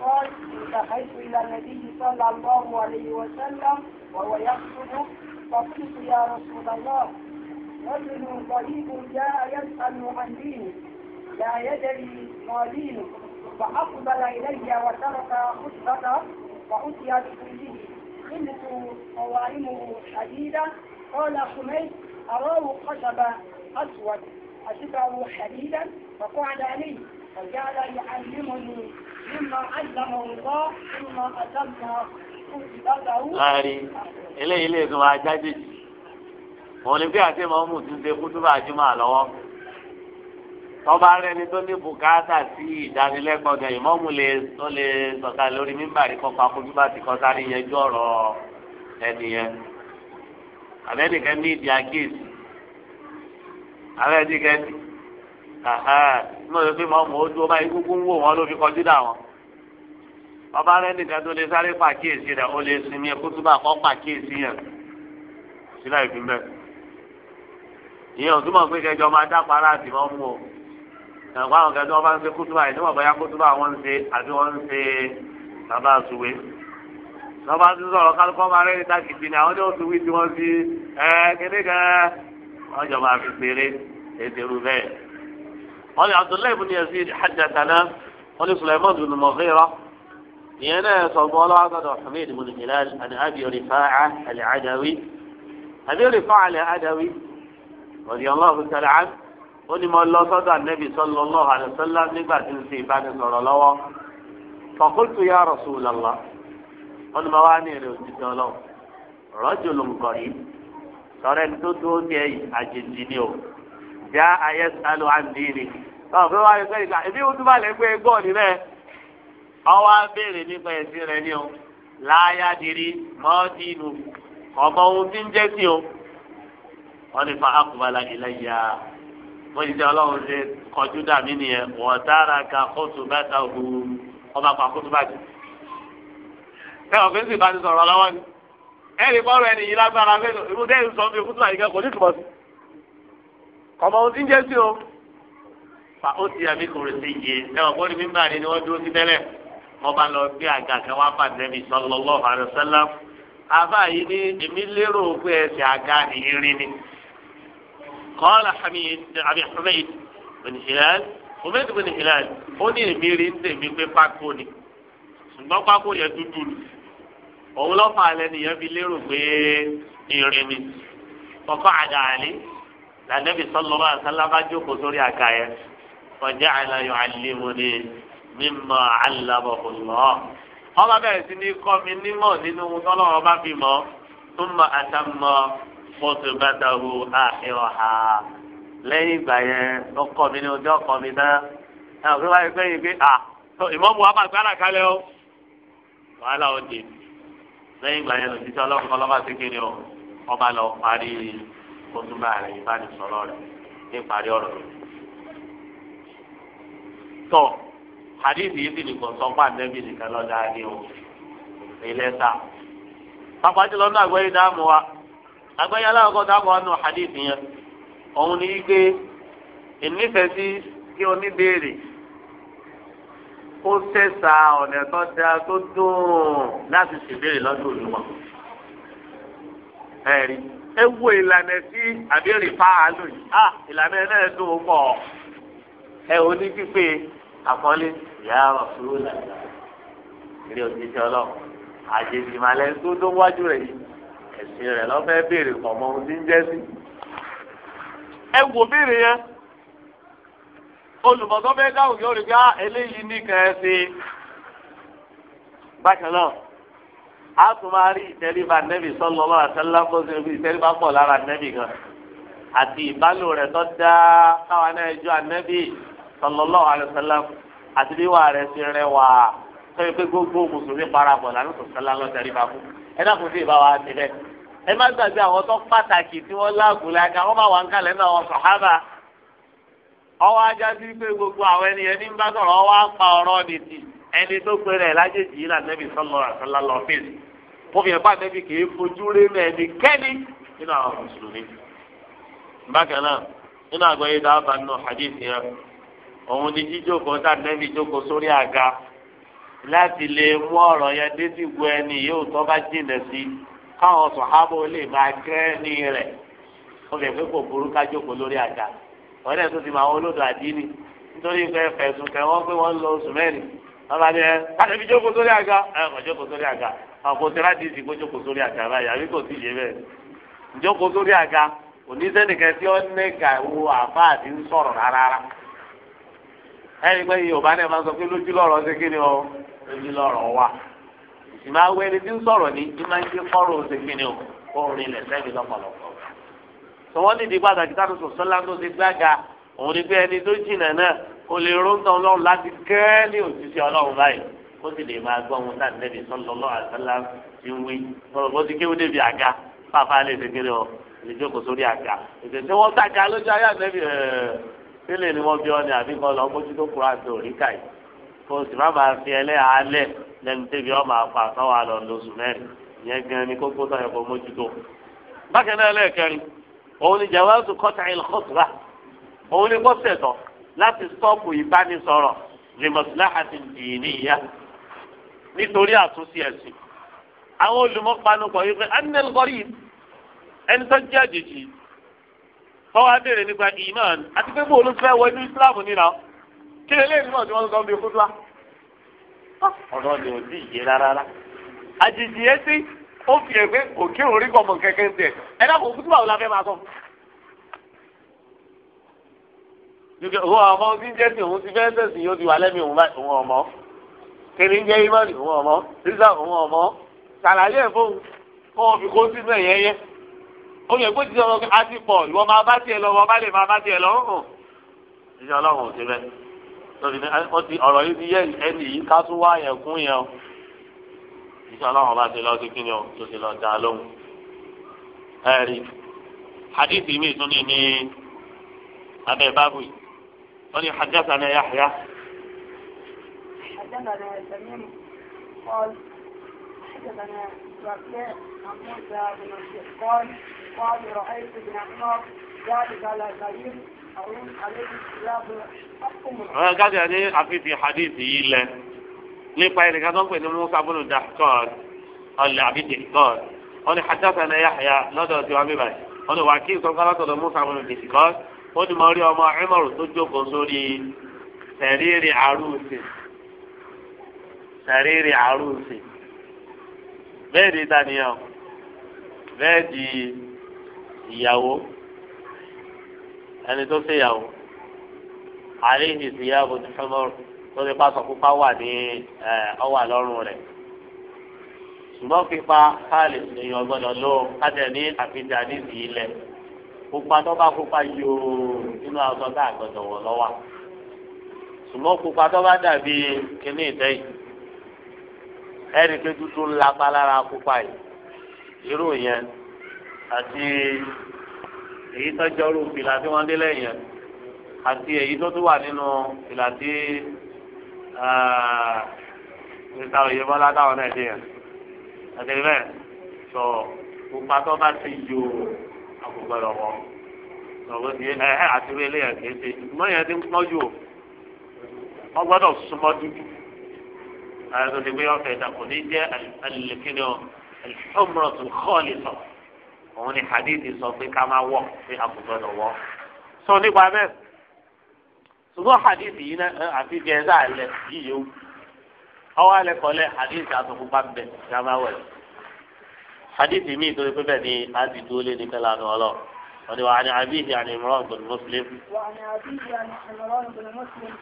قال انتهيت إلى النبي صلى الله عليه وسلم وهو يخطب فقلت يا رسول الله رجل ضعيف جاء يسأل عن دينه لا يدري مالين فأقبل إلي وترك خطبته فأتي بكله خلت قوائمه شديدة قال حميد أراه خشب أسود أشبعه حديدا فقعد عليه فجعل يعلمني مما علمه الله ثم أتمنا láàrin eléyìí lè tún máa jáde jù òun ni pé àti mọ́mú ti ń ṣe kútúbà jùmọ̀ lọ́wọ́ tọ́ba rẹ ni tó ní bùkátà sí ìdánilẹ́kọ̀ọ́ ní ìmọ̀mù lè tó lè sọ̀ka lórí mímbà rí kọ́kọ́ akójú bá ti kọ́ sáré yẹjú ọ̀rọ̀ ẹni yẹn. àbẹ́nìkan ní ìdí àkíyèsí àbẹ́nìkan ní ní ọ̀rẹ́ pé mọ̀mù ó dúró báyìí gúgú ń wò wọ́n ló fi kọjú dà wọ́n. ọba rẹ nìkan tó lè sáré pàkíyèsí rẹ̀ ó lè sinmi ẹkú kọ́ pàkíyèsí yẹn sílẹ̀ ìfimẹ́ ẹ̀kọ́ àwọn kẹ́kẹ́ wọn bá ń ṣe kútúbà yìí níwọ̀n bóyá kútúbà wọn ń ṣe àbí wọn ń ṣe bàbá àṣùwé lọ́ba tó sọ̀rọ̀ kálukọ́ máa rẹ́ni tákìtì ni àwọn yóò tún wí tí wọ́n fi ẹ̀ kéde kan wọ́n jọba àfi péré ètèrú bẹ́ẹ̀. wọ́n ní Abdullahi ibn Yazid hajjatana wọ́n ní Sulaiman ibn Mughira ìyẹn náà sọ̀gbọ́n ọlọ́wọ́ sọ̀dọ̀ Hamid ibn Hilal àti Abi ó ní mo lọ sọ́dọ̀ ànẹ́bí sallallahu alaihi wasallam nígbà tí ń ṣe ìbánisọ̀rọ̀ lọ́wọ́ faqultu ya Rasulallah ó ní mo wá ní èrè òtítọ́ ọlọ́run rajulun qarib sọ̀rọ̀ ẹni tó dúró ní ẹ̀yìn àjèjì ni o já ayé sálọ àǹdí ni ọ̀fẹ́ wa ni sẹ́yìn ká ebi wọ́n tún bá lẹ́ pé gbọ́ ni rẹ̀ ọwọ́ béèrè nípa ẹ̀sìn rẹ̀ ni o láyà dìrí mọ́ọ́dí nu wọ́n ti di ọlọ́run ṣe kọjú dàmí nìyẹn wọ́n dára ka kóòtù bẹ́tà hu ọba pa kóòtù bàjẹ́. ẹ ọ̀fẹ́ sì bá ti sọ̀rọ̀ lọ́wọ́ ni ẹ lè bọ́ọ̀rọ̀ ẹni yìí lágbára pé irú dẹ́yìn sọ fi kóòtù àyíká kò ní túbọ̀ sí. kọ̀mọ̀ ohun tí ń jẹ́ sí o. fa ó ti àmì kùrì sí iye ẹ wọ́n kó ní mímbà ni wọ́n dúró sí tẹ́lẹ̀ wọ́n bá lọ gbé àga kan wá fà nẹ́bí sallallahu قال حميد أبي حميد بن هلال حميد بن هلال ó ní èmi rí ń tèmi pé pákó ni ṣùgbọ́n pákó yẹn dúdú ni òun lọ́fà alẹ́ nìyẹn fi lérò pé irin ni ọkọ̀ àdáàlì lànàbì sallallahu alaihi wasallam bá jókòó sórí àga yẹn faja'ala yu'allimuni mimma 'allamahu Allah ọba bẹ̀rẹ̀ sí ní kọ́ mi nímọ̀ nínú ohun tọ́lọ́wọ́ bá fi mọ́ tó mọ àtàmọ́. mọ́tò bàtà hu àhìrọ̀ ha lẹ́yìn ìgbà yẹn lọ́kọ̀ mi ní ojú ọkọ̀ mi náà ẹ̀ ọ̀ fi wáyé pé yìí pé à ìmọ̀mù o wàhálà ó dé lẹ́yìn ìgbà yẹn lọ sí ọlọ́run kọ́ lọ́ba sí o ọba lọ parí kótóbá ìbánisọ̀rọ̀ ní parí ọ̀rọ̀ hadith yìí nìkan sọ fún àdébì nìkan ilé ta náà gbé ìdáàmú wa. agbẹ́yẹ aláwọ̀kọ́ dábọ̀ ọ̀nà hadith yẹn òun ni wípé ìnífẹ̀ẹ́ sí kí oníbèrè kó sẹ́sà ọ̀nà tó dáa tó dùn láti ṣèbéèrè lọ́dún olùmọ̀ ẹ̀rí ẹ wo ìlànà sí àbẹ̀rẹ̀ fáàlù yìí à ah, ìlànà ẹ̀ náà dùn pọ̀ ẹ ò ní pípé àkọlé ìyá ọ̀ṣun làlá ìrìn òjijì ọlọ́run àjèjì màlẹ́ tó tó wájú rẹ̀ yìí ẹ̀sìn rẹ̀ lọ́fẹ́ béèrè ọmọ ohun tí ń jẹ́ sí. ẹ wò béèrè yẹn olùmọ̀tọ́ fẹ́ dáhùn yóò rí bí ah, eléyìí nìkan ẹ ṣe. bákan náà a tún máa rí ìtẹríba nẹ́bì sọ́lọ́ lọ́wọ́ àtẹ́lá kó ṣe bí ìtẹríba pọ̀ lára nẹ́bì gan àti ìbálò rẹ̀ tó dáa káwa náà ẹjọ́ ànẹ́bì sọ́lọ́ lọ́wọ́ àtẹ́lá àti bí wàá rẹ̀ ṣe rẹwà sọ pé gbogbo mùsùlùmí parapọ̀ lánàá sọ̀tẹ́lá lọ́tẹ̀ríba fún ẹ dákun sí ìbáwá ti bẹ́ẹ̀ ẹ má gbàgbé àwọn tó pàtàkì tí wọ́n láàgùn lága wọ́n máa wà ń kalẹ̀ náà wọn sọ̀hábà ọwọ́ ajá sí pé gbogbo àwọn ènìyàn ní bá sọ̀rọ̀ ọwọ́ apá ọ̀rọ̀ ni ti ẹni tó pe rẹ̀ lájèjì yìí lànàbì sọ̀lọ̀ àṣàlá lọ fèsì fún fìyà pàtẹ́ bí kì í fojú rí mẹ́ẹ̀ni kẹ́ni nínú àwọn mùsùlùmí. bákan náà nínú àgbáyé dábàá nínú hadith yẹn òun ni jíjókòó tá nẹ́bí jókòó sórí àga láti lè mú ọ̀rọ̀ yẹn dé sí gbọ́ ẹni yóò tọ́ bá jìnà sí i káwọn sọ̀hábò lè máa gẹ́ ní rẹ̀ ó pé kò burú kájókòó lórí àga wọ́n lè tún ti máa olódò àdínì nítorí pé fẹ̀sùn kẹ́ wọ́n pé wọ́n lọ oṣù mẹ́rin wọ́n bá ní ẹ fi jókòó sórí àga ẹ kò jókòó sórí àga kó jókòó sórí àga báyìí àbí kò sí bẹ́ẹ̀ sórí àga kò ní tí ó ìmọ̀ awọ ẹni tí ń sọ̀rọ̀ ní ní máa ń gbé kọ́rọ̀ oṣù kìíní o kọ́rọ̀ ní ilẹ̀ sẹ́yìn lọ́pọ̀lọpọ̀. sọ wọ́n ní ìdìbò àtàkì tá a tó sọ́lá tó ti gbága òun ni pé ẹni tó jìnnà náà o lè róńtà ọlọ́run láti kẹ́ ní òṣìṣẹ́ ọlọ́run báyìí ó sì lè máa gbọ́ ohun táà nẹ́bí sọ́lọ́lọ́ àtàlá ti ń wí ọ̀rọ̀ bó ti kéwú débi àga pàápàá lè ṣe kéré ọ lè jókòó sórí àga ètò tí wọ́n gbàga kó o sì má máa fi ẹlẹ́ alẹ́ lẹ́nu tẹ́bi ọ́ máa fà sọ́wọ́ àlọ́ lóṣù mẹ́rin ìyẹn gan ni kókó tó yẹ kó mójútó. bákan náà lẹ́ẹ̀kẹrin òun ni jàwáàtú kọ́tà ìlkọ́tùrà òun ni kó ṣètò láti stọ́ọ̀pù ìbánisọ̀rọ̀ lèmọ̀sílá àti dìníyà nítorí àtúnṣe ẹ̀sìn. àwọn olùmọ̀panupọ̀ yìí pé anel gọ́rí ẹni tó jẹ́ àjèjì tọ́wọ́ abéèrè nípa ìmọ̀ àti pé bóòlù fẹ́ wọ inú Islam nínú kí ọ̀rọ̀ ni ò ní ìyè rárá. àjèjì yẹn sí ó fi ẹ̀gbẹ́ òkè orí gbọ̀mọ̀ kẹ̀kẹ́ ń tẹ̀ ẹ dábò òkú túbà òlà fẹ́ máa sọ. Dùkẹ́ òun ọmọ tí ń jẹ́sìn òun ti fẹ́ sẹ̀sìn yóò ti wà lẹ́mí òun báyìí òun ọmọ. Kìnní ń jẹ́ ìmọ̀lì òun ọmọ. Rísà òun ọmọ. Sàlàyé ẹ̀ fóun kó o fi kó sínú ẹ̀yẹ yẹ. Ó yẹ kó ti sọ ọmọ àti pọ̀ ìwọ máa bá tiẹ̀ lọ, wọ́n lórí ní ti ọ̀rọ̀ yìí ti yẹ ẹni yìí ká tún wá yẹn kún yẹn o iṣẹ́ ọlọ́run bá ti lọ sí kíni o tó ti lọ dá lóhùn ẹ̀rí hadithi mi tún ní ní abẹ́ báàbù yìí wọ́n ní Yahya. حدثنا تميم قال حدثنا رفيع عن موسى بن قال قال رأيت بن عمر ذلك على كريم ọ̀rọ̀ káàdì àti àfihàn hadith yìí lẹ nípa ẹnìkan tó ń pè ní musa bùnú dàkọ́d ọ̀lẹ́ àbí dìkọ́d wọ́n ní hajjata náà yàhya lọ́dọ̀ tí wọ́n bí báyìí wọ́n ní wàkíl kankan látọ̀dọ̀ musa bùnú dìkọ́d ó ní mọ̀rí ọmọ ẹ̀mọ̀rù tó jókòó sórí sẹ̀rírì àrùsì sẹ̀rírì àrùsì bẹ́ẹ̀ di taniyan bẹ́ẹ̀ di ìyàwó ẹni tó ṣèyàwó àríyìn ìsìyàwó ti fẹ́ mọ́rùn tó ti pàṣọ pupa wà ní ọwà lọ́rùn rẹ̀ ṣùgbọ́n pípa káàlì èèyàn gbọ́dọ̀ ló kájẹ ní àfijì àdìsí ilẹ̀ pupa tó bá pupa yòó nínú aṣọ tá àgbọ̀dọ̀ wọ̀ lọ́wọ́ ṣùgbọ́n pupa tó bá dàbí kíní ìtẹ́yìn ẹ̀rí pé dúdú ńlá pa lára pupa yìí irú yẹn àti èyí tọ́jọ́ rú fìlà tí wọ́n dé lẹ́yìn ẹ̀ àti èyí tó tún wà nínú fìlà tí mr oyèbọ́lá táwọn náà dé yẹn àti bẹ́ẹ̀ sọ pupa tó bá ti ju àkùkọ lọ́wọ́ lọ́wọ́ ti ẹ ẹ àti rí eléyàn kìí ṣe ìgbọ́n yẹn ti ń pọ́njú o wọ́n gbọ́dọ̀ súnmọ́ dúdú àyẹ̀tò ti gbé ọ̀fẹ́ ìdàkùn ní jẹ́ àlùkìnìún àlùfọ́mùrọ̀tù kọ́ọ̀lì sọ̀rọ̀ òun ni hadith sọ pé ká máa wọ̀ pé a kò gbọdọ̀ wọ̀ sọ nípa bẹ́ẹ̀ ṣùgbọ́n hadith yìí náà eh, àfi bí ẹ̀dá alẹ̀ yìí yóò ọwọ́ alẹ́ kọ́lẹ̀ hadith àtọ̀kùnpá bẹ̀ ká máa wẹ̀ hadith mi ìtòrí pé bẹ́ẹ̀ ni a ti dúró lé ní kẹ́lá ní ọlọ́ọ̀ وعن أبيه عن عمران بن مسلم وعن أبيه عن عمران بن مسلم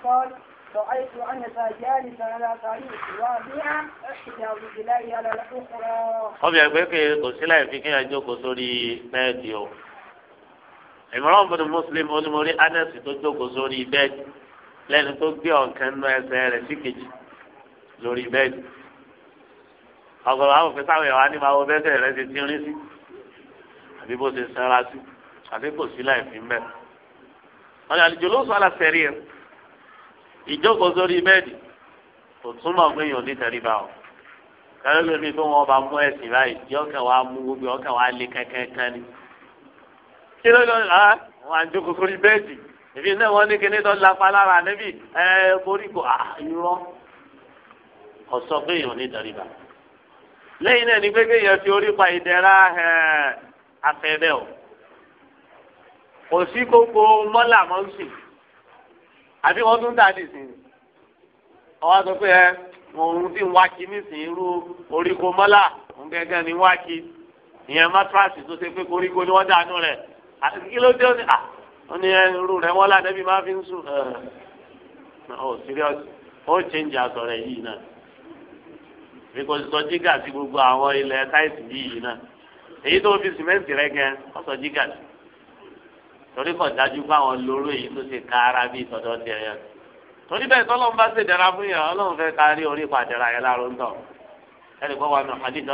رأيت أنها جالسة على طريق رابعة إحدى رجلي على الأخرى. wọ́n fi àgbẹ̀ pé kò sí láì fi kí ẹ jókòó sórí bẹ́ẹ̀dì o. Imran bin Muslim onímọ̀rí Anẹ́sì tó jókòó sórí bẹ́ẹ̀dì lẹ́nu tó gbé ọ̀kan nú ẹsẹ̀ rẹ̀ sí kejì lórí bẹ́ẹ̀dì. ọ̀gọ̀rọ̀ àwọn òfin sáwọn ìwà ni máa wọ bẹ́sẹ̀ rẹ̀ ti ti rí sí àbí ìjókòó sórí bẹ́ẹ̀dì kò túmọ̀ pé èèyàn ní tẹríba o kẹrẹ lómi pé wọn bá mú ẹsìn báyìí yọ kàn wá mú gbogbo yọ kàn wá lé kankan ni kí ló lọ rà ah, wọn à ń jókòó sórí bẹ́ẹ̀dì èmi náà wọn ní kíní tó lapa lára níbi ẹ borí ah, kò à irọ́ ọ̀sọ́ pé èèyàn ní tẹríba lẹ́yìn náà ni pé kéèyàn fi orí pa ìdẹ́ra afẹ́rẹ́ o kò sí gbogbo mọ́là mọ́sùn àbí wọn tún dàdí sí i ọwọ́ sọ pé ẹ òun ti ń wá kí nísìnyí irú oríko mọ́là òun gẹ́gẹ́ ni wá kí ìyẹn mátrasì tó ṣe pé koríko ni wọ́n dànù rẹ̀ kí ló dé ọ́nì ó ní irú rẹ̀ mọ́là débi máa fi ń sùn ọ̀ serious ó change àtọ̀ rẹ̀ yìí náà bí kò sọ jígà sí gbogbo àwọn ilẹ̀ táìsì yìí náà èyí tó fi sìmẹ́ǹtì rẹ̀ gan ọ̀sọ̀ jígà sí. torí kò dájú pé lóró èyí tó ṣe ká ara bíi tọ̀dọ̀ tiẹ̀ yẹn torí bẹ́ẹ̀ tọ́lọ́run bá ṣe dára fún yàrá ọlọ́run fẹ́ ká rí orí pàdéra yẹn láàrú ń tọ̀ ẹnì kan wà nù hadith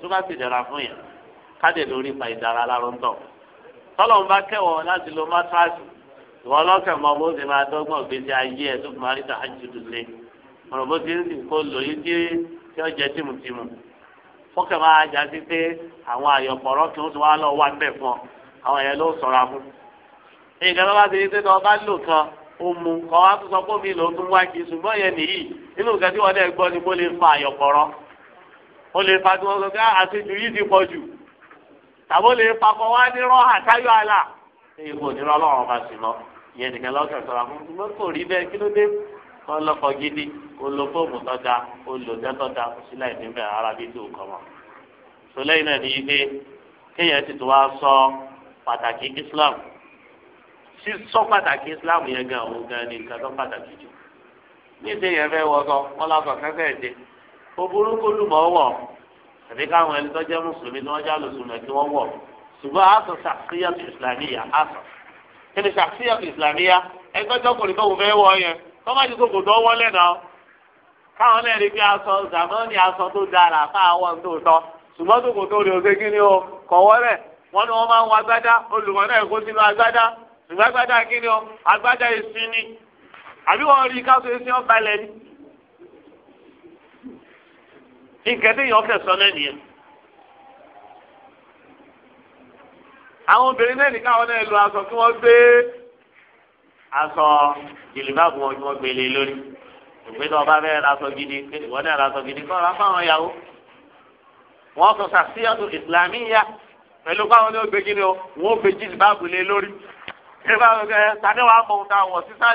tó bá ṣe fún káde lórí pàdéra láàrú bá láti lo mátrasì ìwọ ọlọ́kẹ́ mọ bó ṣe máa dọ́gbọ̀n gbèsè ayé ẹ̀ tó fi máa rí bó ti nǹkan tó bá ti rí pé tó bá lò kan ó mu kọ́ wá tó sọ pé mi lò ó tún wá kí ṣùgbọ́n yẹn nìyí nínú nǹkan tí wọ́n dẹ̀ gbọ́ ni mo lè fa àyọ̀pọ̀rọ̀ mo lè fa tí wọ́n sọ pé ah, àṣejù yìí ti pọ̀ jù tàbó lè papọ̀ wá ní rán àtayọ̀ àlà èyí kò ní rán ọlọ́run bá sì lọ ìyẹn nìkan lọ́kàn sọ̀rọ̀ fún ṣùgbọ́n kò rí bẹ́ẹ̀ kí ló dé kọ́ lọ́kọ̀ gidi kó lo fóòmù tọ́jà kó lo tẹ́tọ́jà Islam sísọ pàtàkì islam yẹn gan òun gan ni nǹkan tó pàtàkì jù níṣẹ yẹn fẹ́ wọsọ ọlọpàá kẹfẹ dé òbúrú kó lùmọ wọ àti káwọn ẹni tó jẹ mùsùlùmí ni wọn já lùsùn mẹ kí wọn wọ ṣùgbọ́n àṣọ ṣàkíyàtò ìsìlámíyà àṣọ kí ni ṣàkíyàtò ìsìlámíyà ẹgbẹ́ tọkùnrin tó fẹ́ wọ yẹn kọ́ má ti kókò tó wọlé náà káwọn náà rí bí aṣọ zamani aṣọ tó dára fáwọn tó tọ́ ṣùgbọ́n tó kò tó rí oṣù kí ni o kọ̀ wọ́lẹ̀ wọ́n ní wọ́n máa ń wọ agbádá olùmọ̀ náà kó sínú agbádá ṣùgbọ́n agbádá kíni ọ agbádá èsì ni àbí wọ́n rí káṣọ èsì ọba ilẹ̀ ni nǹkan tí èèyàn fẹ̀sọ́ náà nìyẹn. àwọn obìnrin náà nìkan àwọn náà lo aṣọ kí wọ́n gbé aṣọ jìlìbáàbù wọn kí wọ́n gbé lé lórí òpin náà ọba fẹ́ẹ́ raṣọ gidi ìwọ náà raṣọ gidi kọ́ ra fáwọn ìyàwó wọ́n sọ sàṣíyàtò ìsìlámíyà pẹ̀lú káwọn náà gbé gidi o wọ́n gbé jìlìbáàbù lé lórí ìgbà ẹ e, tani wàá mọ ohun tá a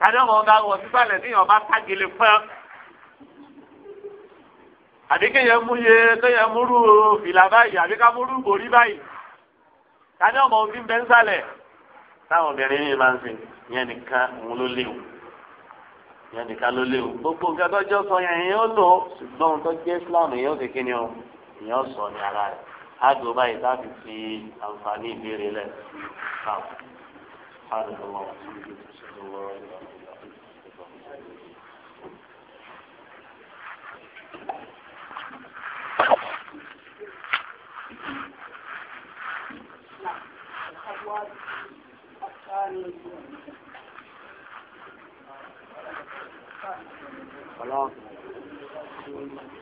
tani wàá mọ ohun tá a wọ̀ bá ságele fún àbí kéèyàn mú yé kéèyàn múrú fìlà báyìí àbí ká múrú borí báyìí tani wàá mọ ohun tí ń bẹ ń sàlẹ̀ táwọn obìnrin yìí máa ń sìn yẹn nìkan òun ló léwu yẹn nìkan ló léwu gbogbo nǹkan tó jọ sọ yẹn yẹn ó lò ṣùgbọ́n tó jẹ́ Islam yẹn ó kékeré o yẹn ó sọ ní ara rẹ̀ àdùn báyìí láti fi àǹfààní ìbéèrè lẹ̀ káàkiri. سبحانك اللهم وبحمدك اشهد ان Thank you.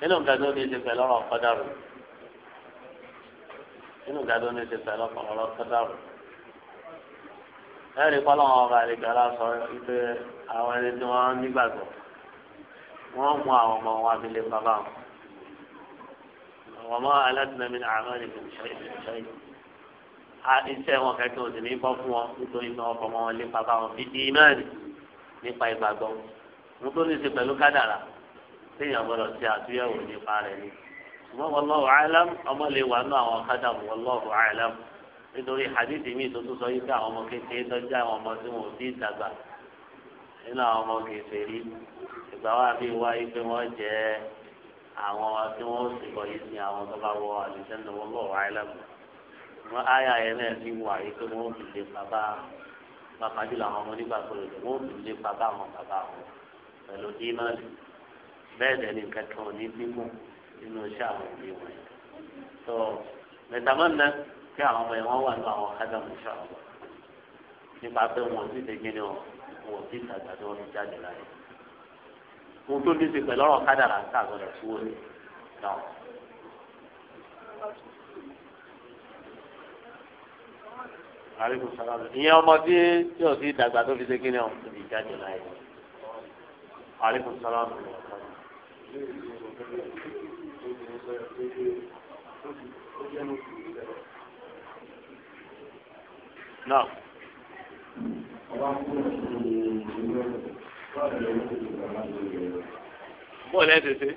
nínú ah, nǹkan ni ní ṣe pẹ̀lú ọ̀rọ̀ kọ́dàrú nínú nǹkan tó ní ṣe pẹ̀lú ọ̀rọ̀ kọ́dàrú ẹ̀rí kọ́lọ́wọ́n ọba àlejò aláṣọ ipe àwọn ẹni tí wọ́n nígbàgbọ́ wọ́n mú àwọn ọmọ wọn abilé bàbá wọn àwọn ọmọ aládùnnàmí ní àwọn ẹni kìí iṣẹ́ wọn kẹ́kẹ́ òsì ní bọ́ fún wọn nítorí pé wọ́n fọmọ wọn lé bàbá wọn bíi ìmọ̀ọ́nì nípa ìgbàgbọ́ wọn tó ní ṣe pẹ̀lú kádàrà téèyàn gbọ́dọ̀ ṣe àtúnyẹ̀wò nípa rẹ̀ ni ṣùgbọ́n wallahu a'lam ọmọ lè wà nù àwọn kádà wallahu a'lam nítorí hadith mi tó tún sọ yìí pé àwọn ọmọ kékeré tọ́jú àwọn ọmọ tí wọn ò bí ìdàgbà nínú àwọn ọmọ kékeré ìgbà wà bí wáyé pé wọ́n jẹ́ àwọn tí wọ́n ó sì bọ̀ yìí sí àwọn tó bá wọ àdìsẹ́ ní wallahu a'lam wọn áyà yẹn náà ti wà yìí pé wọ́n ò fi lè bàbá bàbá jùlọ àwọn ọmọ nígbà tó lè ò fi lè bàbá àwọn bàbá àwọn pẹ̀lú dímọ̀lì bẹ́ẹ̀ dẹ̀ ni nǹkan kan ò ní bímọ nínú iṣẹ́ àwọn òbí wọn yìí tó mẹtàmọ́nà kí àwọn ọmọ yẹn wọ́n wà ní àwọn ádámù iṣẹ́ àwọn nípa pé wọn ò sì ṣe kíni wọn ò sì ṣàgbàdo wọn jáde láyé ohun tó ní ṣe pẹ̀lú ọ̀rọ̀ kádàrà ń sàgbọ́dọ̀ súwó ni náà. ìyẹn ọmọ tí yóò sì dàgbà tó fi ṣe kíni ọ̀ tó fi jáde láyé. Now. Bọ́ọ̀lù tètè.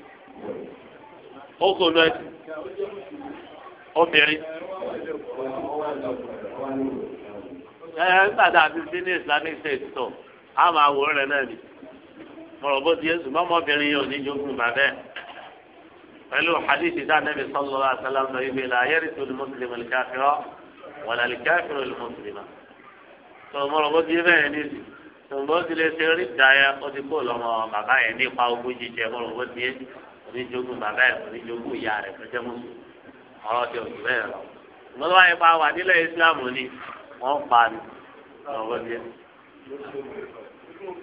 Ó kò lọ ẹtì. Obìnrin. Ẹ ẹ́ gbàdá àti sí ní Islamic A máa wò ó rẹ̀ náà ni mọ̀rọ̀ bó ti yé sùn mọ́mọ́bìnrin yóò ní jogún bàbẹ́ pẹ̀lú hadithi tá a nẹ́bi sọ́lọ́ àṣàlám lọ ibi la ayẹ́rì tó ní mùsùlùmí káfíọ́ wọ̀lá káfíọ́ ní mùsùlùmí. tó mọ̀rọ̀ bó ti yé bẹ́ẹ̀ ní sí tó bó ti lè ṣe rí daya ó ti kó lọ́mọ bàbá yẹn nípa ogún jíjẹ mọ̀rọ̀ bó ti yé ní jogún bàbá yẹn ní jogún ìyá rẹ̀ fẹ́jẹ́ mùsùlùmí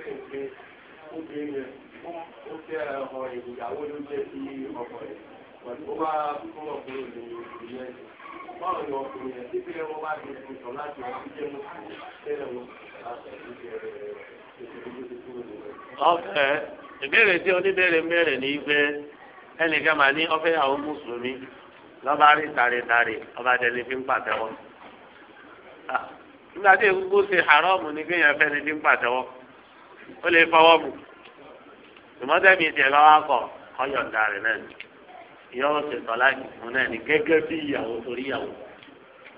ọ̀rọ̀ obìnrin ó ìbéèrè tí oníbéèrè ní ẹnìkan máa ní àwọn mùsùlùmí lọ́ba rí ọba tẹ̀lé fi ń pàtẹ́wọ́ nígbà ah, tí ṣe ní ó lè fọwọ́ mu tòmọ́tẹ́mi tiẹ̀ bá wá kọ̀ ọ̀yọ̀ǹda rẹ̀ náà ni ìyá ó ṣe tọ́lá ìfún náà ni gẹ́gẹ́ bí ìyàwó torí ìyàwó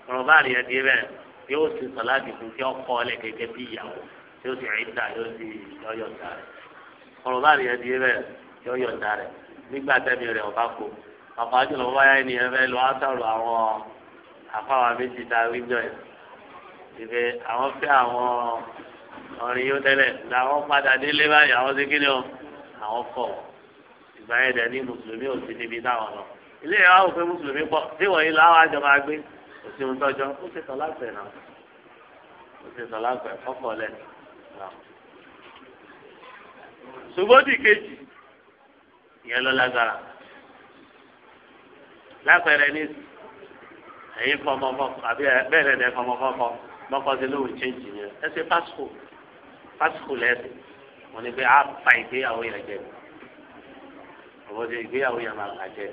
ọ̀rọ̀ bá rìn ẹdí bẹ́ẹ̀ yóò ṣe tọ́lá ìfún kí ọkọ ọlẹ̀ gẹ́gẹ́ bí ìyàwó tí ó sì rìn dà yóò sì ọ̀yọ̀ǹda rẹ̀ ọ̀rọ̀ bá rìn ẹdí bẹ́ẹ̀ yóò yọ̀ǹda rẹ̀ nígbà tẹ́mi rẹ̀ ọba kó ọkọ̀ ọ̀rìn yóò tẹ́lẹ̀ làwọn padà délé báyìí àwọn ti kí ni ọ àwọn fọ̀ ìgbà yẹn dẹ̀ ní mùsùlùmí ò sí níbi táwọn lọ ilé yẹn wá wò pé mùsùlùmí pọ̀ tí wọ̀nyí làwọn àjọba gbé kò sí ohun tọ́jọ́ ó ti sọ láǹfẹ̀ náà ó ti sọ láǹfẹ̀ fọ́fọ́ lẹ̀ náà. ṣùgbọ́n ti kejì ìyẹn lọ lágbára lápẹẹrẹ ní ẹ̀yin fọmọfọ àbí bẹ́ẹ̀ lẹ́dẹ̀ẹ́ fọmọfọ fọ mọ́kọ́sílẹ̀ òun ṣe ẹ ṣe pásítọ̀ fásitì lẹ́sìn wọn ni pé a fa ìgbéyàwó yẹn jẹ ọmọdé ìgbéyàwó yẹn máa bàjẹ́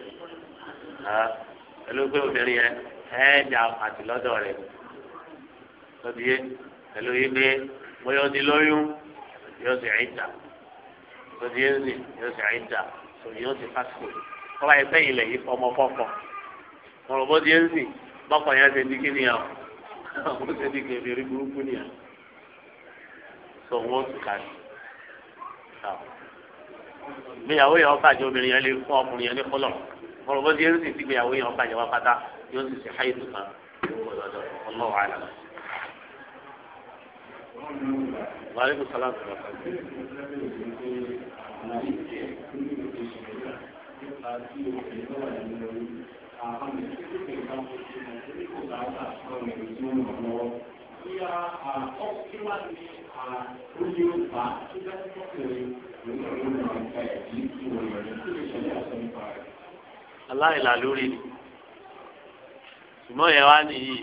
pẹ̀lú pé obìnrin yẹn ẹ̀ẹ́dà àti lọ́dọ̀ rẹ̀ lọ́dí yé pẹ̀lú yé pé bóyá ó di lóyún yóò sì ẹ̀ẹ́dà lọ́dí yé sì yóò sì ẹ̀ẹ́dà yóò sì fásitì kọ́lá yẹn fẹ́yìn lẹ̀ yí fọmọ fọ́fọ́ ọ̀rọ̀ bó di yé sì bọ́kọ̀ yẹn ti di kí ni ọ̀ <laughs> bó ti di kẹfì rí burúkú ni ọ̀ tó wọ́n kà sí. gbéyàwó yẹn ọba àjọ obìnrin yẹn lè fún ọkùnrin yẹn ní kọlọ ọ̀rọ̀ bó ti yẹn sì ti gbéyàwó yẹn ọba àjọ wa pátá yóò sì ṣe háyìtù kan ọlọ́wọ́ àlà. Wàhálà sàlámù sàlámù tí a ọ̀ kí wá ní àlóyè ọ̀pá tó bá ti kọ́kẹ́rẹ́ lórí ọ̀rọ̀ nípa ẹ̀jí tí wọ́n yọ̀ ní kí lè ṣẹlẹ̀ àṣọ nípa rẹ̀. aláìlà lórí ni ṣùgbọ́n yẹn wá nìyí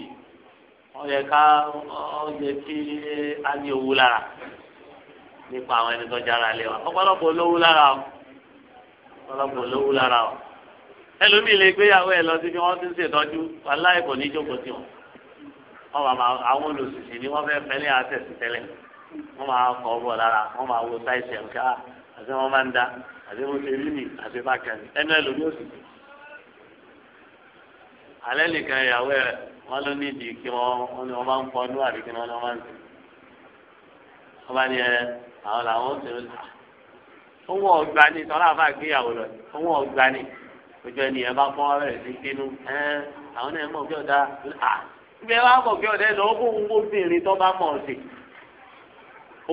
ó yẹ ká ó yẹ kí a ní owó lára nípa àwọn ẹni tó jára lé wa ọ̀pọ̀lọpọ̀ olówó lára o ọ̀pọ̀lọpọ̀ olówó lára o ẹlòmíì lè gbéyàwó ẹ lọ sí bí wọ́n ti ń ṣètọ́jú aláìkò ní jókòó sí wọn wọn bá máa àwọn olùsìsì ni wọn fẹẹ fẹlẹ àtẹsí tẹ́lẹ̀ wọn máa kọ ọbọ lára wọn máa wo sáìsì ẹnká àti wọn máa ń da àti wọn ṣe rí mi àti bákan ẹnu ẹ lómi òsì. alẹ́ nìkan ìyàwó rẹ̀ wọ́n ló ní ìdí kí wọ́n ní wọ́n ń pọ̀ ní àbí kí wọ́n máa ń sè. wọ́n bá ní ẹ àwọn làwọn ó ṣe sà. owó ọgbà ni tọ́lá àbá gbéyàwó lọ owó ọgbà ni ojú ẹni bá fọ́ ọ́ rẹ̀ sí kínú ẹ àwọn náà mọ̀ bí ọ̀dà ah! ibi ẹ wá mọ̀ kí ọ̀dẹ́ lọ kó owó obìnrin tó bá mọ̀ ọ̀sẹ̀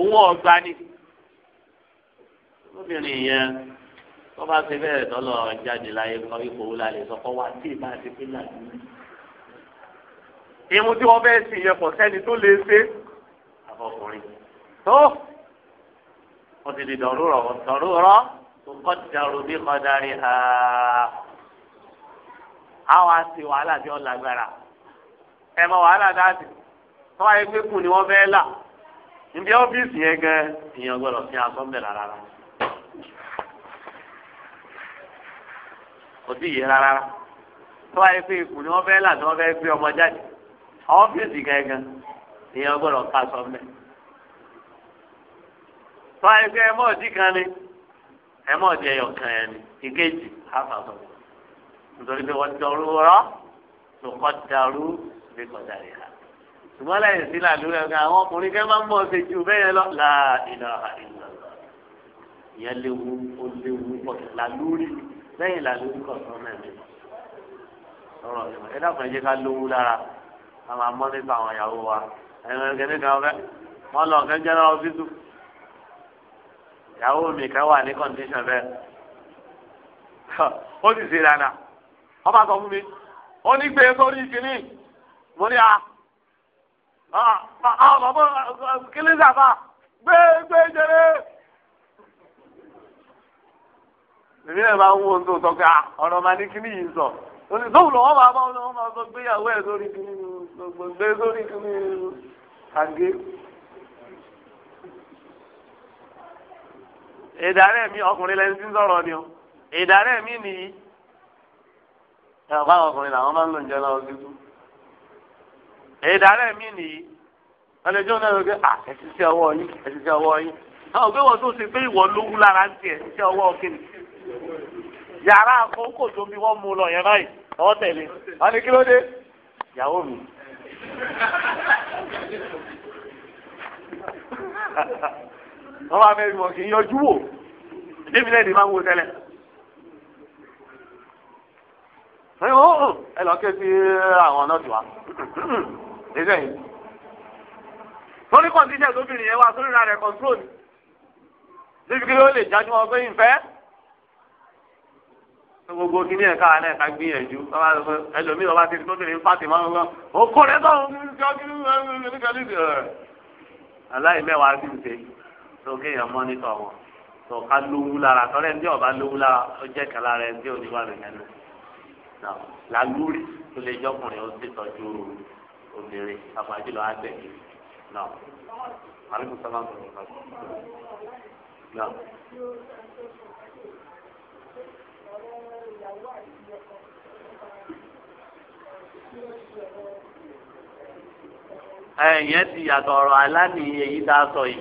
owó ọgbà ni obìnrin yẹn tó bá ṣe bẹ́ẹ̀ tọ́lọ̀ jáde láyé kọ́ ipò wúlà lè sọ kọ́ wá tí ìbá ti pín náà ní. ìmú tí wọ́n bẹ́ẹ̀ sì yẹ pọ̀ sẹ́ni tó lè ṣe àfọkùnrin tó wọ́n ti di dọ̀rúrọ̀ dọ̀rúrọ̀ tó kọ́ ti dàrú bí kọ́ darí ha. àwa ti wàhálà tí wọ́n lágbára. ẹ mọ wàhálà dáàtì tó wáyé pé kù ni wọ́n fẹ́ là níbi ọ́fíìsì yẹn gan èèyàn gbọ́dọ̀ fi aṣọ ń bẹ̀ rárá rárá kò sí yìí rárá tó wáyé pé ni wọ́n fẹ́ là tí wọ́n fẹ́ gbé ọmọ jáde ọ́fíìsì gan gan èèyàn gbọ́dọ̀ ká aṣọ ẹ ọ̀dí kan ni ẹ ọ̀dí kan ni ìkejì á fà nítorí pé wọ́n ti dọ̀rú rọ́ dàrú. bí kọjá rẹ̀ ha ṣùgbọ́n lẹ́yìn sí làdúrà kan àwọn ọkùnrin kan máa ń mọ̀ ṣe ju bẹ́ẹ̀ lọ là ìlà ìlà ìyẹn léwu ó léwu pọ̀jù làlúrí lẹ́yìn làlúrí kọ̀ọ̀tàn náà ni ọ̀rọ̀ ẹ dàpọ̀ ẹ jẹ́ ká lówó lára ká máa mọ́ nípa àwọn ìyàwó wa ẹ̀rọ ẹ̀gẹ́dẹ́ kan fẹ́ wọ́n lọ ọ̀gá general hospital ìyàwó mi kan wà ní condition bẹ́ẹ̀ ó sì ṣe dáadáa wọ́n bá sọ fún mo a bàbá kílí sàfà gbé gbé jẹrẹ. èmi náà máa ń wo nítorí sọ pé ọ̀rọ̀ màá ní kíní yìí sọ olùsọ́wù lọ́wọ́ máa bá ọlọ́wọ́ máa sọ gbéyàwó ẹ̀ sórí kíní gbé sórí kíní kàgé. ìdàrẹ́ mi ọkùnrin lẹ́ni tí ń sọ̀rọ̀ ni o ìdàrẹ́ mi nìyí. ẹ̀ ọ̀pá ọkùnrin làwọn máa ń lò ń jẹ́ lọ́wọ́ sí tún ìdárẹ̀ mi nìyí ọlẹ́jọ́ náà gbé à ẹ̀sísẹ́ ọwọ́ yín ẹ̀sísẹ́ ọwọ́ yín náà gbé wọ́n tó ti pé ìwọ ló wú lára ń tiẹ̀ ẹ̀sísẹ́ ọwọ́ kìnnì yàrá àkókò tó bí wọ́n mú lọ yẹn báyìí ọwọ́ tẹ̀lé wọ́n ní kí ló dé ìyàwó mi. wọ́n máa fẹ́ wọ̀ kì í yọjú wò débi náà máa ń wo tẹ́lẹ̀. ẹ lọ ké sí àwọn náà ti wá ẹsẹ̀ yìí wọ́n ní kọ́ndíṣẹ̀ lóbìnrin yẹn wá sórí ra rẹ̀ kọ́ńtró ni níbi kí ló lè jájú wọn pé ìfẹ́ gbogbo kí ní ẹ̀ka alẹ́ ẹ̀ka gbìyànjú ẹlòmíràn bá ti di tóbìnrin fàtì máa ń gbọ́ okó rẹ tó ń jọ kí ní aláìmẹ́wàá sì ń ṣe tó kéèyàn mọ́nítọ̀ wọn tó ká lówú lára tọ́lẹ̀ ní ọ̀bá lówú lára ó jẹ́ kan lára ẹni tí ò ní wà lóyún náà làlúrí tó lè jọkùnrin ó sì tọ́jú ooru. obìnrin àpàjù lọ àgbẹ̀ náà àlùkò sábà bọ̀ wọn kọ náà. ti yàtọ̀ ọ̀rọ̀ aláníyẹ yìí tá a sọ yìí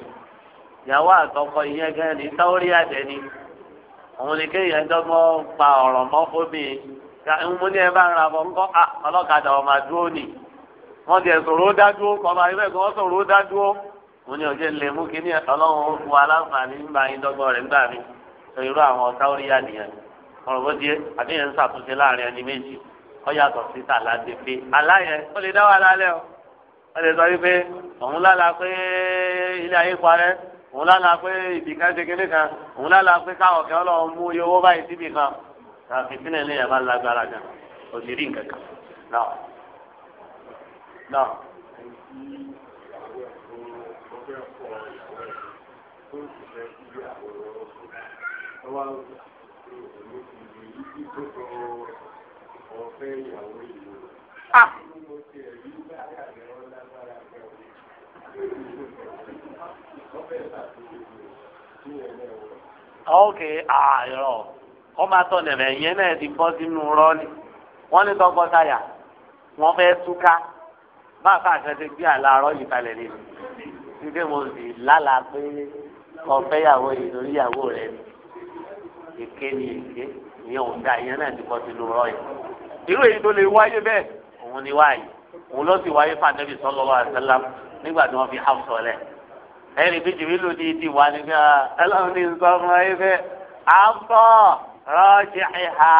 ìyàwó àtọkọ ìyẹn gan ni táwórí òun ni kéèyàn pa ẹ bá ń ra ah, nìyí. wọ́n ti ẹ̀sọ̀rọ̀ ó dádúró kọ́ba ibẹ̀ kí wọ́n sọ̀rọ̀ ó dádúró mo ní ọjọ́ ilé mú kí ní ọlọ́run fún aláǹfààní nígbà yín dọ́gbọ́n rẹ̀ nígbà mi sọ irú àwọn ọ̀tá orí yà nìyẹn ọ̀rọ̀ bó di àbíyẹn ń ṣàtúnṣe láàrin ẹni méjì ó yàtọ̀ sí tàlà ti fi aláyẹ ó lè dá wà lálẹ́ o ó lè sọ wípé òun lálàá pé ilé ayé parẹ́ òun lálàá pé ibìkan ṣe kinní kan òun lálàá pé káwọn kẹ́ ọlọ́run mú iye owó báyìí síbì kan àfi ní ẹ̀ bá lágbára gan òṣèré nǹkan kan náà náà. Ah. ok nẹ̀mẹ̀ yẹn náà ti bọ́ sínú rọ́ọ̀lì wọ́n ní tọkọtaya wọ́n fẹ́ túká báàkà àkàtẹ gbé àlàárọ̀ yìí kalẹ̀ ni ṣíṣe mo sì lálà pé ọ̀fẹ́ yàwó yìí lórí yàwó rẹ ni èké ni èké ìyẹn ò da ìyẹn náà ti kọ́ sínú rọ yìí irú èyí tó lè wáyé bẹ́ẹ̀ òun ni wáyé òun ló sì wáyé fàtẹ́bí sallallahu alaihi wasallam nígbà tí wọ́n fi Hafsa lẹ̀ ẹni bí jìbìlù ní ti wà ní ká ẹlọ́run ní nǹkan ọmọ ayé fẹ́ àbọ̀ rọ́ọ̀ṣì ìhà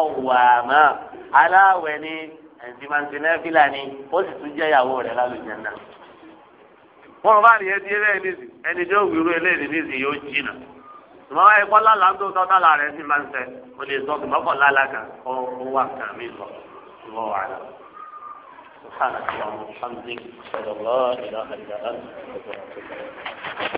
ọ̀wàmà aláwẹ̀ ni ẹ̀ǹtìmọ̀tìmẹ́fìlà ni ó sì tún jẹ́ ìyàwó rẹ̀ lálùjẹ́ náà. wọ́n bá rí ẹtí ẹlẹ́yìn nísì ẹni tí ó wúru ẹlẹ́yìn nísì yóò jìnà tùmọ̀ wáyé kọ́ lálàá tó tọ́ tálà rẹ̀ sì máa ń sẹ́ o lè sọ tùmọ̀ kọ́ lálàá kan kọ́ ó wà kàn mí lọ tùmọ̀ wà lọ. سبحانك اللهم وبحمدك اشهد ان لا اله الا انت استغفرك